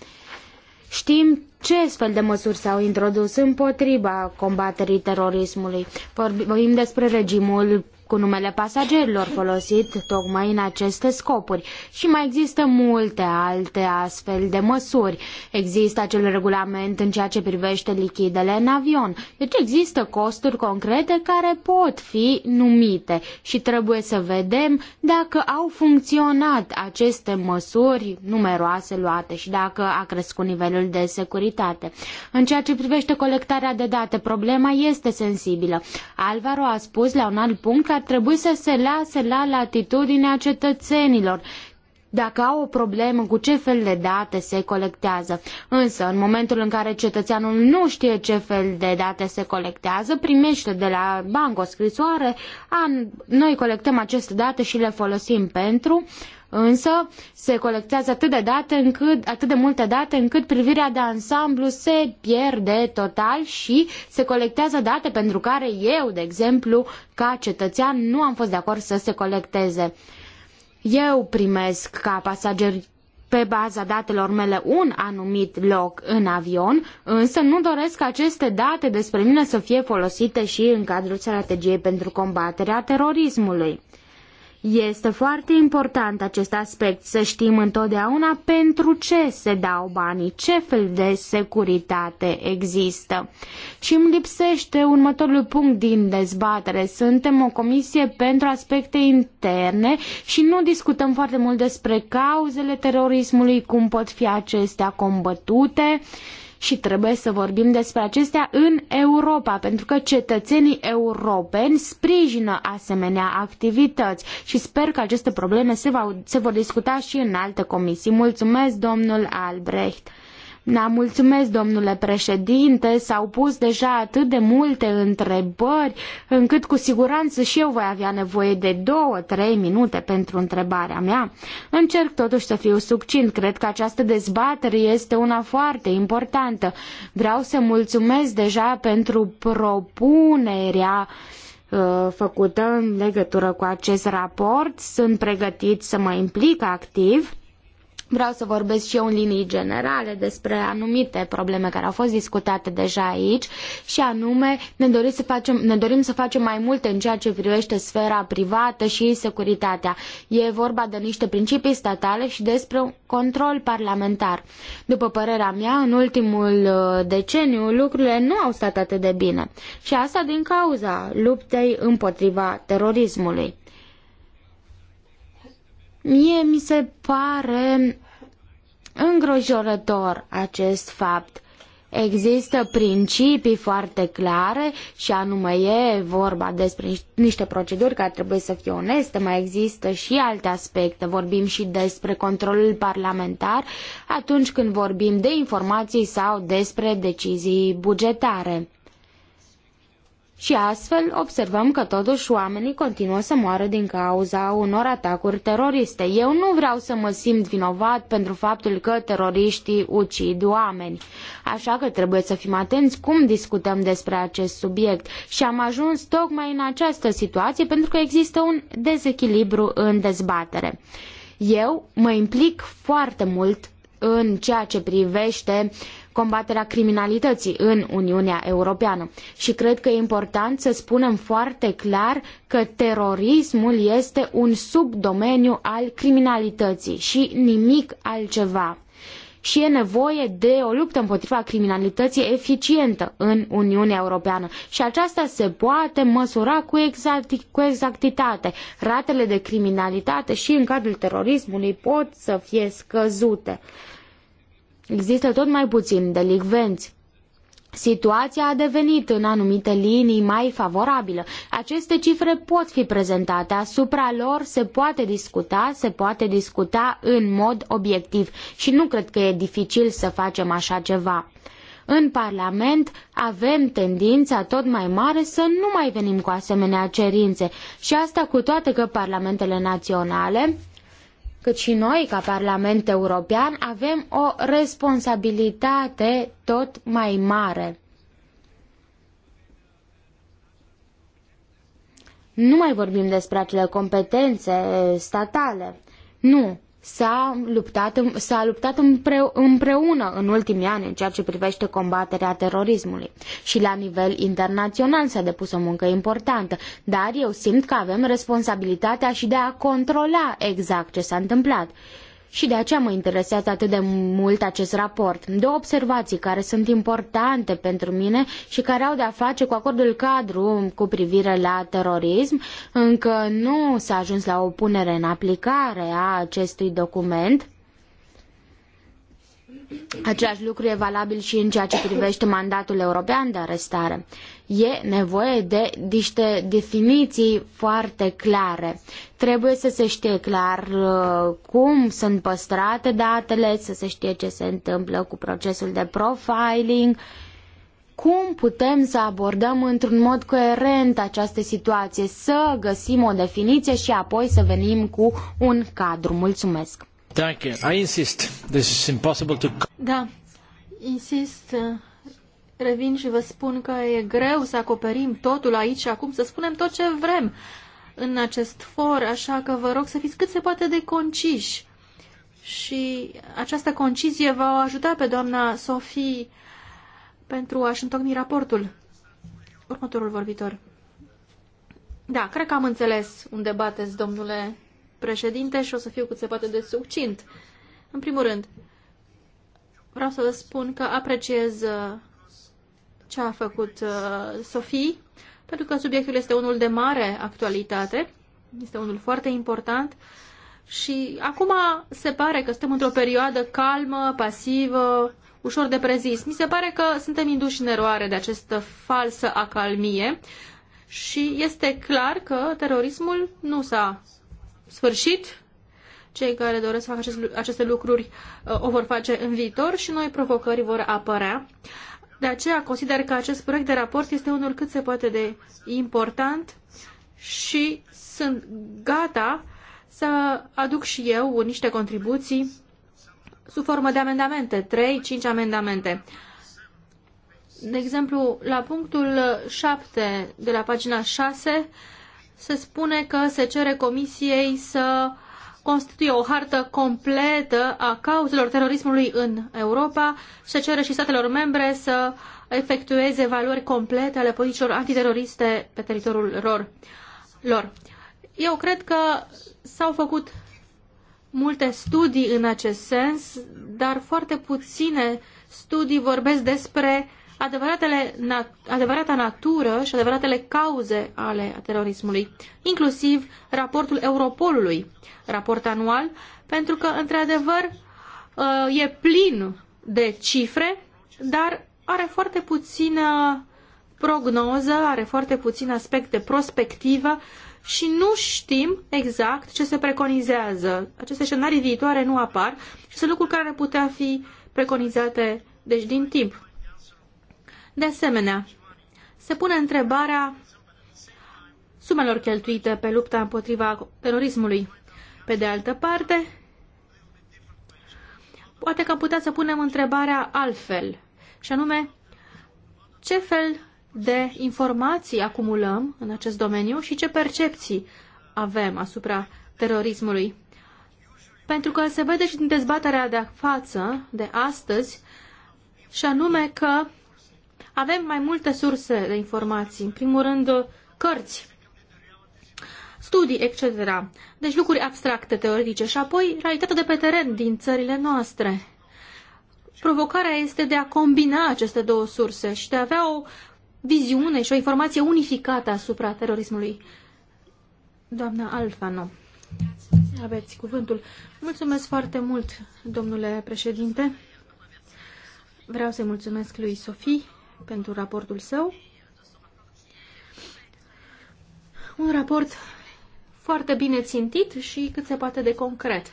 Știm ce fel de măsuri s-au introdus împotriva combaterii terorismului. Vorbim despre regimul cu numele pasagerilor folosit tocmai în aceste scopuri. Și mai există multe alte astfel de măsuri. Există acel regulament în ceea ce privește lichidele în avion. Deci există costuri concrete care pot fi numite și trebuie să vedem dacă au funcționat aceste măsuri numeroase luate și dacă a crescut nivelul de securitate. În ceea ce privește colectarea de date, problema este sensibilă. Alvaro a spus la un alt punct că ar trebui să se lase la latitudinea cetățenilor dacă au o problemă cu ce fel de date se colectează. Însă, în momentul în care cetățeanul nu știe ce fel de date se colectează, primește de la bancă o scrisoare, noi colectăm aceste date și le folosim pentru, Însă se colectează atât de, date încât, atât de multe date încât privirea de ansamblu se pierde total și se colectează date pentru care eu, de exemplu, ca cetățean, nu am fost de acord să se colecteze. Eu primesc ca pasager pe baza datelor mele un anumit loc în avion, însă nu doresc aceste date despre mine să fie folosite și în cadrul strategiei pentru combaterea terorismului. Este foarte important acest aspect, să știm întotdeauna pentru ce se dau banii, ce fel de securitate există. Și îmi lipsește următorul punct din dezbatere. Suntem o comisie pentru aspecte interne și nu discutăm foarte mult despre cauzele terorismului, cum pot fi acestea combătute și trebuie să vorbim despre acestea în Europa, pentru că cetățenii europeni sprijină asemenea activități și sper că aceste probleme se, va, se vor discuta și în alte comisii. Mulțumesc, domnul Albrecht. Na, mulțumesc, domnule președinte, s-au pus deja atât de multe întrebări, încât cu siguranță și eu voi avea nevoie de două, trei minute pentru întrebarea mea. Încerc totuși să fiu succint, cred că această dezbatere este una foarte importantă. Vreau să mulțumesc deja pentru propunerea uh, făcută în legătură cu acest raport. Sunt pregătit să mă implic activ Vreau să vorbesc și eu în linii generale despre anumite probleme care au fost discutate deja aici și anume ne dorim să facem, ne dorim să facem mai multe în ceea ce privește sfera privată și securitatea. E vorba de niște principii statale și despre un control parlamentar. După părerea mea, în ultimul uh, deceniu lucrurile nu au stat atât de bine și asta din cauza luptei împotriva terorismului. Mie mi se pare îngrojorător acest fapt. Există principii foarte clare și anume e vorba despre niște proceduri care trebuie să fie oneste, mai există și alte aspecte. Vorbim și despre controlul parlamentar atunci când vorbim de informații sau despre decizii bugetare. Și astfel observăm că totuși oamenii continuă să moară din cauza unor atacuri teroriste. Eu nu vreau să mă simt vinovat pentru faptul că teroriștii ucid oameni. Așa că trebuie să fim atenți cum discutăm despre acest subiect. Și am ajuns tocmai în această situație pentru că există un dezechilibru în dezbatere. Eu mă implic foarte mult în ceea ce privește uh, combaterea criminalității în Uniunea Europeană. Și cred că e important să spunem foarte clar că terorismul este un subdomeniu al criminalității și nimic altceva și e nevoie de o luptă împotriva criminalității eficientă în Uniunea Europeană. Și aceasta se poate măsura cu, exacti, cu exactitate. Ratele de criminalitate și în cadrul terorismului pot să fie scăzute. Uh, Există tot mai puțin delicvenți. Situația a devenit în anumite linii mai favorabilă. Aceste cifre pot fi prezentate, asupra lor se poate discuta, se poate discuta în mod obiectiv și nu cred că e dificil să facem așa ceva. În Parlament avem tendința tot mai mare să nu mai venim cu asemenea cerințe și asta cu toate că parlamentele naționale cât și noi, ca Parlament European, avem o responsabilitate tot mai mare. Nu mai vorbim despre acele competențe statale. Nu, s-a luptat, s-a luptat împreună în ultimii ani în ceea ce privește combaterea terorismului. Și la nivel internațional s-a depus o muncă importantă, dar eu simt că avem responsabilitatea și de a controla exact ce s-a întâmplat și de aceea mă interesează atât de mult acest raport. Două observații care sunt importante pentru mine și care au de-a face cu acordul cadru cu privire la terorism. Încă nu s-a ajuns la o punere în aplicare a acestui document. Același lucru e valabil și în ceea ce privește mandatul european de arestare e nevoie de niște definiții foarte clare. Trebuie să se știe clar uh, cum sunt păstrate datele, să se știe ce se întâmplă cu procesul de profiling, cum putem să abordăm într-un mod coerent această situație, să găsim o definiție și apoi să venim cu un cadru. Mulțumesc! you. I insist. This is impossible to... Da, insist uh, revin și vă spun că e greu să acoperim totul aici și acum, să spunem tot ce vrem în acest for, așa că vă rog să fiți cât se poate de conciși. Și această concizie va ajuta pe doamna Sofie pentru a-și întocmi raportul. Următorul vorbitor. Da, cred că am înțeles unde bateți, domnule președinte, și o să fiu cât se poate de succint. În primul rând, vreau să vă spun că apreciez uh, ce a făcut uh, Sofie, pentru că subiectul este unul de mare actualitate, este unul foarte important și acum se pare că suntem într-o perioadă calmă, pasivă, ușor de prezis. Mi se pare că suntem induși în eroare de această falsă acalmie și este clar că terorismul nu s-a sfârșit. Cei care doresc să facă aceste lucruri uh, o vor face în viitor și noi provocări vor apărea. De aceea consider că acest proiect de raport este unul cât se poate de important și sunt gata să aduc și eu niște contribuții sub formă de amendamente, 3-5 amendamente. De exemplu, la punctul 7 de la pagina 6 se spune că se cere comisiei să uh, constituie o hartă completă a cauzelor terorismului în Europa și se cere și statelor membre să efectueze valori complete ale politicilor antiteroriste pe teritoriul lor. lor. Eu cred că s-au făcut multe studii în acest sens, dar foarte puține studii vorbesc despre adevăratele nat- adevărata natură și adevăratele cauze ale terorismului, inclusiv raportul Europolului, raport anual, pentru că, într-adevăr, uh, e plin de cifre, dar are foarte puțină prognoză, are foarte puțin aspect de prospectivă și nu știm exact ce se preconizează. Aceste scenarii viitoare nu apar și sunt lucruri care ar putea fi preconizate deci din timp. De asemenea, se pune întrebarea sumelor cheltuite pe lupta împotriva terorismului. Pe de altă parte, poate că putea să punem întrebarea altfel, și anume, ce fel de informații acumulăm în acest domeniu și ce percepții avem asupra terorismului. Pentru că se vede și din dezbaterea de față, de astăzi, și anume că avem mai multe surse de informații. În primul rând, cărți, studii, etc. Deci lucruri abstracte, teoretice și apoi realitatea de pe teren din țările noastre. Provocarea este de a combina aceste două surse și de a avea o viziune și o informație unificată asupra terorismului. Doamna Alfano, aveți cuvântul. Mulțumesc foarte mult, domnule președinte. Vreau să-i mulțumesc lui Sofie pentru raportul său. Un raport foarte bine țintit și cât se poate de concret.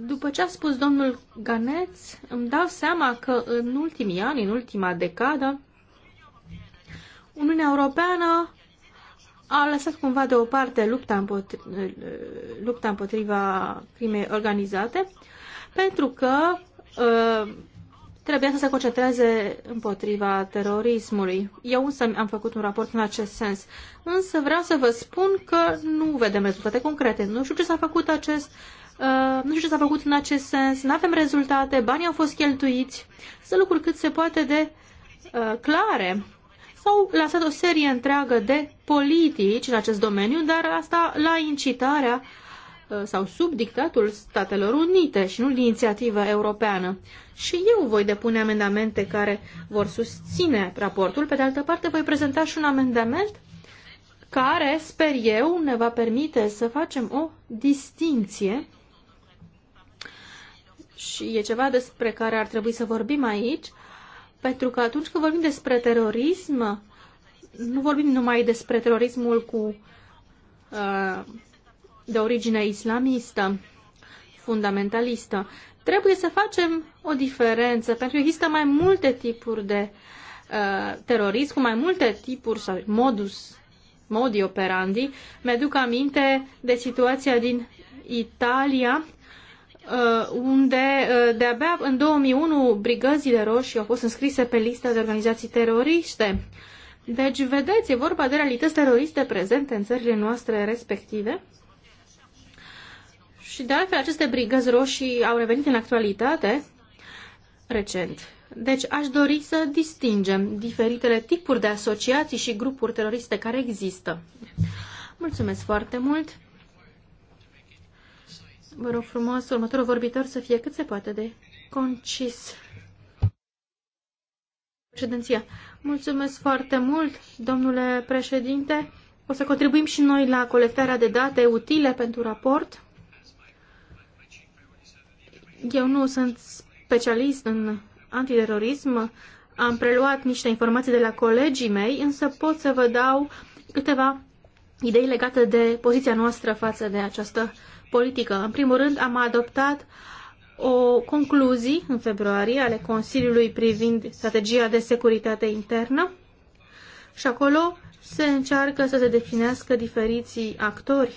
După ce a spus domnul Ganeț, îmi dau seama că în ultimii ani, în ultima decadă, Uniunea Europeană a lăsat cumva deoparte lupta, împotri, lupta împotriva crimei organizate, pentru că uh, trebuia să se concentreze împotriva terorismului. Eu însă am făcut un raport în acest sens. Însă vreau să vă spun că nu vedem rezultate concrete. Nu știu ce s-a făcut acest Uh, nu știu ce s-a făcut în acest sens, nu avem rezultate, banii au fost cheltuiți, sunt lucruri cât se poate de uh, clare. S-au lansat o serie întreagă de politici în acest domeniu, dar asta la incitarea uh, Uh, sau sub dictatul Statelor Unite și nu inițiativa europeană. Și eu voi depune amendamente care vor susține raportul. Pe de altă parte, voi prezenta și un amendament care, sper eu, ne va permite să facem o distinție și e ceva despre care ar trebui să vorbim aici, pentru că atunci când vorbim despre terorism, nu vorbim numai despre terorismul cu uh, de origine islamistă, fundamentalistă. Trebuie să facem o diferență, pentru că există mai multe tipuri de uh, terorism, cu mai multe tipuri sau modus, modi operandi. Mi-aduc aminte de situația din Italia, uh, unde uh, de-abia în 2001 brigăzile roșii au fost înscrise pe lista de organizații teroriste. Deci, vedeți, e vorba de realități teroriste prezente în țările noastre respective și de altfel, aceste brigăzi roșii au revenit în actualitate recent. Deci aș dori să distingem diferitele tipuri de asociații și grupuri teroriste care există. Mulțumesc foarte mult! Vă rog frumos, următorul vorbitor să fie cât se poate de concis. Președinția. Mulțumesc foarte mult, domnule președinte. O să contribuim și noi la colectarea de date utile pentru raport. Eu nu sunt specialist în antiterorism, am preluat niște informații de la colegii mei, însă pot să vă dau câteva idei legate de poziția noastră față de această politică. În primul rând, am adoptat o concluzii în februarie ale Consiliului privind strategia de securitate internă și acolo se încearcă să se definească diferiții actori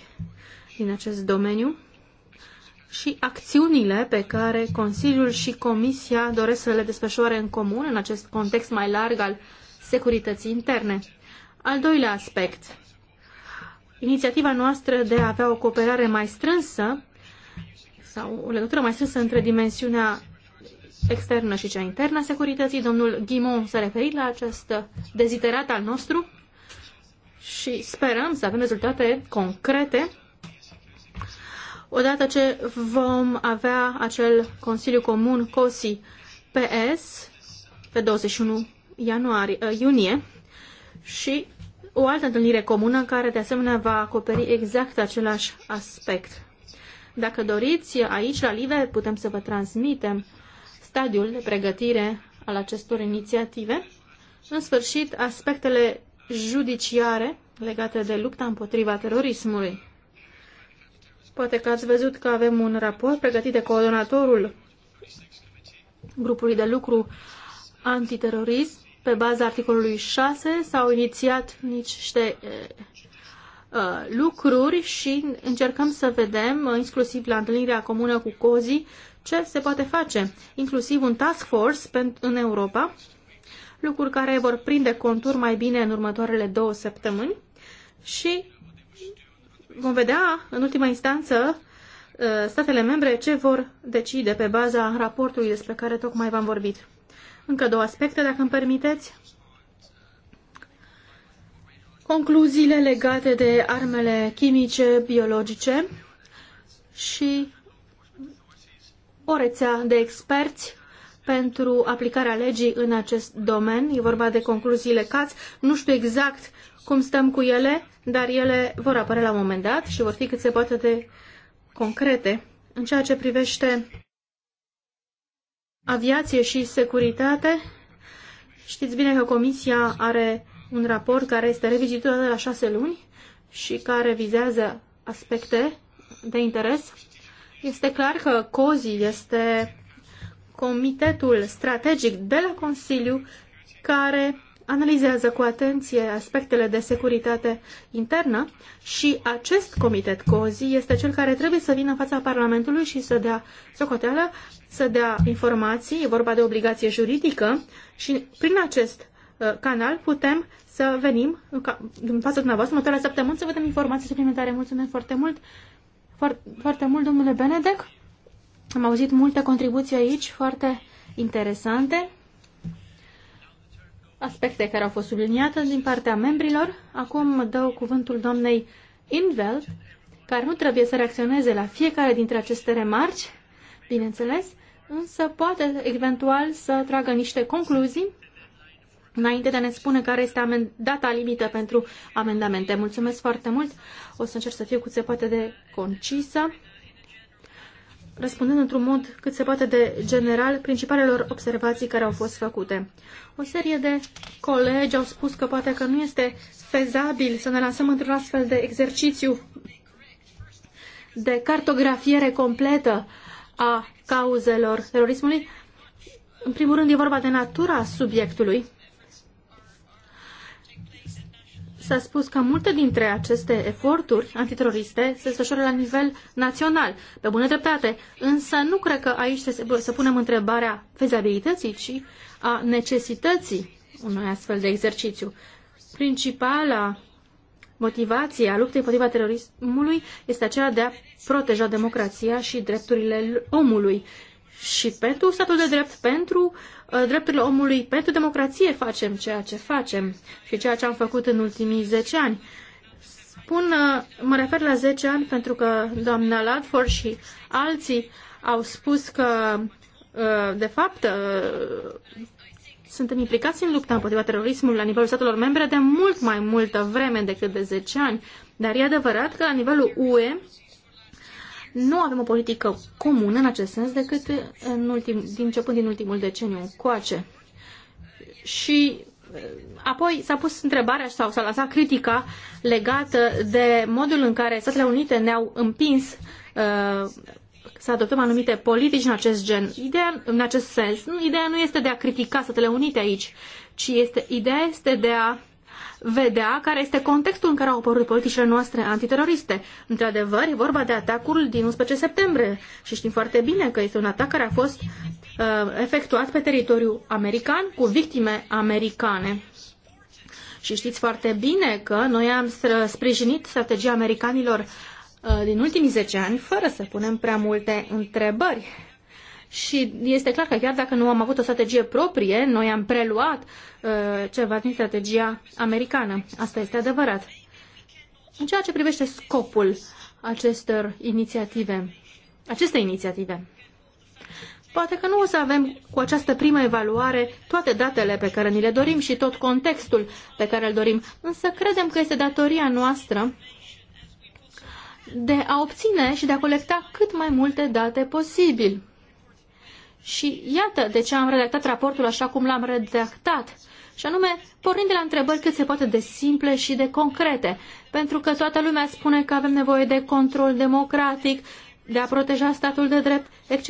din acest domeniu și acțiunile pe care Consiliul și Comisia doresc să le desfășoare în comun în acest context mai larg al securității interne. Al doilea aspect, inițiativa noastră de a avea o cooperare mai strânsă sau o legătură mai strânsă între dimensiunea externă și cea internă a securității. Domnul Ghimon s-a referit la acest deziterat al nostru și sperăm să avem rezultate concrete odată ce vom avea acel Consiliu Comun COSI-PS pe 21 ianuarie, uh, iunie și o altă întâlnire comună care de asemenea va acoperi exact același aspect. Dacă doriți, aici la LIVE putem să vă transmitem stadiul de pregătire al acestor inițiative. În sfârșit, aspectele judiciare legate de lupta împotriva terorismului. Poate că ați văzut că avem un raport pregătit de coordonatorul grupului de lucru antiterorism. Pe baza articolului 6 s-au inițiat niște eh, eh, lucruri și încercăm să vedem, eh, inclusiv la întâlnirea comună cu COZI, ce se poate face, inclusiv un task force în Europa, lucruri care vor prinde contur mai bine în următoarele două săptămâni și vom vedea, în ultima instanță, uh, statele membre ce vor decide pe baza raportului despre care tocmai v-am vorbit. Încă două aspecte, dacă îmi permiteți. Concluziile legate de armele chimice, biologice și o rețea de experți pentru aplicarea legii în acest domen. E vorba de concluziile CAS. Nu știu exact cum stăm cu ele, dar ele vor apărea la un moment dat și vor fi cât se poate de concrete. În ceea ce privește aviație și securitate, știți bine că Comisia are un raport care este revizuit de la șase luni și care vizează aspecte de interes. Este clar că COZI este comitetul strategic de la Consiliu care analizează cu atenție aspectele de securitate internă și acest comitet COZI este cel care trebuie să vină în fața Parlamentului și să dea socoteală, să dea informații, e vorba de obligație juridică și prin acest uh, canal putem să venim în fața dumneavoastră următoarea săptămână să vedem informații suplimentare. Mulțumesc foarte mult, foarte, foarte mult, domnule Benedec. Am auzit multe contribuții aici, foarte interesante aspecte care au fost subliniate din partea membrilor. Acum dau cuvântul doamnei Inveld, care nu trebuie să reacționeze la fiecare dintre aceste remarci, bineînțeles, însă poate eventual să tragă niște concluzii înainte de a ne spune care este data limită pentru amendamente. Mulțumesc foarte mult. O să încerc să fiu cât se poate de concisă răspundând într-un mod cât se poate de general principalelor observații care au fost făcute. O serie de colegi au spus că poate că nu este fezabil să ne lansăm într-un astfel de exercițiu de cartografiere completă a cauzelor terorismului. În primul rând, e vorba de natura subiectului s-a spus că multe dintre aceste eforturi antiteroriste se desfășoară la nivel național, pe bună dreptate, însă nu cred că aici se să punem întrebarea fezabilității, ci a necesității unui astfel de exercițiu. Principala motivație a luptei împotriva terorismului este aceea de a proteja democrația și drepturile omului și pentru statul de drept, pentru uh, drepturile omului, pentru democrație facem ceea ce facem și ceea ce am făcut în ultimii 10 ani. Spun, uh, mă refer la 10 ani pentru că doamna Ladford și alții au spus că, uh, de fapt, suntem implicați în lupta împotriva terorismului la nivelul statelor membre de mult mai multă vreme decât de 10 ani. Dar e adevărat că la nivelul UE nu avem o politică comună în acest sens decât în ultim, din începând din ultimul deceniu coace. Și eh, apoi s-a pus întrebarea sau s-a lansat critica legată de modul în care Statele Unite ne-au împins uh, să adoptăm anumite politici în acest gen. Ideea, în acest sens, ideea nu este de a critica Statele Unite aici, ci este, ideea este de a vedea care este contextul în care au apărut politicile noastre antiteroriste. Într-adevăr, e vorba de atacul din 11 septembrie și știm foarte bine că este un atac care a fost uh, efectuat pe teritoriul american cu victime americane. Și știți foarte bine că noi am sprijinit strategia americanilor uh, din ultimii 10 ani fără să punem prea multe întrebări și este clar că chiar dacă nu am avut o strategie proprie, noi am preluat uh, ceva din strategia americană. Asta este adevărat. În ceea ce privește scopul acestor inițiative, aceste inițiative, Poate că nu o să avem cu această primă evaluare toate datele pe care ni le dorim și tot contextul pe care îl dorim, însă credem că este datoria noastră de a obține și de a colecta cât mai multe date posibil. Și iată de ce am redactat raportul așa cum l-am redactat. Și anume, pornind de la întrebări cât se poate de simple și de concrete. Pentru că toată lumea spune că avem nevoie de control democratic, de a proteja statul de drept, etc.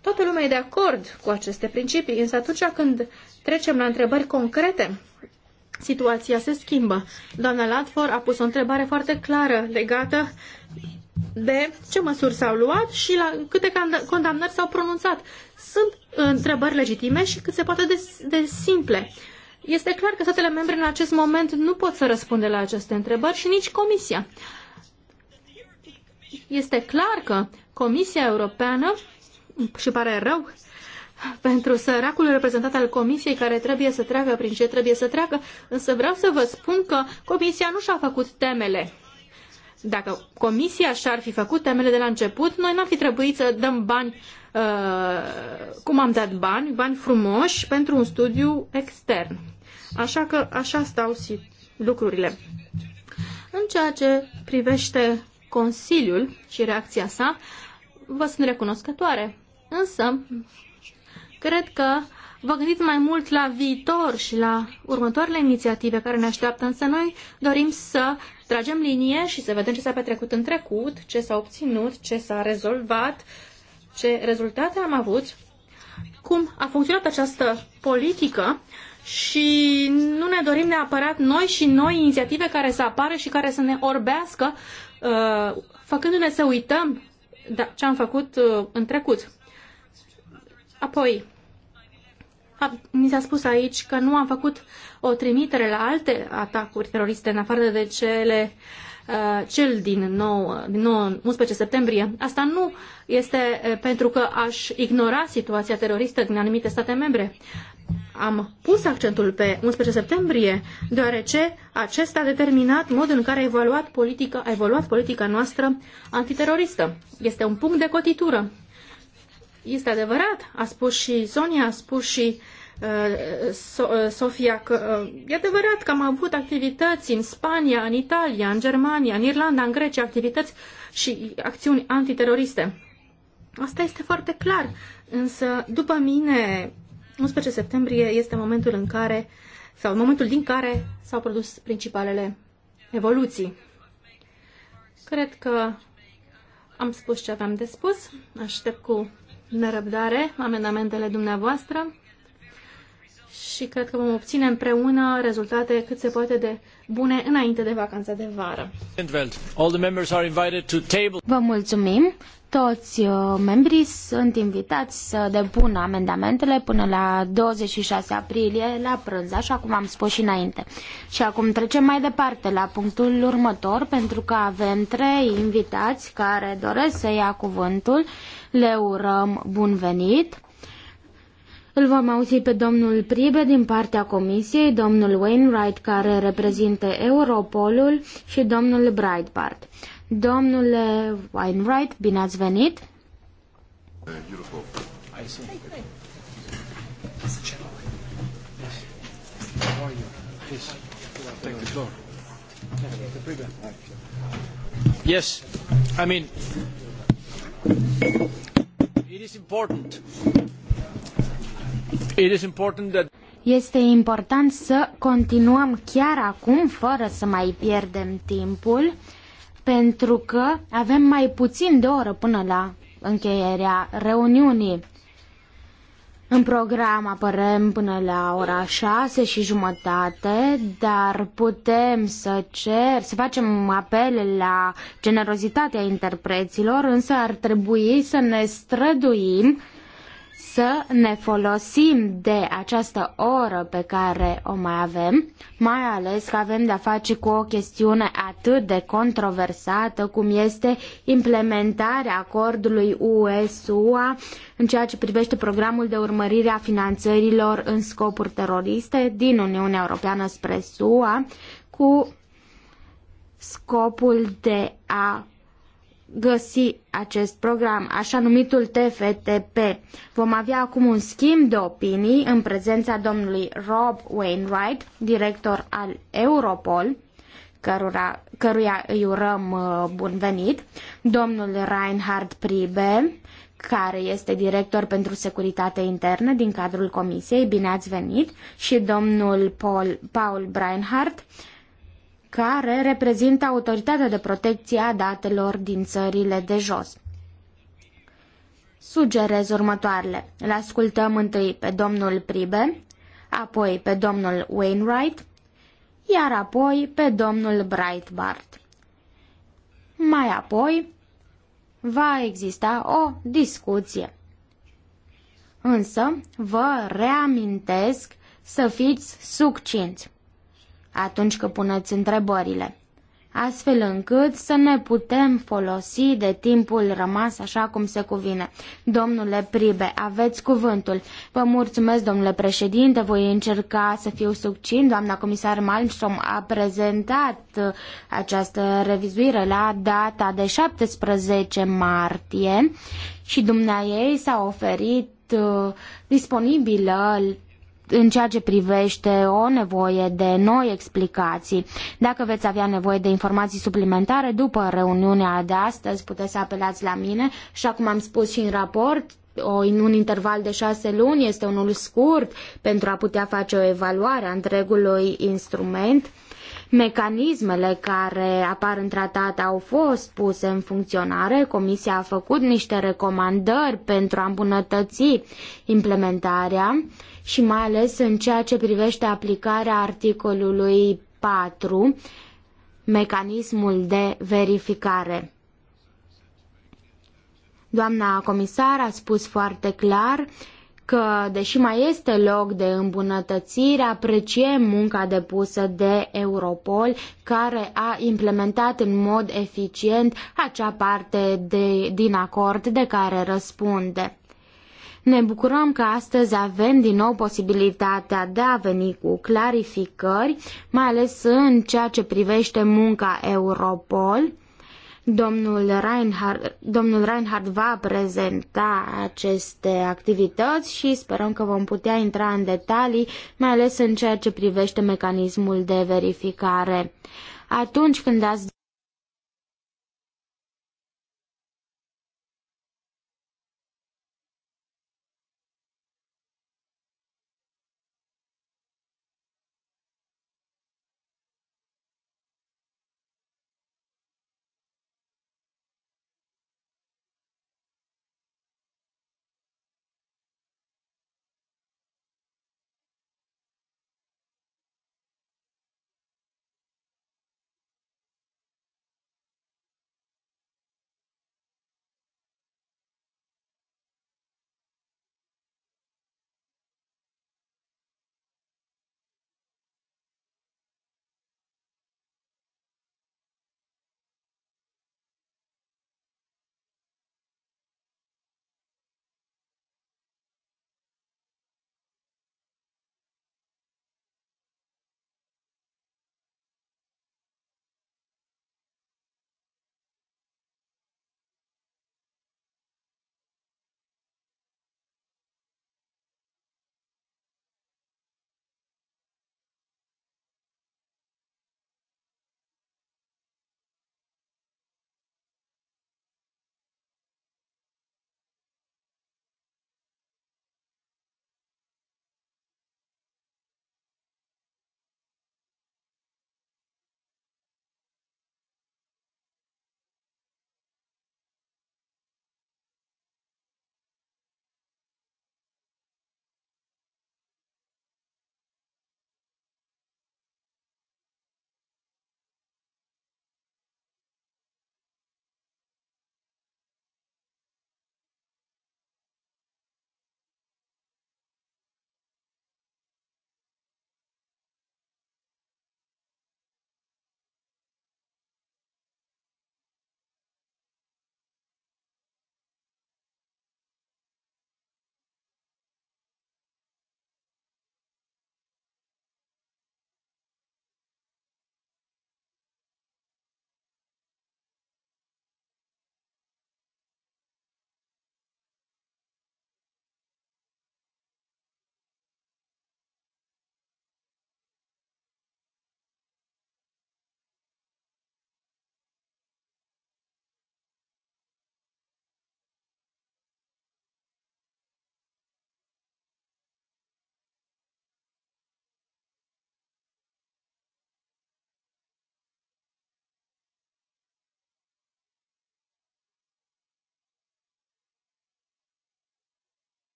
Toată lumea e de acord cu aceste principii, însă atunci când trecem la întrebări concrete, situația se schimbă. Doamna Latfor a pus o întrebare foarte clară legată de ce măsuri s-au luat și la câte condamnări s-au pronunțat. Sunt întrebări legitime și cât se poate de, de simple. Este clar că statele membre în acest moment nu pot să răspundă la aceste întrebări și nici Comisia. Este clar că Comisia Europeană, și pare rău, pentru săracul reprezentat al comisiei care trebuie să treacă prin ce trebuie să treacă, însă vreau să vă spun că comisia nu și-a făcut temele. Dacă comisia și-ar fi făcut temele de la început, noi n ar fi trebuit să dăm bani, uh, cum am dat bani, bani frumoși pentru un studiu extern. Așa că așa stau și lucrurile. În ceea ce privește Consiliul și reacția sa, vă sunt recunoscătoare. Însă, cred că uh, vă gândiți mai mult la viitor și la următoarele inițiative care ne așteaptă, însă noi dorim să tragem linie și să vedem ce s-a petrecut în trecut, ce s-a obținut, ce s-a rezolvat, ce rezultate am avut, cum a funcționat această politică și nu ne dorim neapărat noi și noi inițiative care să apară și care să ne orbească, uh, făcându-ne să uităm da, ce am făcut uh, în trecut. Apoi, mi s-a spus aici că nu am făcut o trimitere la alte atacuri teroriste în afară de cele uh, cel din 9, din 9, 11 septembrie. Asta nu este uh, pentru că aș ignora situația teroristă din anumite state membre. Am pus accentul pe 11 septembrie, deoarece acesta a determinat modul în care a evoluat politica, a evoluat politica noastră antiteroristă. Este un punct de cotitură este adevărat, a spus și Sonia, a spus și uh, uh, Sofia că uh, e adevărat că am avut activități în Spania, în Italia, în Germania, în Irlanda, în Grecia, activități și acțiuni antiteroriste. Asta este foarte clar, însă după mine 11 septembrie este momentul în care sau momentul din care s-au produs principalele evoluții. Cred că am spus ce aveam de spus. Aștept cu nerăbdare amendamentele dumneavoastră și cred că vom obține împreună rezultate cât se poate de bune înainte de vacanța de vară. Vă mulțumim! Toți uh, membrii sunt invitați să depună amendamentele până la 26 aprilie la prânz, așa cum am spus și înainte. Și acum trecem mai departe la punctul următor, pentru că avem trei invitați care doresc să ia cuvântul. Le urăm bun venit! Îl vom auzi pe domnul Pribe din partea comisiei, domnul Wainwright care reprezintă Europolul și domnul Breitbart. Domnule Wainwright, bine ați venit! Yes, I mean, it is important este important să continuăm chiar acum, fără să mai pierdem timpul, pentru că avem mai puțin de o oră până la încheierea reuniunii. În program apărăm până la ora 6 și jumătate, dar putem să cer, să facem apel la generozitatea interpreților, însă ar trebui să ne străduim să ne folosim de această oră pe care o mai avem, mai ales că avem de-a face cu o chestiune atât de controversată cum este implementarea acordului UE-SUA în ceea ce privește programul de urmărire a finanțărilor în scopuri teroriste din Uniunea Europeană spre SUA cu scopul de a găsi acest program, așa numitul TFTP. Vom avea acum un schimb de opinii în prezența domnului Rob Wainwright, director al Europol, cărura, căruia îi urăm uh, bun venit, domnul Reinhard Pribe, care este director pentru securitate internă din cadrul comisiei, bine ați venit, și domnul Paul, Paul Breinhardt, care reprezintă autoritatea de protecție a datelor din țările de jos. Sugerez următoarele. Îl ascultăm întâi pe domnul Pribe, apoi pe domnul Wainwright, iar apoi pe domnul Breitbart. Mai apoi va exista o discuție. Însă vă reamintesc să fiți succinți atunci când puneți întrebările, astfel încât să ne putem folosi de timpul rămas așa cum se cuvine. Domnule Pribe, aveți cuvântul. Vă mulțumesc, domnule președinte, voi încerca să fiu succint. Doamna comisar Malmström a prezentat uh, această revizuire la data de 17 martie și ei s-a oferit uh, disponibilă în ceea ce privește o nevoie de noi explicații. Dacă veți avea nevoie de informații suplimentare după reuniunea de astăzi, puteți să apelați la mine și acum am spus și în raport, o, în un interval de șase luni este unul scurt pentru a putea face o evaluare a întregului instrument Mecanismele care apar în tratat au fost puse în funcționare, Comisia a făcut niște recomandări pentru a îmbunătăți implementarea și mai ales în ceea ce privește aplicarea articolului 4, mecanismul de verificare. Doamna comisar a spus foarte clar că, deși mai este loc de îmbunătățire, apreciem munca depusă de Europol, care a implementat în mod eficient acea parte de, din acord de care răspunde. Ne bucurăm că astăzi avem din nou posibilitatea de a veni cu clarificări, mai ales în ceea ce privește munca Europol Domnul Reinhard, domnul Reinhard va prezenta aceste activități și sperăm că vom putea intra în detalii, mai ales în ceea ce privește mecanismul de verificare. Atunci când ați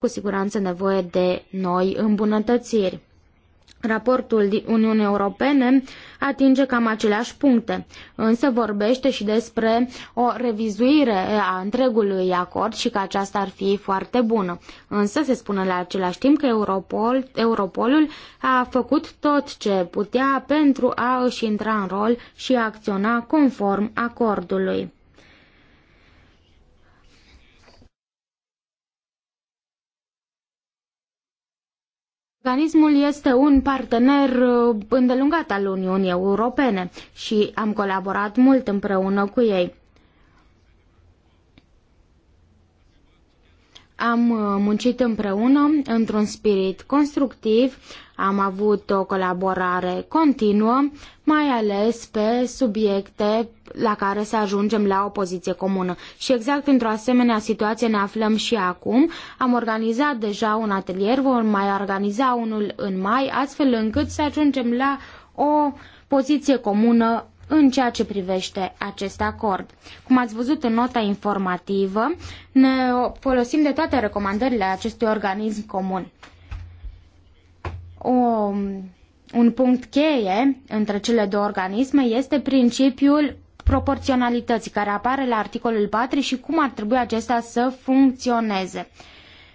cu siguranță nevoie de noi îmbunătățiri. Raportul Uniunii Europene atinge cam aceleași puncte, însă vorbește și despre o revizuire a întregului acord și că aceasta ar fi foarte bună. Însă se spune la același timp că Europol, Europolul a făcut tot ce putea pentru a își intra în rol și a acționa conform acordului. Organismul este un partener uh, îndelungat al Uniunii Europene și am colaborat mult împreună cu ei. Am uh, muncit împreună într-un spirit constructiv, am avut o colaborare continuă, mai ales pe subiecte la care să ajungem la o poziție comună. Și exact într-o asemenea situație ne aflăm și acum. Am organizat deja un atelier, vom mai organiza unul în mai, astfel încât să ajungem la o poziție comună în ceea ce privește acest acord. Cum ați văzut în nota informativă, ne folosim de toate recomandările acestui organism comun. O, un punct cheie între cele două organisme este principiul proporționalității care apare la articolul 4 și cum ar trebui acesta să funcționeze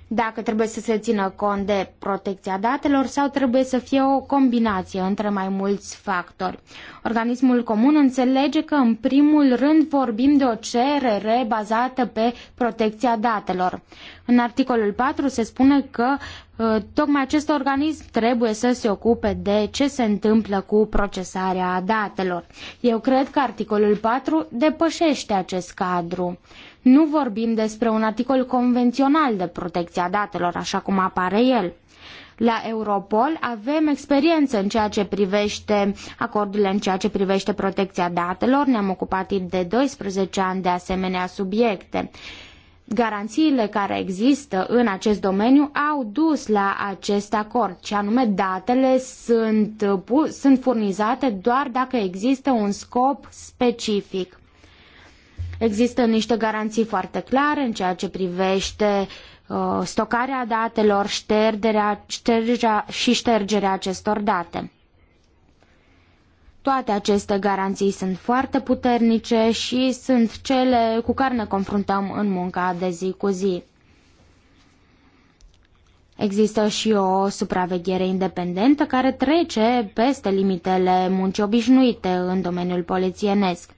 dacă trebuie să se țină cont de protecția datelor sau trebuie să fie o combinație între mai mulți factori. Organismul comun înțelege că în primul rând vorbim de o cerere bazată pe protecția datelor. În articolul 4 se spune că ă, tocmai acest organism trebuie să se ocupe de ce se întâmplă cu procesarea datelor. Eu cred că articolul 4 depășește acest cadru. Nu vorbim despre un articol convențional de protecție a datelor, așa cum apare el. La Europol avem experiență în ceea ce privește acordurile, în ceea ce privește protecția datelor. Ne-am ocupat timp de 12 ani de asemenea subiecte. Garanțiile care există în acest domeniu au dus la acest acord, și anume datele sunt, sunt furnizate doar dacă există un scop specific. Există niște garanții foarte clare în ceea ce privește uh, stocarea datelor, ștergerea, ștergerea și ștergerea acestor date. Toate aceste garanții sunt foarte puternice și sunt cele cu care ne confruntăm în munca de zi cu zi. Există și o supraveghere independentă care trece peste limitele muncii obișnuite în domeniul polițienesc.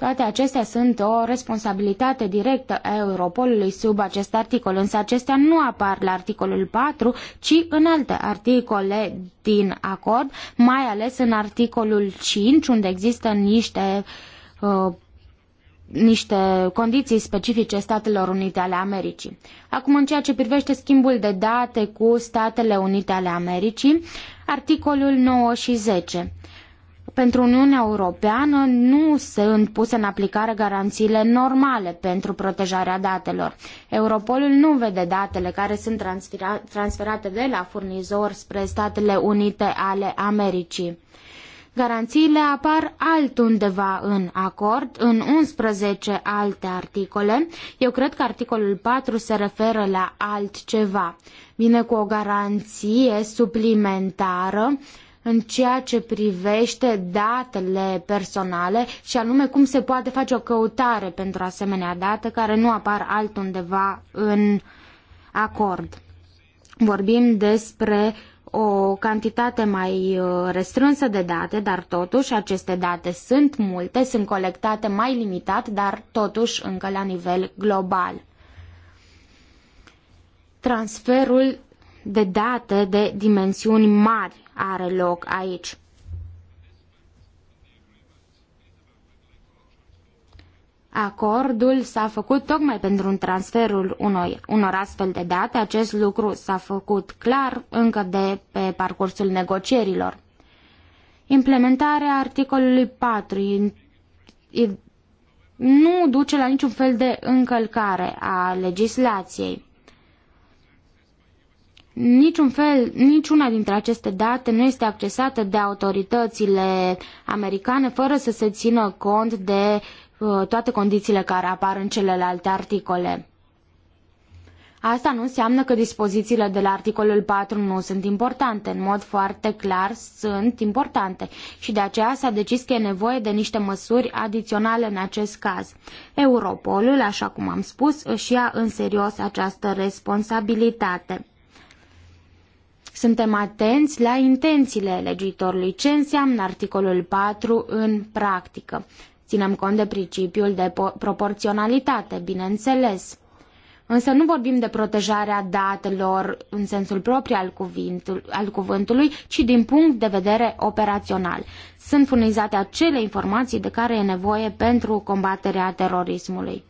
Toate acestea sunt o responsabilitate directă a Europolului sub acest articol, însă acestea nu apar la articolul 4, ci în alte articole din acord, mai ales în articolul 5, unde există niște uh, niște condiții specifice Statelor Unite ale Americii. Acum, în ceea ce privește schimbul de date cu Statele Unite ale Americii, articolul 9 și 10 pentru Uniunea Europeană nu sunt puse în aplicare garanțiile normale pentru protejarea datelor. Europolul nu vede datele care sunt transferate de la furnizor spre Statele Unite ale Americii. Garanțiile apar altundeva în acord, în 11 alte articole. Eu cred că articolul 4 se referă la altceva. Vine cu o garanție suplimentară uh, în ceea ce privește datele personale și anume cum se poate face o căutare pentru asemenea dată care nu apar altundeva în acord. Vorbim despre o cantitate mai uh, restrânsă de date, dar totuși aceste date sunt multe, sunt colectate mai limitat, dar totuși încă la nivel global. Transferul de date de dimensiuni mari are loc aici. Acordul s-a făcut tocmai pentru un transferul unor, unor astfel de date. Acest lucru s-a făcut clar încă de pe parcursul negocierilor. Implementarea articolului 4 nu duce la niciun fel de încălcare a legislației. Niciun fel, niciuna dintre aceste date nu este accesată de autoritățile americane fără să se țină cont de uh, toate condițiile care apar în celelalte articole. Asta nu înseamnă că dispozițiile de la articolul 4 nu sunt importante. În mod foarte clar sunt importante și de aceea s-a decis că e nevoie de niște măsuri adiționale în acest caz. Europolul, așa cum am spus, își ia în serios această responsabilitate. Suntem atenți la intențiile legiuitorului, ce înseamnă articolul 4 în practică. Ținem cont de principiul de proporționalitate, bineînțeles. Însă nu vorbim de protejarea datelor în sensul propriu al, al cuvântului, ci din punct de vedere operațional. Sunt furnizate acele informații de care e nevoie pentru combaterea terorismului.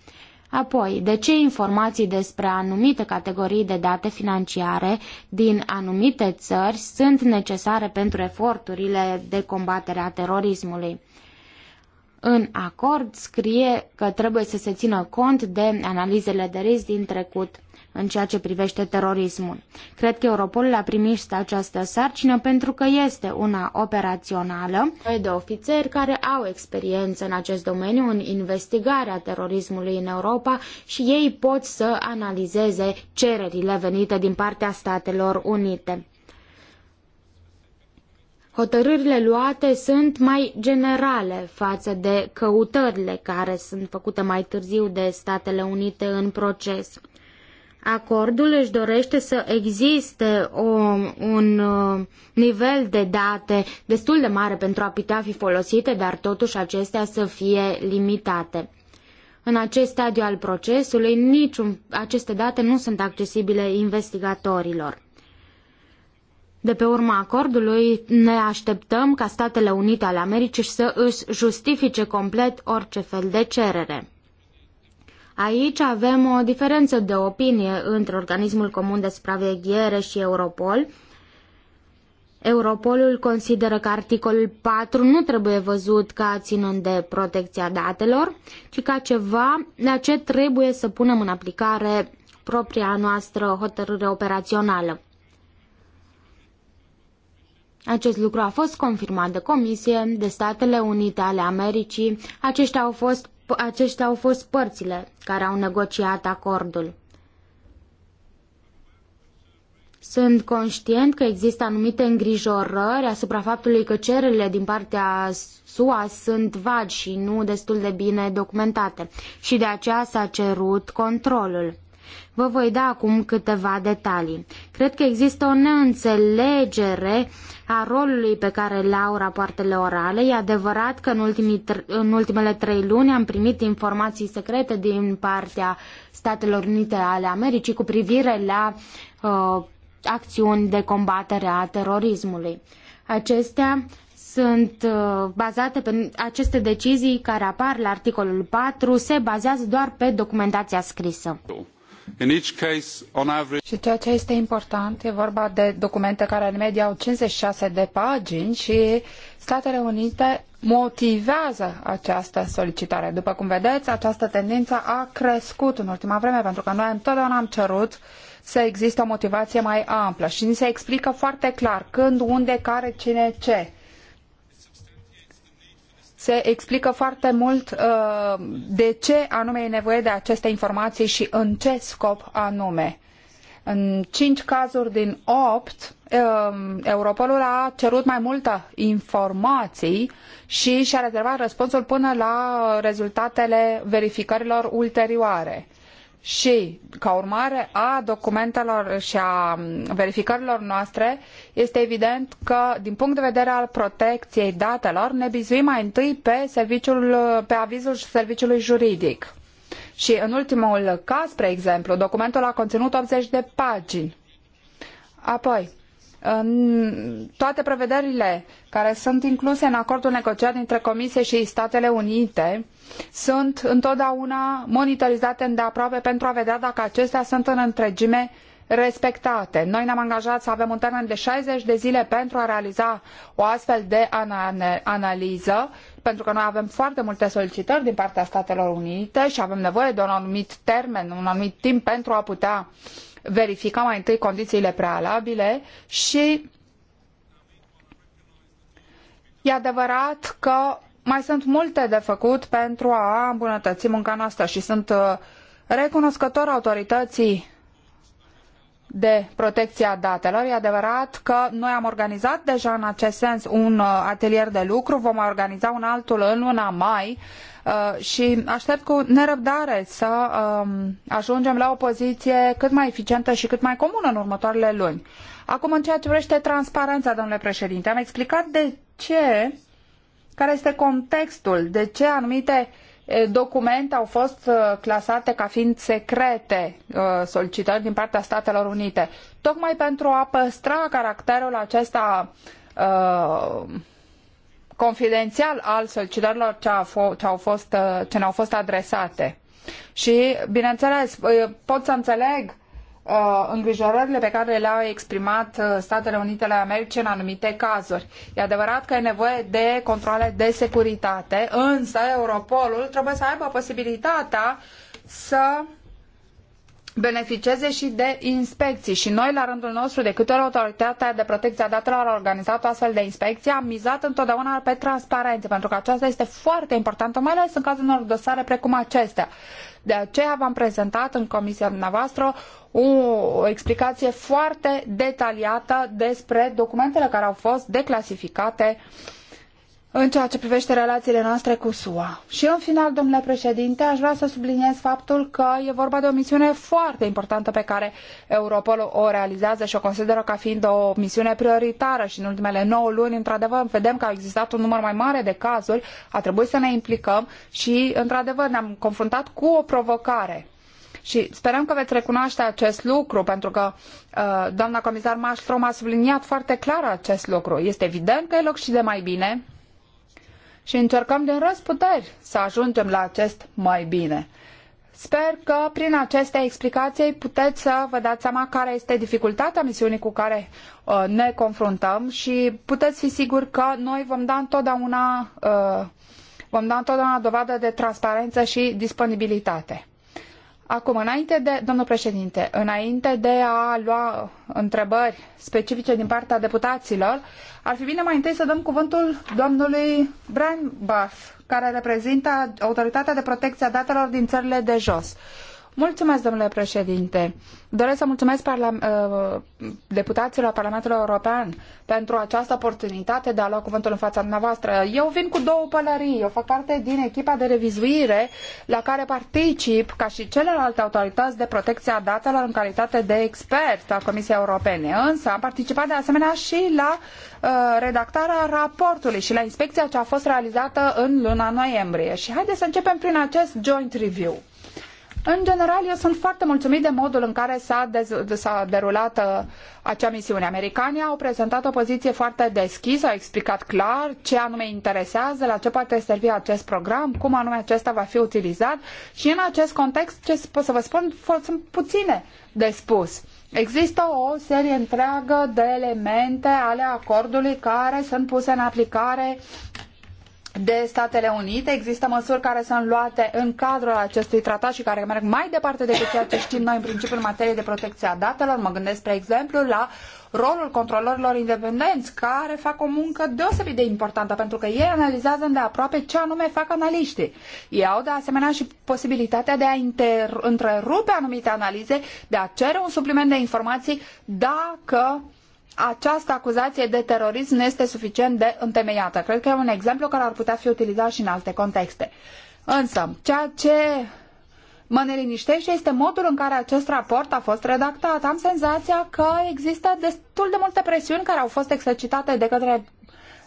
Apoi, de ce informații despre anumite categorii de date financiare din anumite țări sunt necesare pentru eforturile de combatere a terorismului? În acord scrie că trebuie să se țină cont de analizele de risc din trecut în ceea ce privește terorismul. Cred că Europol a primit această sarcină pentru că este una operațională de ofițeri care au experiență în acest domeniu în investigarea terorismului în Europa și ei pot să analizeze cererile venite din partea Statelor Unite. Hotărârile luate sunt mai generale față de căutările care sunt făcute mai târziu de Statele Unite în proces. Acordul își dorește să existe o, un uh, nivel de date destul de mare pentru a putea fi folosite, dar totuși acestea să fie limitate. În acest stadiu al procesului, niciun, aceste date nu sunt accesibile investigatorilor. De pe urma acordului ne așteptăm ca Statele Unite ale Americii să își justifice complet orice fel de cerere. Aici avem o diferență de opinie între Organismul Comun de Supraveghere și Europol. Europolul consideră că articolul 4 nu trebuie văzut ca ținând de protecția datelor, ci ca ceva la ce trebuie să punem în aplicare propria noastră hotărâre operațională. Acest lucru a fost confirmat de Comisie, de Statele Unite ale Americii. Aceștia au fost, aceștia au fost părțile care au negociat acordul. Sunt conștient că există anumite îngrijorări asupra faptului că cererile din partea SUA sunt vagi și nu destul de bine documentate și de aceea s-a cerut controlul. Vă voi da acum câteva detalii. Cred că există o neînțelegere a rolului pe care îl au rapoartele orale. E adevărat că în, ultimii, în ultimele trei luni am primit informații secrete din partea Statelor Unite ale Americii cu privire la uh, acțiuni de combatere a terorismului. Acestea sunt uh, bazate pe aceste decizii care apar la articolul 4, se bazează doar pe documentația scrisă. Și ceea ce este important, e vorba de documente care în medie au 56 de pagini și Statele Unite motivează această solicitare. După cum vedeți, această tendință a crescut în ultima vreme, pentru că noi întotdeauna am cerut să existe o motivație mai amplă și ni se explică foarte clar când, unde, care, cine, ce se explică foarte mult uh, de ce anume e nevoie de aceste informații și în ce scop anume. În cinci cazuri din opt, um, Europolul a cerut mai multă informații și și-a rezervat răspunsul până la rezultatele verificărilor ulterioare și, ca urmare a documentelor și a verificărilor noastre, este evident că, din punct de vedere al protecției datelor, ne bizuim mai întâi pe, serviciul, pe avizul serviciului juridic. Și, în ultimul caz, spre exemplu, documentul a conținut 80 de pagini. Apoi, toate prevederile care sunt incluse în acordul negociat dintre Comisie și Statele Unite sunt întotdeauna monitorizate îndeaproape pentru a vedea dacă acestea sunt în întregime respectate. Noi ne-am angajat să avem un termen de 60 de zile pentru a realiza o astfel de analiză, pentru că noi avem foarte multe solicitări din partea Statelor Unite și avem nevoie de un anumit termen, un anumit timp pentru a putea uh, verifica mai întâi condițiile prealabile și e adevărat că mai sunt multe de făcut pentru a îmbunătăți munca noastră și sunt uh, recunoscător autorității de protecția datelor. E adevărat că noi am organizat deja în acest sens un uh, atelier de lucru, vom organiza un altul în luna mai Uh, și aștept cu nerăbdare să um, ajungem la o poziție cât mai eficientă și cât mai comună în următoarele luni. Acum, în ceea ce privește transparența, domnule președinte, am explicat de ce, care este contextul, de ce anumite documente au fost uh, clasate ca fiind secrete uh, solicitări din partea Statelor Unite, tocmai pentru a păstra caracterul acesta uh, confidențial al solicitărilor ce, ce, au fost, uh, ce ne-au fost adresate. Și, bineînțeles, uh, pot să înțeleg uh, îngrijorările pe care le-au exprimat Statele Unite ale Americii în anumite cazuri. E adevărat că e nevoie de controle de securitate, însă Europolul trebuie să aibă posibilitatea să uh, beneficieze și de inspecții. Și noi, la rândul nostru, de câte ori Autoritatea de Protecție a Datelor a organizat o astfel de inspecție, am mizat întotdeauna pe transparență, pentru că aceasta este foarte importantă, mai ales în cazul unor dosare precum acestea. De aceea v-am prezentat în comisia dumneavoastră o, o explicație foarte detaliată despre documentele care au fost declasificate uh, în ceea ce privește relațiile noastre cu SUA. Și în final, domnule președinte, aș vrea să subliniez faptul că e vorba de o misiune foarte importantă pe care Europol o realizează și o consideră ca fiind o misiune prioritară și în ultimele 9 luni, într-adevăr, vedem că a existat un număr mai mare de cazuri, a trebuit să ne implicăm și, într-adevăr, ne-am confruntat cu o provocare. Și sperăm că veți recunoaște acest lucru, pentru că uh, doamna comisar Maștrom a subliniat foarte clar acest lucru. Este evident că e loc și de mai bine, și încercăm din răsputeri să ajungem la acest mai bine. Sper că prin aceste explicații puteți să vă dați seama care este dificultatea misiunii cu care uh, ne confruntăm și puteți fi siguri că noi vom da întotdeauna, uh, vom da întotdeauna dovadă de transparență și disponibilitate. Acum, înainte de, domnul președinte, înainte de a lua întrebări specifice din partea deputaților, ar fi bine mai întâi să dăm cuvântul domnului Brian Buff, care reprezintă Autoritatea de Protecție a Datelor din țările de jos. Uh, Mulțumesc, domnule președinte. Doresc să mulțumesc parla- uh, deputaților Parlamentului European pentru această oportunitate de a lua cuvântul în fața dumneavoastră. Eu vin cu două pălării. Eu fac parte din echipa de revizuire la care particip ca și celelalte autorități de protecție a datelor în calitate de expert al Comisiei Europene. Însă am participat de asemenea și la uh, redactarea raportului și la inspecția ce a fost realizată în luna noiembrie. Și haideți să începem prin acest joint review. În general, eu sunt foarte mulțumit de modul în care s-a, derulat uh, acea misiune. Americanii au prezentat o poziție foarte deschisă, au explicat clar ce anume interesează, la ce poate servi acest program, cum anume acesta va fi utilizat și în acest context, ce pot să vă spun, sunt puține de spus. Există o serie întreagă de elemente ale acordului care sunt puse în aplicare de Statele Unite. Există măsuri care sunt luate în cadrul acestui tratat și care merg mai departe decât ceea ce știm noi în principiu în materie de protecție a datelor. Mă gândesc, spre exemplu, la rolul controlorilor independenți, care fac o muncă deosebit de importantă, pentru că ei analizează îndeaproape ce anume fac analiștii. Ei au, de asemenea, și posibilitatea de a inter- întrerupe anumite analize, de a cere un supliment de informații dacă această acuzație de terorism nu este suficient de întemeiată. Cred că e un exemplu care ar putea fi utilizat și în alte contexte. Însă, ceea ce mă neliniștește este modul în care acest raport a fost redactat. Am senzația că există destul de multe presiuni care au fost exercitate de către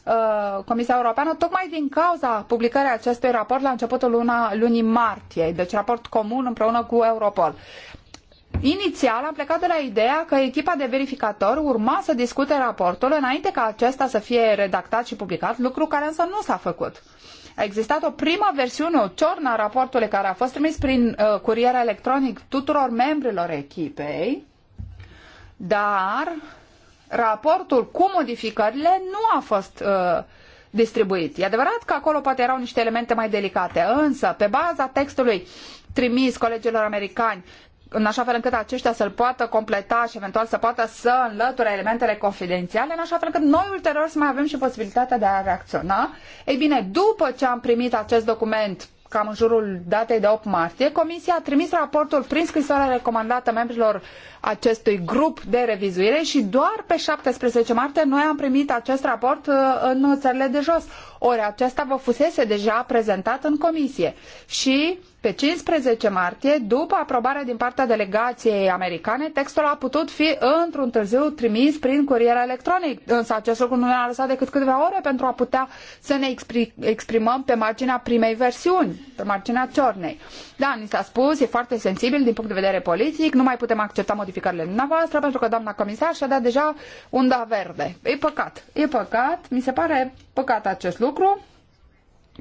uh, Comisia Europeană, tocmai din cauza publicării acestui raport la începutul luna, lunii martie, deci raport comun împreună cu Europol. Inițial am plecat de la ideea că echipa de verificator urma să discute raportul înainte ca acesta să fie redactat și publicat, lucru care însă nu s-a făcut. A existat o prima versiune, o ciornă a raportului care a fost trimis prin uh, curier electronic tuturor membrilor echipei, dar raportul cu modificările nu a fost uh, distribuit. E adevărat că acolo poate erau niște elemente mai delicate, însă pe baza textului trimis colegilor americani în așa fel încât aceștia să-l poată completa și eventual să poată să înlăture elementele confidențiale, în așa fel încât noi ulterior să mai avem și posibilitatea de a reacționa. Ei bine, după ce am primit acest document cam în jurul datei de 8 martie, Comisia a trimis raportul prin scrisoarea recomandată membrilor acestui grup de revizuire și doar pe 17 martie noi am primit acest raport uh, în țările de jos. Ori acesta vă fusese deja prezentat în Comisie. Și pe 15 martie, după aprobarea din partea delegației americane, textul a putut fi într-un târziu trimis prin curier electronic, însă acest lucru nu ne-a lăsat decât câteva ore pentru a putea să ne exprimăm pe marginea primei versiuni, pe marginea ciornei. Da, ni s-a spus, e foarte sensibil din punct de vedere politic, nu mai putem accepta modificările dumneavoastră pentru că doamna comisar și-a dat deja unda verde. E păcat, e păcat, mi se pare păcat acest lucru.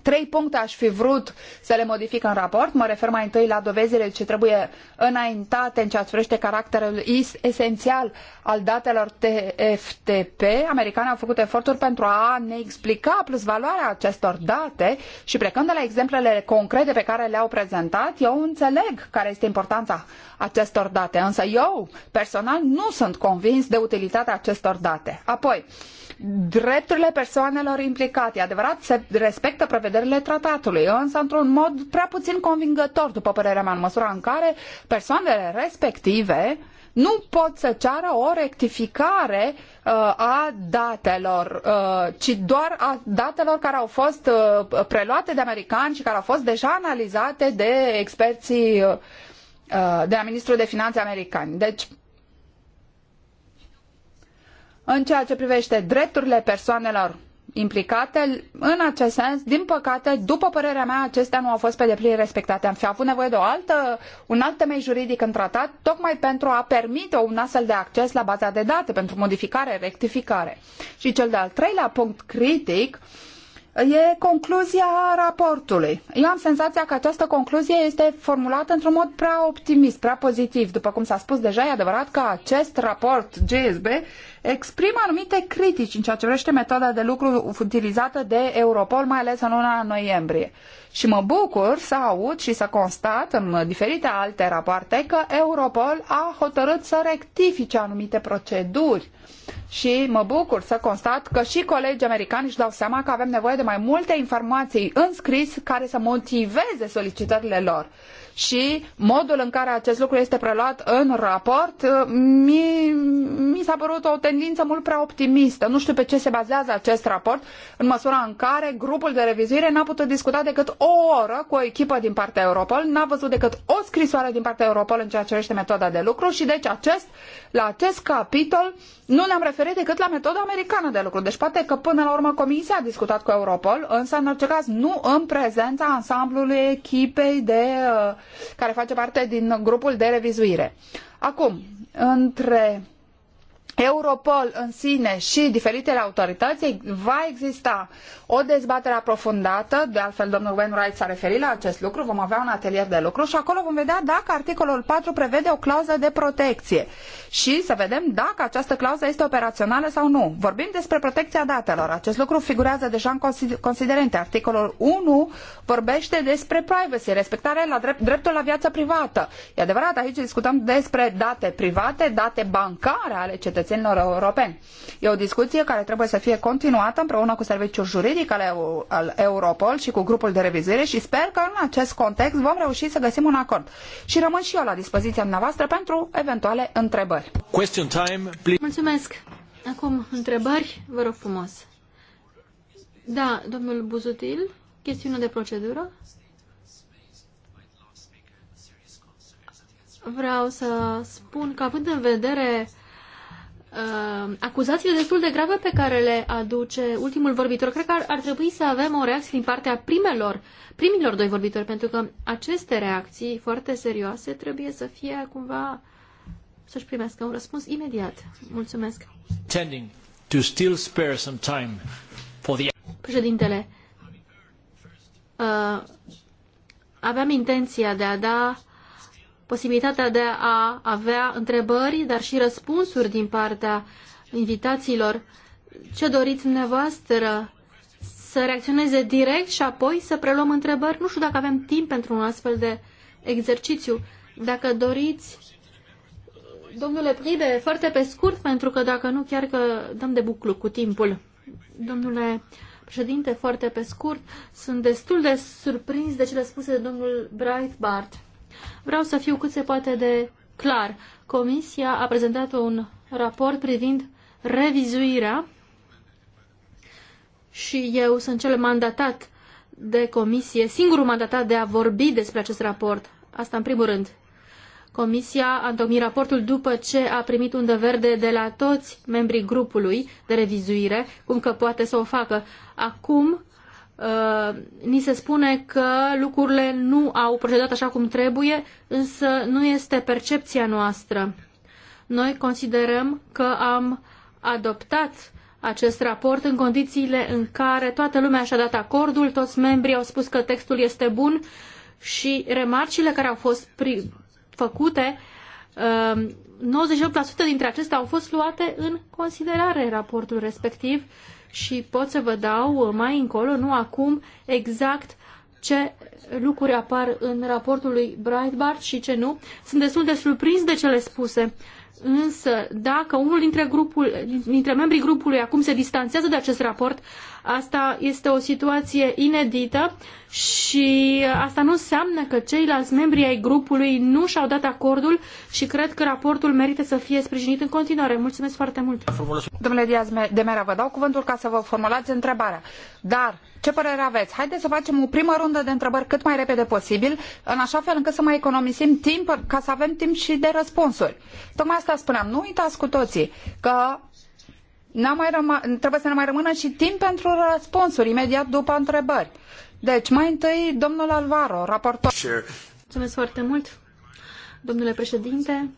Trei puncte aș fi vrut să le modific în raport. Mă refer mai întâi la dovezile ce trebuie înaintate în ceea ce privește caracterul esențial al datelor TFTP. Americanii au făcut eforturi pentru a ne explica plus valoarea acestor date și plecând de la exemplele concrete pe care le-au prezentat, eu înțeleg care este importanța acestor date, însă eu personal nu sunt convins de utilitatea acestor date. Apoi, drepturile persoanelor implicate. E adevărat, se respectă prevederile tratatului, însă într-un mod prea puțin convingător, după părerea mea, în măsura în care persoanele respective nu pot să ceară o rectificare uh, a datelor, uh, ci doar a datelor care au fost uh, preluate de americani și care au fost deja analizate de experții uh, uh, de la Ministrul de Finanțe americani. Deci, în ceea ce privește drepturile persoanelor implicate. În acest sens, din păcate, după părerea mea, acestea nu au fost pe deplin respectate. Am fi avut nevoie de o altă, un alt temei juridic în tratat, tocmai pentru a permite un astfel de acces la baza de date, pentru modificare, rectificare. Și cel de-al treilea punct critic uh, E concluzia raportului. Eu am senzația că această concluzie este formulată într-un mod prea optimist, prea pozitiv. După cum s-a spus deja, e adevărat că acest raport GSB exprimă anumite critici în ceea ce privește metoda de lucru utilizată de Europol, mai ales în luna noiembrie. Și mă bucur să aud și să constat în diferite alte rapoarte că Europol a hotărât să rectifice anumite proceduri și mă bucur să constat că și colegii americani își dau seama că avem nevoie de mai multe informații în scris care să motiveze solicitările lor. Și modul în care acest lucru este preluat în raport uh, mi, mi s-a părut o tendință mult prea optimistă. Nu știu pe ce se bazează acest raport în măsura în care grupul de revizuire n-a putut discuta decât o oră cu o echipă din partea Europol, n-a văzut decât o scrisoare din partea Europol în ceea ce privește metoda de lucru și deci acest, la acest capitol nu ne-am referit decât la metoda americană de lucru. Deci poate că până la urmă Comisia a discutat cu Europol, însă în orice caz nu în prezența ansamblului echipei de, uh, care face parte din grupul de revizuire. Acum, între Europol în sine și diferitele autorități, va exista o dezbatere aprofundată, de altfel domnul Wainwright s-a referit la acest lucru, vom avea un atelier de lucru și acolo vom vedea dacă articolul patru prevede o clauză de protecție și să vedem dacă această clauză este operațională sau nu. Vorbim despre protecția datelor, acest lucru figurează deja în considerente. Articolul unu vorbește despre privacy, respectarea la drept, dreptul la viață privată. E adevărat, aici discutăm despre date private, date bancare ale cetățenilor cetățenilor europeni. E o discuție care trebuie să fie continuată împreună cu serviciul juridic al, Europol și cu grupul de revizuire și sper că în acest context vom reuși să găsim un acord. Și rămân și eu la dispoziția noastră pentru eventuale întrebări. Question time, please. Mulțumesc. Acum, întrebări, vă rog frumos. Da, domnul Buzutil, chestiune de procedură. Vreau să spun că având în vedere Uh, acuzațiile destul de grave pe care le aduce ultimul vorbitor. Cred că ar, ar trebui să avem o reacție din partea primelor, primilor doi vorbitori, pentru că aceste reacții foarte serioase trebuie să fie cumva să-și primească un răspuns imediat. Mulțumesc. Tending to still spare some time for the... Președintele, uh, aveam intenția de a da posibilitatea de a avea întrebări, dar și răspunsuri din partea invitațiilor. Ce doriți dumneavoastră? Să reacționeze direct și apoi să preluăm întrebări? Nu știu dacă avem timp pentru un astfel de exercițiu. Dacă doriți, domnule Pribe, foarte pe scurt, pentru că dacă nu, chiar că dăm de buclu cu timpul. Domnule președinte, foarte pe scurt, sunt destul de surprins de cele spuse de domnul Breitbart Vreau să fiu cât se poate de clar. Comisia a prezentat un raport privind revizuirea și eu sunt cel mandatat de comisie, singurul mandatat de a vorbi despre acest raport. Asta în primul rând. Comisia a întocmit raportul după ce a primit undă verde de la toți membrii grupului de revizuire, cum că poate să o facă. Acum Uh, ni se spune că lucrurile nu au procedat așa cum trebuie, însă nu este percepția noastră. Noi considerăm că am adoptat acest raport în condițiile în care toată lumea și-a dat acordul, toți membrii au spus că textul este bun și remarcile care au fost făcute 98% uh, dintre acestea au fost luate în considerare în raportul respectiv și pot să vă dau mai încolo, nu acum, exact ce lucruri apar în raportul lui Breitbart și ce nu. Sunt destul de surprins de cele spuse Însă, dacă unul dintre, grupul, dintre membrii grupului acum se distanțează de acest raport, asta este o situație inedită și asta nu înseamnă că ceilalți membri ai grupului nu și-au dat acordul și cred că raportul merită să fie sprijinit în continuare. Mulțumesc foarte mult! Domnule Diaz de Mera, vă dau cuvântul ca să vă formulați întrebarea. Dar ce părere aveți? Haideți să facem o primă rundă de întrebări cât mai repede posibil, în așa fel încât să mai economisim timp, ca să avem timp și de răspunsuri. Tocmai asta spuneam. Nu uitați cu toții că mai trebuie să ne mai rămână și timp pentru răspunsuri, imediat după întrebări. Deci, mai întâi, domnul Alvaro, raportor. Mulțumesc foarte mult, domnule președinte.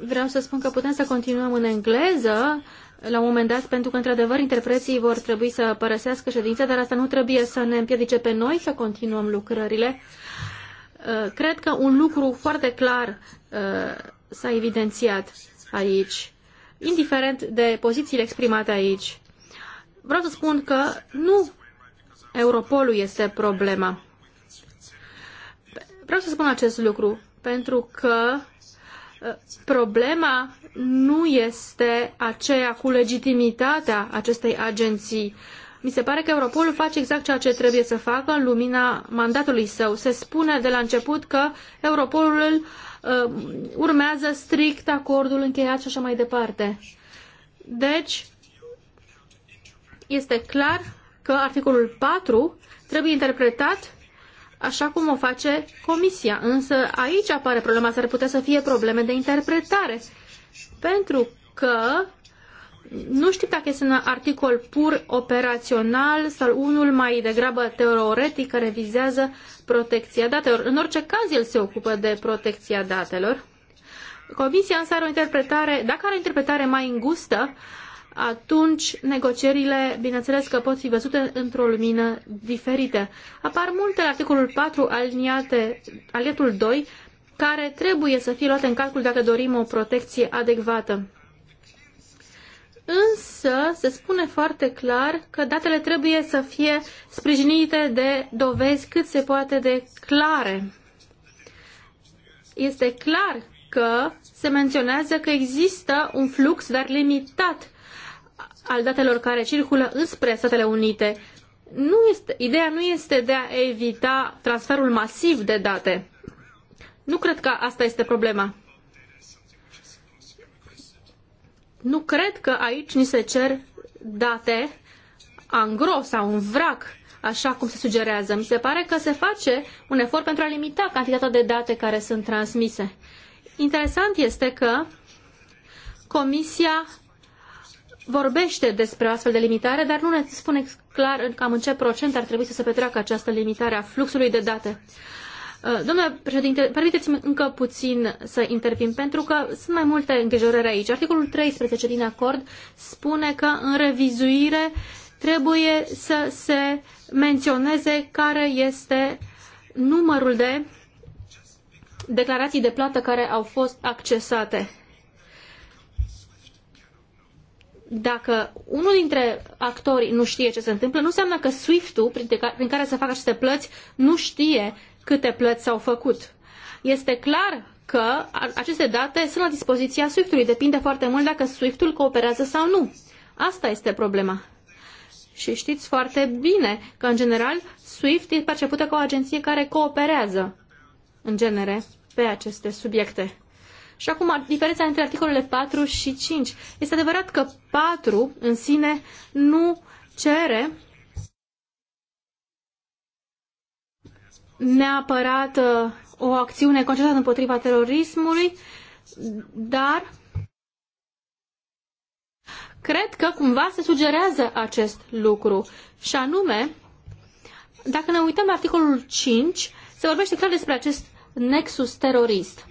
Vreau să spun că putem să continuăm în engleză la un moment dat, pentru că, într-adevăr, interpreții vor trebui să părăsească ședința, dar asta nu trebuie să ne împiedice pe noi să continuăm lucrările. Uh, cred că un lucru foarte clar uh, s-a evidențiat aici, indiferent de pozițiile exprimate aici. Vreau să spun că nu Europolul este problema. Vreau să spun acest lucru, pentru că Uh, problema nu este aceea cu legitimitatea acestei agenții. Mi se pare că Europolul face exact ceea ce trebuie să facă în lumina mandatului său. Se spune de la început că Europolul uh, urmează strict acordul încheiat și așa mai departe. Deci, este clar că articolul patru trebuie interpretat așa cum o face Comisia. Însă aici apare problema, s-ar putea să fie probleme de interpretare, pentru că nu știu dacă este un articol pur operațional sau unul mai degrabă teoretic care vizează protecția datelor. În orice caz, el se ocupă de protecția datelor. Comisia însă are o interpretare, dacă are o interpretare mai îngustă, uh, atunci negocierile, bineînțeles că pot fi văzute într-o lumină diferită. Apar multe articolul 4, aliniate, aliatul 2, care trebuie să fie luate în calcul dacă dorim o protecție adecvată. Însă se spune foarte clar că datele trebuie să fie sprijinite de dovezi cât se poate de clare. Este clar că se menționează că există un flux, dar limitat, al datelor care circulă înspre Statele Unite. Nu este, ideea nu este de a evita transferul masiv de date. Nu cred că asta este problema. Nu cred că aici ni se cer date angro sau un vrac, așa cum se sugerează. Mi se pare că se face un efort pentru a limita cantitatea de date care sunt transmise. Interesant este că Comisia vorbește despre o astfel de limitare, dar nu ne spune clar cam în ce procent ar trebui să se petreacă această limitare a fluxului de date. Uh, domnule președinte, permiteți-mi încă puțin să intervin, pentru că sunt mai multe îngrijorări aici. Articolul 13 din acord spune că în revizuire trebuie să se menționeze care este numărul de declarații de plată care au fost accesate dacă unul dintre actori nu știe ce se întâmplă, nu înseamnă că SWIFT-ul, prin care se fac aceste plăți, nu știe câte plăți s-au făcut. Este clar că aceste date sunt la dispoziția SWIFT-ului. Depinde foarte mult dacă SWIFT-ul cooperează sau nu. Asta este problema. Și știți foarte bine că, în general, SWIFT este percepută ca o agenție care cooperează, în genere, pe aceste subiecte. Și acum, diferența între articolele 4 și 5. Este adevărat că 4 în sine nu cere neapărat uh, o acțiune concentrată împotriva terorismului, dar cred că cumva se sugerează acest lucru. Și anume, dacă ne uităm la articolul 5, se vorbește clar despre acest nexus terorist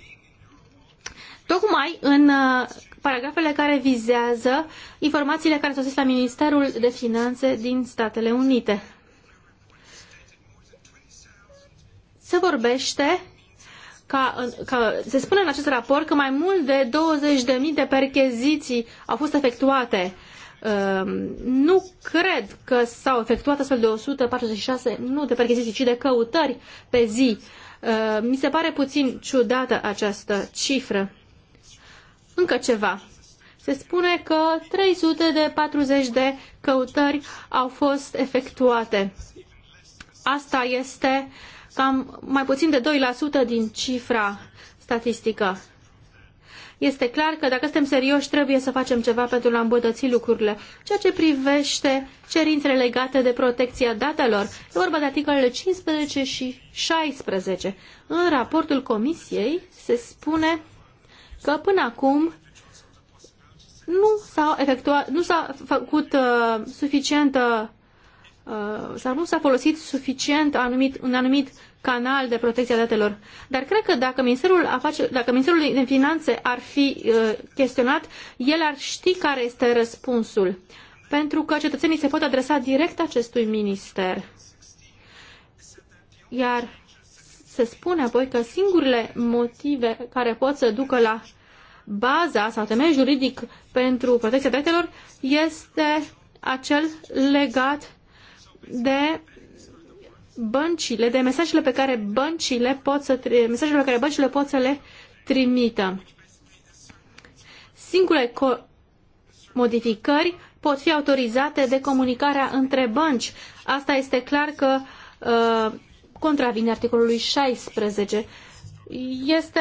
tocmai în uh, paragrafele care vizează informațiile care sosesc la Ministerul de Finanțe din Statele Unite. Se vorbește ca, ca, se spune în acest raport că mai mult de 20.000 de percheziții au fost efectuate. Um, nu cred că s-au efectuat astfel de 146, nu de percheziții, ci de căutări pe zi. Uh, mi se pare puțin ciudată această cifră. Încă ceva. Se spune că 340 de căutări au fost efectuate. Asta este cam mai puțin de 2% din cifra statistică. Este clar că dacă suntem serioși trebuie să facem ceva pentru a îmbunătăți lucrurile. Ceea ce privește cerințele legate de protecția datelor, e vorba de articolele 15 și 16. În raportul comisiei se spune că până acum nu s-a efectuat, nu s-a făcut uh, suficientă uh, sau nu s-a folosit suficient anumit, un anumit canal de protecție a datelor. Dar cred că dacă Ministerul, Afacer, dacă Ministerul de Finanțe ar fi uh, chestionat, el ar ști care este răspunsul. Pentru că cetățenii se pot adresa direct acestui minister. Iar se spune apoi că singurele motive care pot să ducă la baza sau temeiul juridic pentru protecția datelor este acel legat de băncile, de mesajele pe care băncile pot să, mesajele pe care băncile pot să le trimită. Singure modificări pot fi autorizate de comunicarea între bănci. Asta este clar că uh, contravine articolului 16 este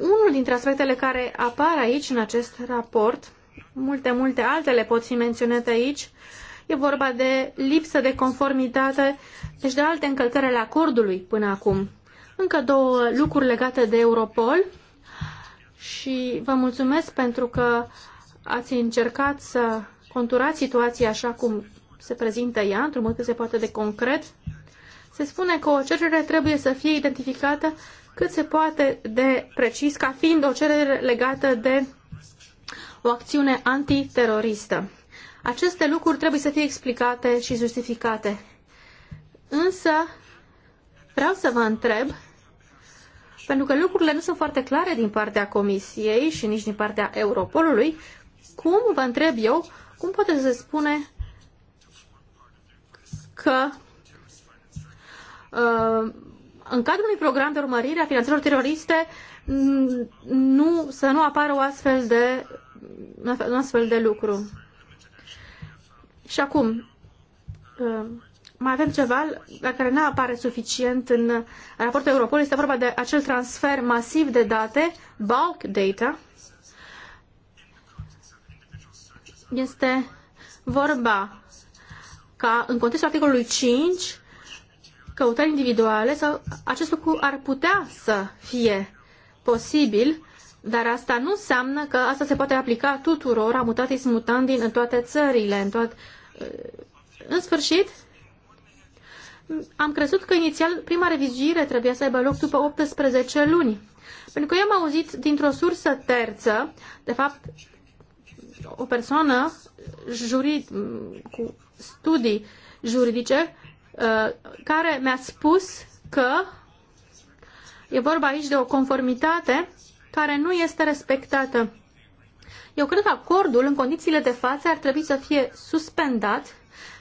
unul dintre aspectele care apar aici în acest raport. Multe, multe altele pot fi menționate aici. E vorba de lipsă de conformitate, deci de alte încălcări ale acordului până acum. Încă două lucruri legate de Europol și vă mulțumesc pentru că ați încercat să conturați situația așa cum se prezintă ea, într-un mod cât se poate de concret. Se spune că o cerere trebuie să fie identificată cât se poate de precis ca fiind o cerere legată de o acțiune antiteroristă. Aceste lucruri trebuie să fie explicate și justificate. Însă, vreau să vă întreb, pentru că lucrurile nu sunt foarte clare din partea Comisiei și nici din partea Europolului, cum, vă întreb eu, cum poate să se spune că uh, în cadrul unui program de urmărire a finanțelor teroriste nu, să nu apară o astfel de, un astfel de lucru. Și acum, uh, mai avem ceva la care nu apare suficient în raportul Europol. Este vorba de acel transfer masiv de date, bulk data. Este vorba ca în contextul articolului 5 căutări individuale sau acest lucru ar putea să fie posibil, dar asta nu înseamnă că asta se poate aplica tuturor mutatis mutandi în toate țările. În, toat... Uh, în sfârșit, am crezut că inițial prima revizuire trebuia să aibă loc după 18 luni. Pentru că eu am auzit dintr-o sursă terță, de fapt o persoană jurid, cu studii juridice, Uh, care mi-a spus că e vorba aici de o conformitate care nu este respectată. Eu cred că acordul, în condițiile de față, ar trebui să fie suspendat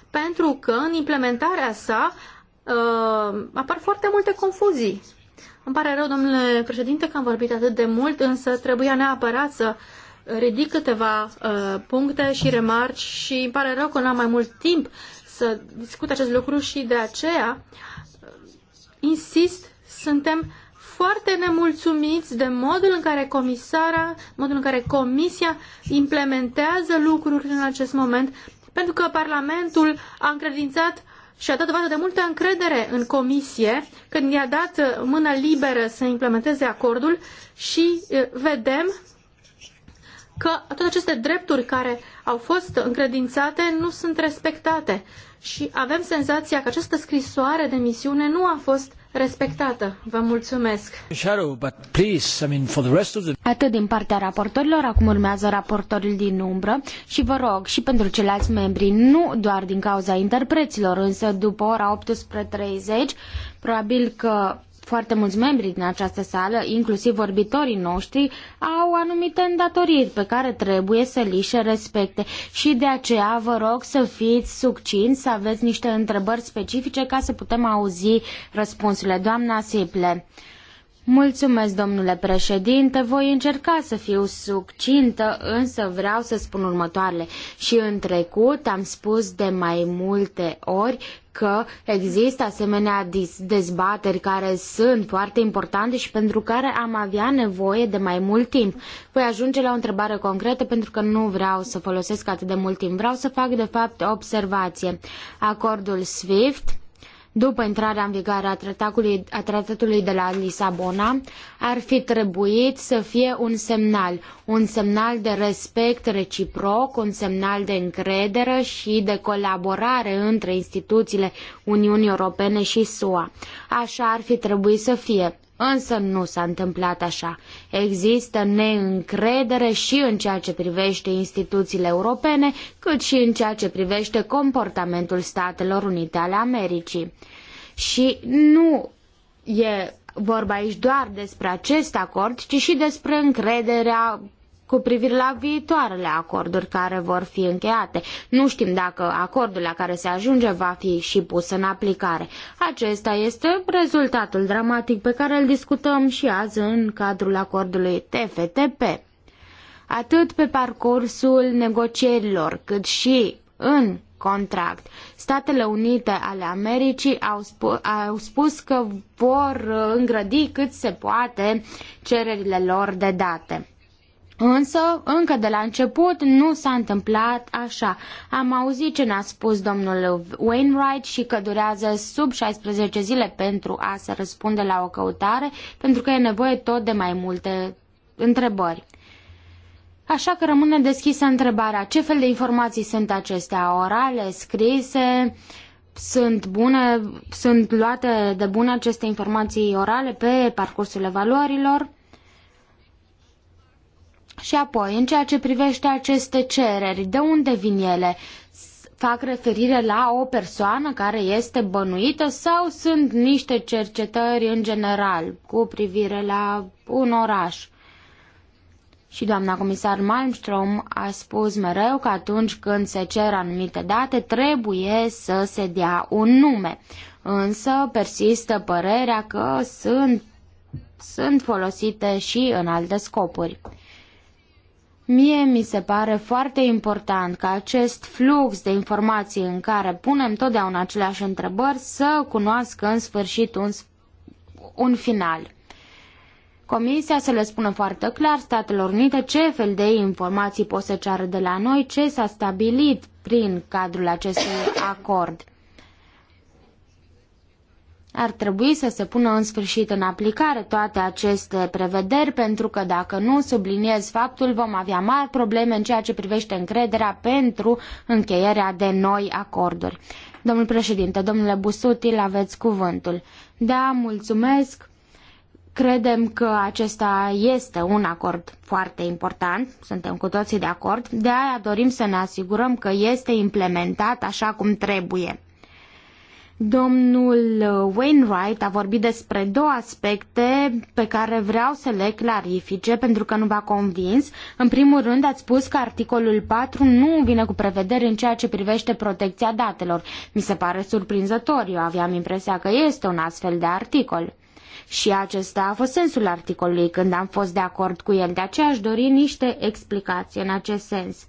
pentru că în implementarea sa uh, apar foarte multe confuzii. Îmi pare rău, domnule președinte, că am vorbit atât de mult, însă trebuia neapărat să ridic câteva uh, puncte și remarci și îmi pare rău că nu am mai mult timp să discut acest lucru și de aceea, insist, suntem foarte nemulțumiți de modul în care comisara, modul în care comisia implementează lucruri în acest moment, pentru că Parlamentul a încredințat și a dat dovadă de multă încredere în comisie când i-a dat mână liberă să implementeze acordul și vedem că toate aceste drepturi care au fost încredințate nu sunt respectate și avem senzația că această scrisoare de misiune nu a fost respectată. Vă mulțumesc. Atât din partea raportorilor, acum urmează raportorul din umbră și vă rog și pentru ceilalți membri, nu doar din cauza interpreților, însă după ora 18.30, probabil că foarte mulți membri din această sală, inclusiv vorbitorii noștri, au anumite îndatoriri pe care trebuie să li se respecte și de aceea vă rog să fiți succinți, să aveți niște întrebări specifice ca să putem auzi răspunsurile. Doamna Siple, Mulțumesc, domnule președinte, voi încerca să fiu succintă, însă vreau să spun următoarele. Și în trecut am spus de mai multe ori că există asemenea dezbateri care sunt foarte importante și pentru care am avea nevoie de mai mult timp. Voi ajunge la o întrebare concretă pentru că nu vreau să folosesc atât de mult timp. Vreau să fac, de fapt, o observație. Acordul SWIFT după intrarea în vigoare a tratatului, a tratatului de la Lisabona, ar fi trebuit să fie un semnal, un semnal de respect reciproc, un semnal de încredere și de colaborare între instituțiile Uniunii Europene și SUA. Așa ar fi trebuit să fie Însă nu s-a întâmplat așa. Există neîncredere și în ceea ce privește instituțiile europene, cât și în ceea ce privește comportamentul Statelor Unite ale Americii. Și nu e vorba aici doar despre acest acord, ci și despre încrederea cu privire la viitoarele acorduri care vor fi încheiate. Nu știm dacă acordul la care se ajunge va fi și pus în aplicare. Acesta este rezultatul dramatic pe care îl discutăm și azi în cadrul acordului TFTP. Atât pe parcursul negocierilor, cât și în contract. Statele Unite ale Americii au, spu- au spus că vor îngrădi cât se poate cererile lor de date. Însă, încă de la început, nu s-a întâmplat așa. Am auzit ce ne-a spus domnul Wainwright și că durează sub 16 zile pentru a se răspunde la o căutare, pentru că e nevoie tot de mai multe întrebări. Așa că rămâne deschisă întrebarea ce fel de informații sunt acestea, orale, scrise, sunt bune, sunt luate de bune aceste informații orale pe parcursul evaluărilor? Și apoi, în ceea ce privește aceste cereri, de unde vin ele? fac referire la o persoană care este bănuită sau sunt niște cercetări în general cu privire la un oraș? Și doamna comisar Malmström a spus mereu că atunci când se cer anumite date trebuie să se dea un nume. Însă persistă părerea că sunt, sunt folosite și în alte scopuri. Mie mi se pare foarte important ca acest flux de informații în care punem totdeauna aceleași întrebări să cunoască în sfârșit un, un final. Comisia să le spună foarte clar Statelor Unite ce fel de informații pot să ceară de la noi, ce s-a stabilit prin cadrul acestui acord. Ar trebui să se pună în sfârșit în aplicare toate aceste prevederi, pentru că dacă nu, subliniez faptul, vom avea mari probleme în ceea ce privește încrederea pentru încheierea de noi acorduri. Domnul președinte, domnule Busutil, aveți cuvântul. Da, mulțumesc. Credem că acesta este un acord foarte important, suntem cu toții de acord, de aia dorim să ne asigurăm că este implementat așa cum trebuie. Domnul Wainwright a vorbit despre două aspecte pe care vreau să le clarifice pentru că nu v-a convins. În primul rând ați spus că articolul 4 nu vine cu prevedere în ceea ce privește protecția datelor. Mi se pare surprinzător, eu aveam impresia că este un astfel de articol. Și acesta a fost sensul articolului când am fost de acord cu el, de aceea aș dori niște explicații în acest sens.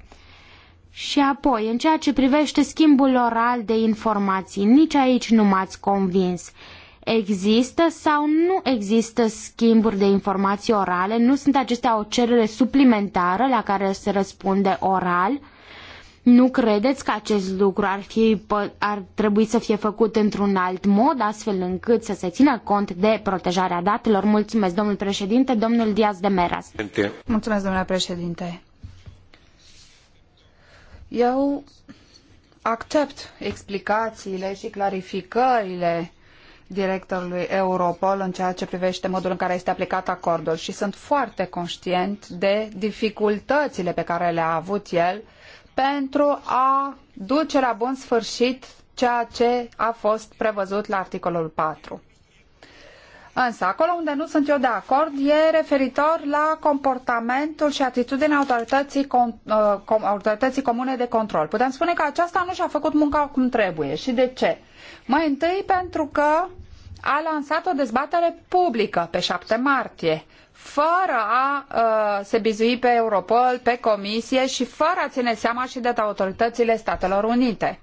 Și apoi, în ceea ce privește schimbul oral de informații, nici aici nu m-ați convins. Există sau nu există schimburi de informații orale? Nu sunt acestea o cerere suplimentară la care se răspunde oral? Nu credeți că acest lucru ar, fi, ar trebui să fie făcut într-un alt mod, astfel încât să se țină cont de protejarea datelor? Mulțumesc, domnul președinte, domnul Diaz de Meras. Mulțumesc, domnule președinte. Eu accept explicațiile și clarificările directorului Europol în ceea ce privește modul în care este aplicat acordul și sunt foarte conștient de dificultățile pe care le-a avut el pentru a duce la bun sfârșit ceea ce a fost prevăzut la articolul 4. Însă, acolo unde nu sunt eu de acord e referitor la comportamentul și atitudinea autorității, com, uh, com, autorității comune de control. Putem spune că aceasta nu și-a făcut munca cum trebuie. Și de ce? Mai întâi pentru că a lansat o dezbatere publică pe 7 martie, fără a uh, se bizui pe Europol, pe Comisie și fără a ține seama și de autoritățile Statelor Unite.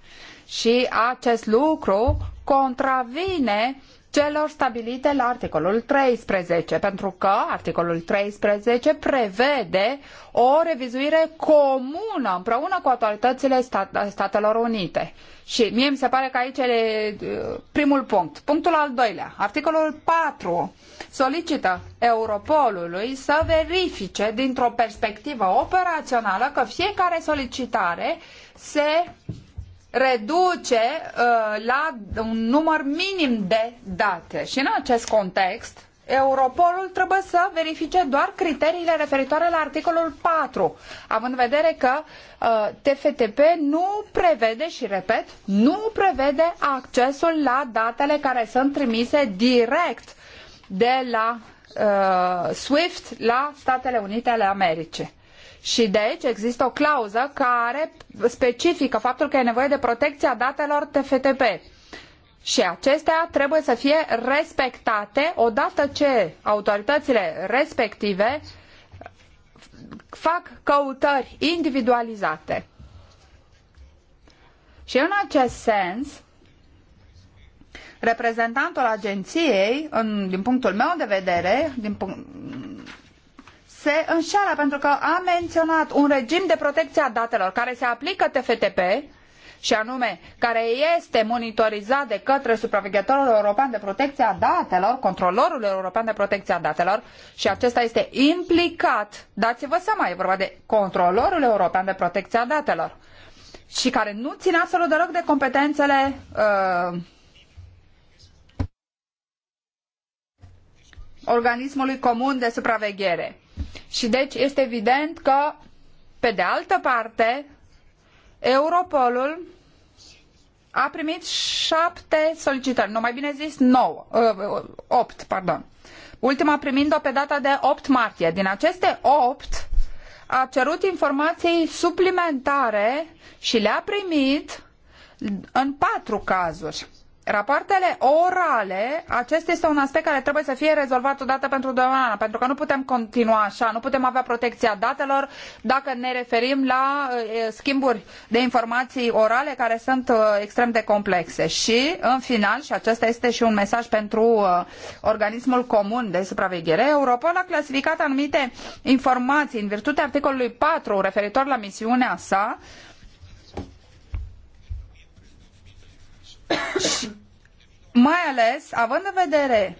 Și acest lucru contravine celor stabilite la articolul 13, pentru că articolul 13 prevede o revizuire comună împreună cu autoritățile stat Statelor Unite. Și mie mi se pare că aici e uh, primul punct. Punctul al doilea, articolul 4 solicită Europolului să verifice dintr-o perspectivă operațională că fiecare solicitare se reduce uh, la un număr minim de date. Și în acest context, Europolul trebuie să verifice doar criteriile referitoare la articolul 4, având în vedere că uh, TFTP nu prevede, și repet, nu prevede accesul la datele care sunt trimise direct de la uh, SWIFT la Statele Unite ale Americii. Și deci există o clauză care specifică faptul că e nevoie de protecția datelor TFTP. Și acestea trebuie să fie respectate odată ce autoritățile respective fac căutări individualizate. Și în acest sens, reprezentantul agenției, în, din punctul meu de vedere, din punct, se înșeală pentru că a menționat un regim de protecție a datelor care se aplică TFTP și anume care este monitorizat de către supraveghetorul european de protecție a datelor, controlorul european de protecție a datelor și acesta este implicat, dați-vă seama, e vorba de controlorul european de protecție a datelor și care nu ține absolut deloc de competențele uh, organismului comun de supraveghere. Și deci este evident că, pe de altă parte, Europolul a primit șapte solicitări, nu mai bine zis nouă, uh, opt, pardon. Ultima primind-o pe data de 8 martie. Din aceste opt a cerut informații suplimentare și le-a primit în patru cazuri rapoartele orale, acesta este un aspect care trebuie să fie rezolvat odată pentru doamna, pentru că nu putem continua așa, nu putem avea protecția datelor dacă ne referim la schimburi de informații orale care sunt extrem de complexe. Și, în final, și acesta este și un mesaj pentru organismul comun de supraveghere, Europol a clasificat anumite informații în virtutea articolului patru referitor la misiunea sa, mai ales având în vedere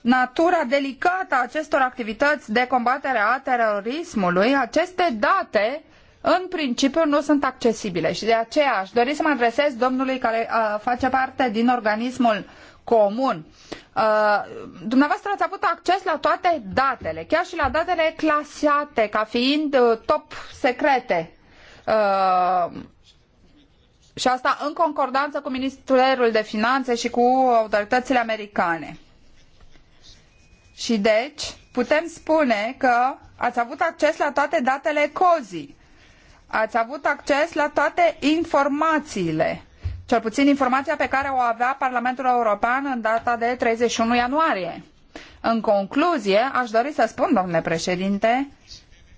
natura delicată a acestor activități de combatere a terorismului, aceste date în principiu nu sunt accesibile și de aceea aș dori să mă adresez domnului care uh, face parte din organismul comun. Uh, dumneavoastră ați avut acces la toate datele, chiar și la datele clasate ca fiind uh, top secrete. Uh, și asta în concordanță cu Ministerul de Finanțe și cu autoritățile americane. Și deci, putem spune că ați avut acces la toate datele COZI. Ați avut acces la toate informațiile, cel puțin informația pe care o avea Parlamentul European în data de 31 ianuarie. În concluzie, aș dori să spun, domnule președinte,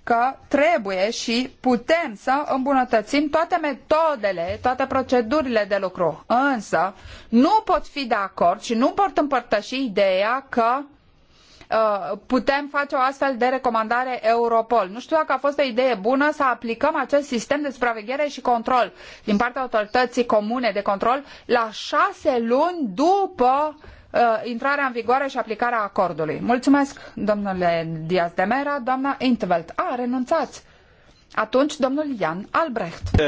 că trebuie și putem să îmbunătățim toate metodele, toate procedurile de lucru. Însă, nu pot fi de acord și nu pot împărtăși ideea că uh, putem face o astfel de recomandare Europol. Nu știu dacă a fost o idee bună să aplicăm acest sistem de supraveghere și control din partea autorității comune de control la șase luni după uh, Uh, intrarea în vigoare și aplicarea acordului. Mulțumesc, domnule Diaz de Mera. Doamna Intveld. A, renunțați. Atunci, domnul Jan Albrecht. Uh,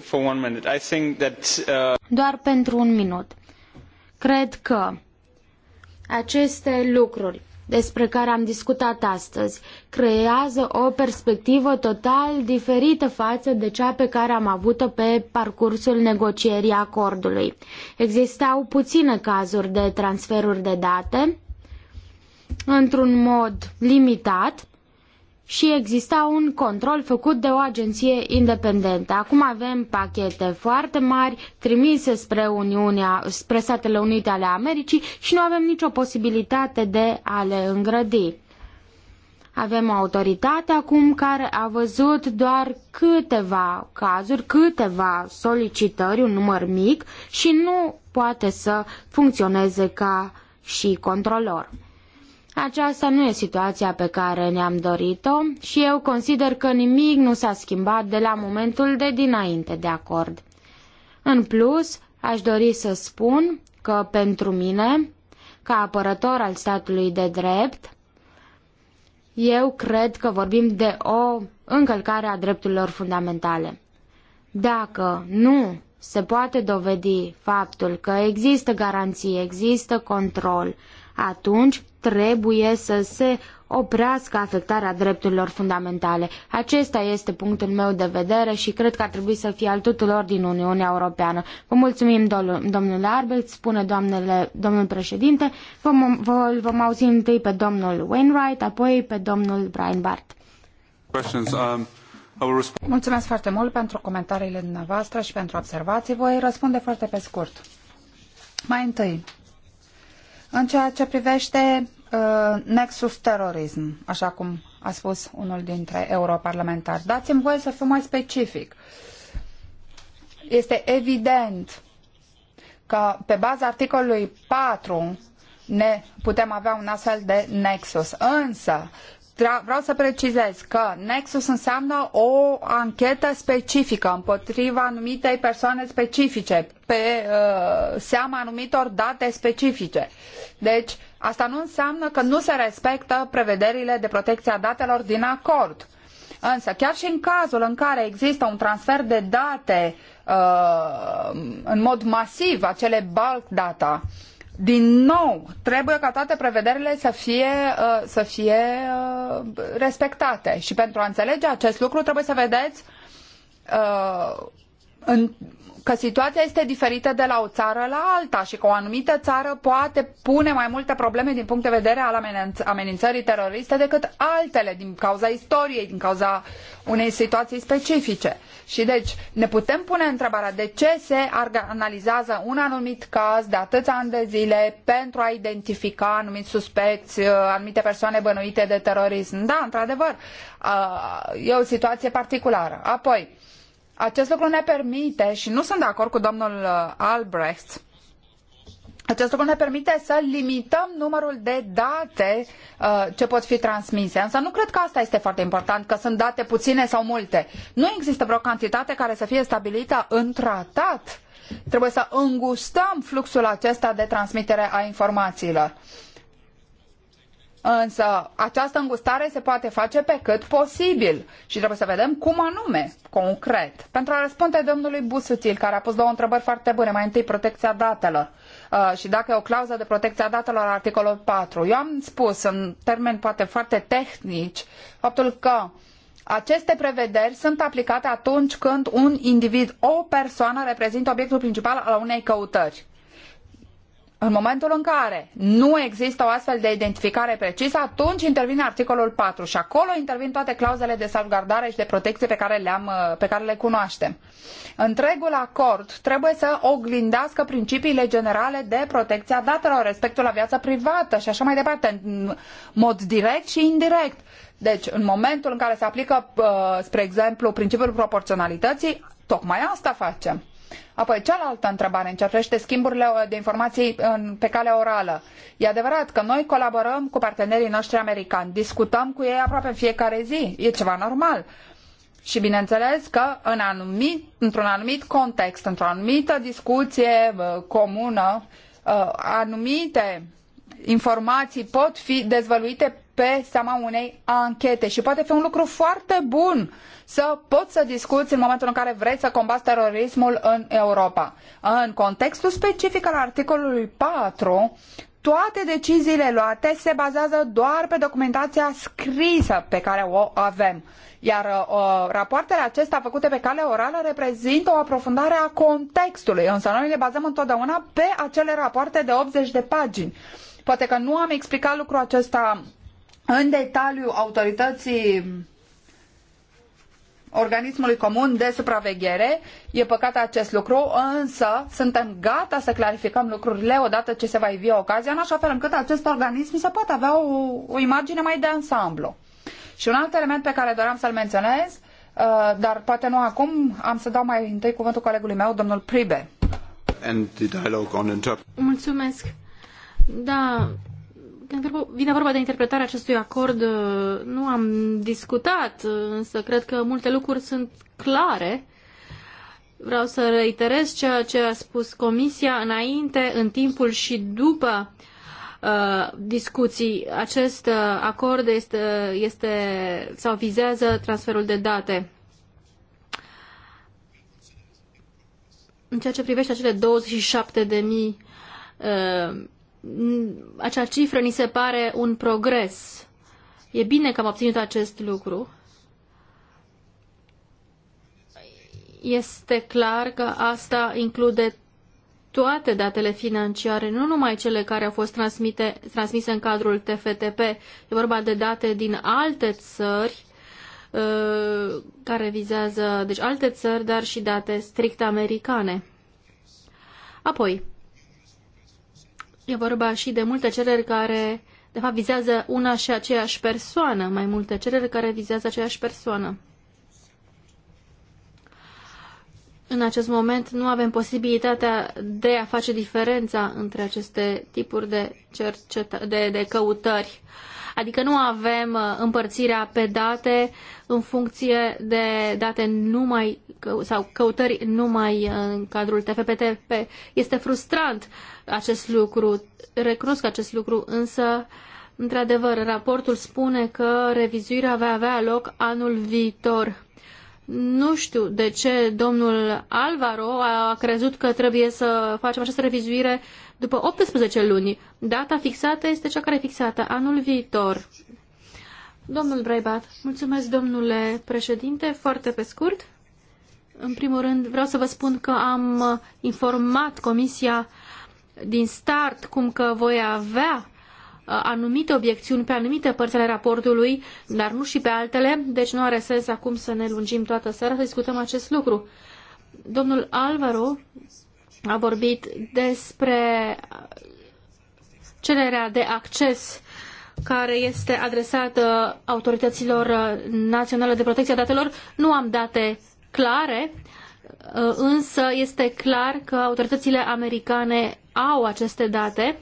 for one minute. I think that, uh... Doar pentru un minut. Cred că aceste lucruri despre care am discutat astăzi creează o perspectivă total diferită față de cea pe care am avut-o pe parcursul negocierii acordului. Existau puține cazuri de transferuri de date, într-un mod limitat, și exista un control făcut de o agenție independentă. Acum avem pachete foarte mari trimise spre, Uniunea, spre Statele Unite ale Americii și nu avem nicio posibilitate de a le îngrădi. Avem o autoritate acum care a văzut doar câteva cazuri, câteva solicitări, un număr mic și nu poate să funcționeze ca și controlor. Aceasta nu e situația pe care ne-am dorit-o și eu consider că nimic nu s-a schimbat de la momentul de dinainte de acord. În plus, aș dori să spun că pentru mine, ca apărător al statului de drept, eu cred că vorbim de o încălcare a drepturilor fundamentale. Dacă nu se poate dovedi faptul că există garanții, există control, atunci trebuie să se oprească afectarea drepturilor fundamentale. Acesta este punctul meu de vedere și cred că ar trebui să fie al tuturor din Uniunea Europeană. Vă mulțumim, domnule Arbelt, spune doamnele, domnul președinte. Vom, vom, vom auzi întâi pe domnul Wainwright, apoi pe domnul Brian Bart. Um, Mulțumesc foarte mult pentru comentariile dumneavoastră și pentru observații. Voi răspunde foarte pe scurt. Mai întâi, în ceea ce privește uh, nexus terorism, așa cum a spus unul dintre europarlamentari. Dați-mi voie să fiu mai specific. Este evident că pe baza articolului 4 ne putem avea un astfel de nexus. Însă, vreau să precizez că nexus înseamnă o anchetă specifică împotriva anumitei persoane specifice, pe uh, seama anumitor date specifice. Deci, Asta nu înseamnă că nu se respectă prevederile de protecție a datelor din acord. Însă, chiar și în cazul în care există un transfer de date uh, în mod masiv, acele bulk data, din nou, trebuie ca toate prevederile să fie, uh, să fie uh, respectate. Și pentru a înțelege acest lucru, trebuie să vedeți uh, în că situația este diferită de la o țară la alta și că o anumită țară poate pune mai multe probleme din punct de vedere al amenințării teroriste decât altele din cauza istoriei, din cauza unei situații specifice. Și deci ne putem pune întrebarea de ce se analizează un anumit caz de atâția ani de zile pentru a identifica anumiți suspecți, uh, anumite persoane bănuite de terorism. Da, într-adevăr, uh, e o situație particulară. Apoi, acest lucru ne permite, și nu sunt de acord cu domnul uh, Albrecht, acest lucru ne permite să limităm numărul de date uh, ce pot fi transmise. Însă nu cred că asta este foarte important, că sunt date puține sau multe. Nu există vreo cantitate care să fie stabilită în tratat. Trebuie să îngustăm fluxul acesta de transmitere a informațiilor. Însă această îngustare se poate face pe cât posibil și trebuie să vedem cum anume, concret. Pentru a răspunde domnului Busuțil, care a pus două întrebări foarte bune, mai întâi protecția datelor uh, și dacă e o clauză de protecție a datelor articolul 4. Eu am spus în termeni poate foarte tehnici faptul că aceste prevederi sunt aplicate atunci când un individ, o persoană, reprezintă obiectul principal al unei căutări în momentul în care nu există o astfel de identificare precisă, atunci intervine articolul 4 și acolo intervin toate clauzele de salvgardare și de protecție pe care, le-am, uh, pe care le cunoaștem. Întregul acord trebuie să oglindească principiile generale de protecție a datelor, respectul la viața privată și așa mai departe, în mod direct și indirect. Deci, în momentul în care se aplică, uh, spre exemplu, principiul proporționalității, tocmai asta facem. Apoi, cealaltă întrebare în ceea ce schimburile de informații în, pe calea orală. E adevărat că noi colaborăm cu partenerii noștri americani, discutăm cu ei aproape în fiecare zi, e ceva normal. Și bineînțeles că în anumit, într-un anumit context, într-o anumită discuție uh, comună, uh, anumite informații pot fi dezvăluite pe seama unei anchete și poate fi un lucru foarte bun să poți să discuți în momentul în care vrei să combați terorismul în Europa. În contextul specific al articolului 4, toate deciziile luate se bazează doar pe documentația scrisă pe care o avem. Iar uh, rapoartele acestea făcute pe cale orală reprezintă o aprofundare a contextului, însă noi ne bazăm întotdeauna pe acele rapoarte de 80 de pagini. Poate că nu am explicat lucrul acesta în detaliu autorității organismului comun de supraveghere. E păcat acest lucru, însă suntem gata să clarificăm lucrurile odată ce se va ivi ocazia, în așa fel încât acest organism să poată avea o, o imagine mai de ansamblu. Și un alt element pe care doream să-l menționez, uh, dar poate nu acum, am să dau mai întâi cuvântul colegului meu, domnul Pribe. Mulțumesc. Da, când vine vorba de interpretarea acestui acord, uh, nu am discutat, uh, însă cred că multe lucruri sunt clare. Vreau să reiterez ceea ce a spus Comisia înainte, în timpul și după uh, discuții. Acest acord este, este sau vizează transferul de date. În ceea ce privește acele 27.000 uh, acea cifră ni se pare un progres. E bine că am obținut acest lucru. Este clar că asta include toate datele financiare, nu numai cele care au fost transmite, transmise în cadrul TFTP. E vorba de date din alte țări uh, care vizează, deci alte țări, dar și date strict americane. Apoi, E vorba și de multe cereri care, de fapt, vizează una și aceeași persoană, mai multe cereri care vizează aceeași persoană. În acest moment nu avem posibilitatea de a face diferența între aceste tipuri de, cerceta- de, de căutări. Uh, adică nu avem uh, împărțirea pe date în funcție de date numai sau căutări numai uh, în cadrul TFPTP. Este frustrant acest lucru, recunosc acest lucru, însă Într-adevăr, raportul spune că revizuirea va avea loc anul viitor. Nu știu de ce domnul Alvaro a crezut că trebuie să facem această revizuire după 18 luni. Data fixată este cea care e fixată anul viitor. Domnul Breibat, mulțumesc domnule președinte, foarte pe scurt. În primul rând vreau să vă spun că am informat Comisia din start cum că voi avea uh, anumite obiecțiuni pe anumite părți ale raportului, dar nu și pe altele, deci nu are sens acum să ne lungim toată seara să discutăm acest lucru. Domnul Alvaro a vorbit despre cererea de acces care este adresată autorităților naționale de protecție a datelor. Nu am date clare, însă este clar că autoritățile americane au aceste date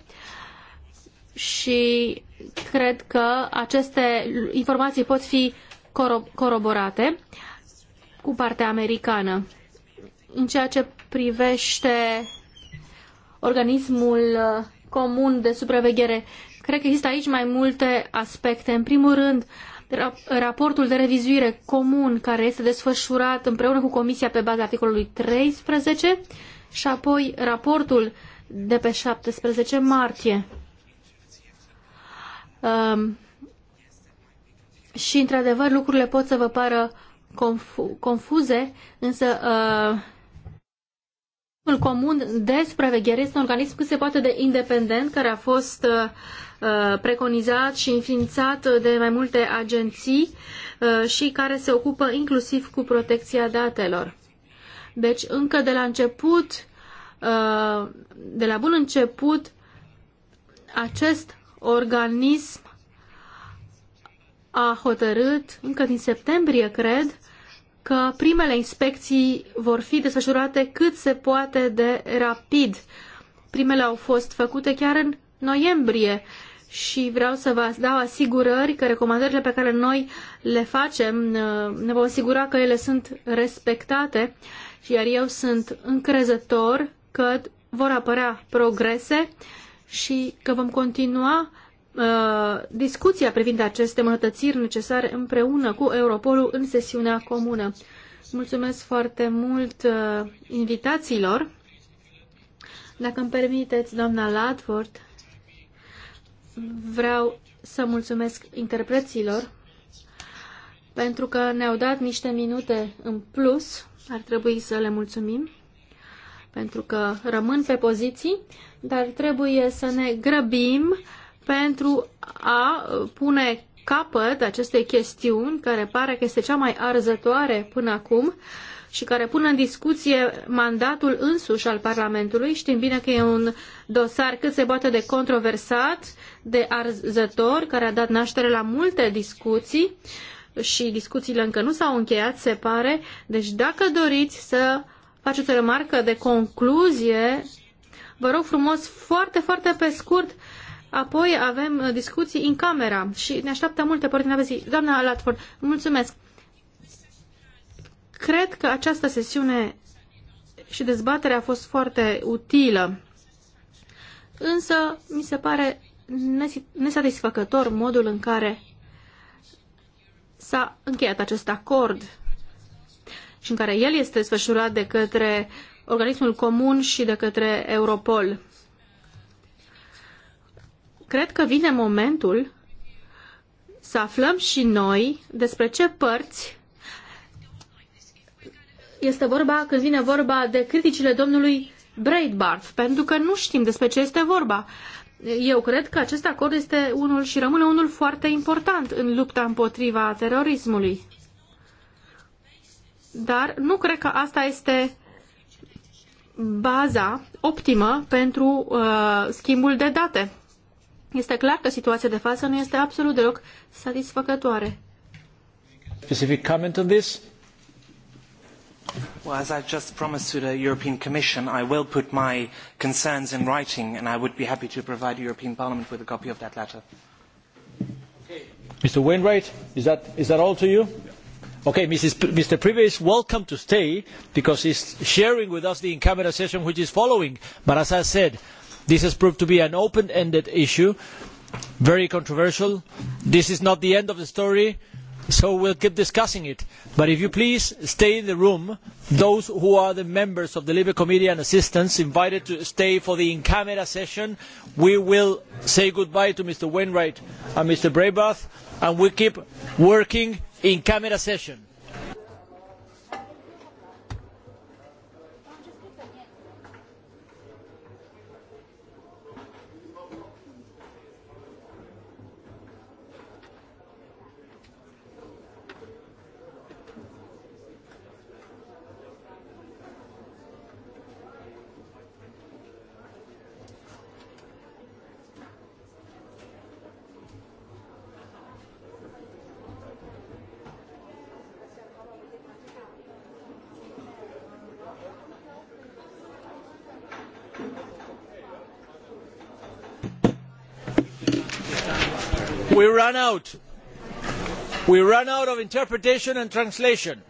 și cred că aceste informații pot fi coro coroborate cu partea americană. În ceea ce privește organismul comun de supraveghere. Cred că există aici mai multe aspecte. În primul rând, raportul de revizuire comun care este desfășurat împreună cu Comisia pe baza articolului 13 și apoi raportul de pe 17 martie. Um, și, într-adevăr, lucrurile pot să vă pară confu confuze, însă uh, Organismul comun de supraveghere este un organism cât se poate de independent care a fost uh, uh, preconizat și înființat de mai multe agenții uh, și care se ocupă inclusiv cu protecția datelor. Deci încă de la început, de la bun început, acest organism a hotărât, încă din septembrie cred, că primele inspecții vor fi desfășurate cât se poate de rapid. Primele au fost făcute chiar în noiembrie și vreau să vă dau asigurări că recomandările pe care noi le facem uh, ne vom asigura că ele sunt respectate, și iar eu sunt încrezător că vor apărea progrese și că vom continua Uh, discuția privind aceste mătățiri necesare împreună cu Europolul în sesiunea comună. Mulțumesc foarte mult uh, invitațiilor. Dacă îmi permiteți, doamna Ladford, vreau să mulțumesc interpreților pentru că ne-au dat niște minute în plus. Ar trebui să le mulțumim pentru că rămân pe poziții, dar trebuie să ne grăbim pentru a pune capăt acestei chestiuni, care pare că este cea mai arzătoare până acum și care pune în discuție mandatul însuși al Parlamentului. Știm bine că e un dosar cât se poate de controversat, de arzător, care a dat naștere la multe discuții și discuțiile încă nu s-au încheiat, se pare. Deci dacă doriți să faceți o remarcă de concluzie, vă rog frumos, foarte, foarte pe scurt, Apoi avem uh, discuții în camera și ne așteaptă multe părți ordinea zi. Doamna Latford, mulțumesc. Cred că această sesiune și dezbaterea a fost foarte utilă, însă mi se pare nesatisfăcător modul în care s-a încheiat acest acord și în care el este desfășurat de către organismul comun și de către Europol. Cred că vine momentul să aflăm și noi despre ce părți este vorba când vine vorba de criticile domnului Breitbart, pentru că nu știm despre ce este vorba. Eu cred că acest acord este unul și rămâne unul foarte important în lupta împotriva terorismului. Dar nu cred că asta este baza optimă pentru uh, schimbul de date. Este clar că situația de față nu este absolut deloc satisfăcătoare. Specific comment on this? Well, as I just promised to the European Commission, I will put my concerns in writing and I would be happy to provide the European Parliament with a copy of that letter. Mr. Wainwright, is that, is that all to you? Okay, Mrs. P Mr. Privé is welcome to stay because he's sharing with us the in-camera session which is following. But as I said, This has proved to be an open-ended issue, very controversial. This is not the end of the story, so we'll keep discussing it. But if you please stay in the room, those who are the members of the Libe Committee and assistants invited to stay for the in-camera session, we will say goodbye to Mr. Wainwright and Mr. Braybath, and we keep working in camera session. we run out. We run out of interpretation and translation.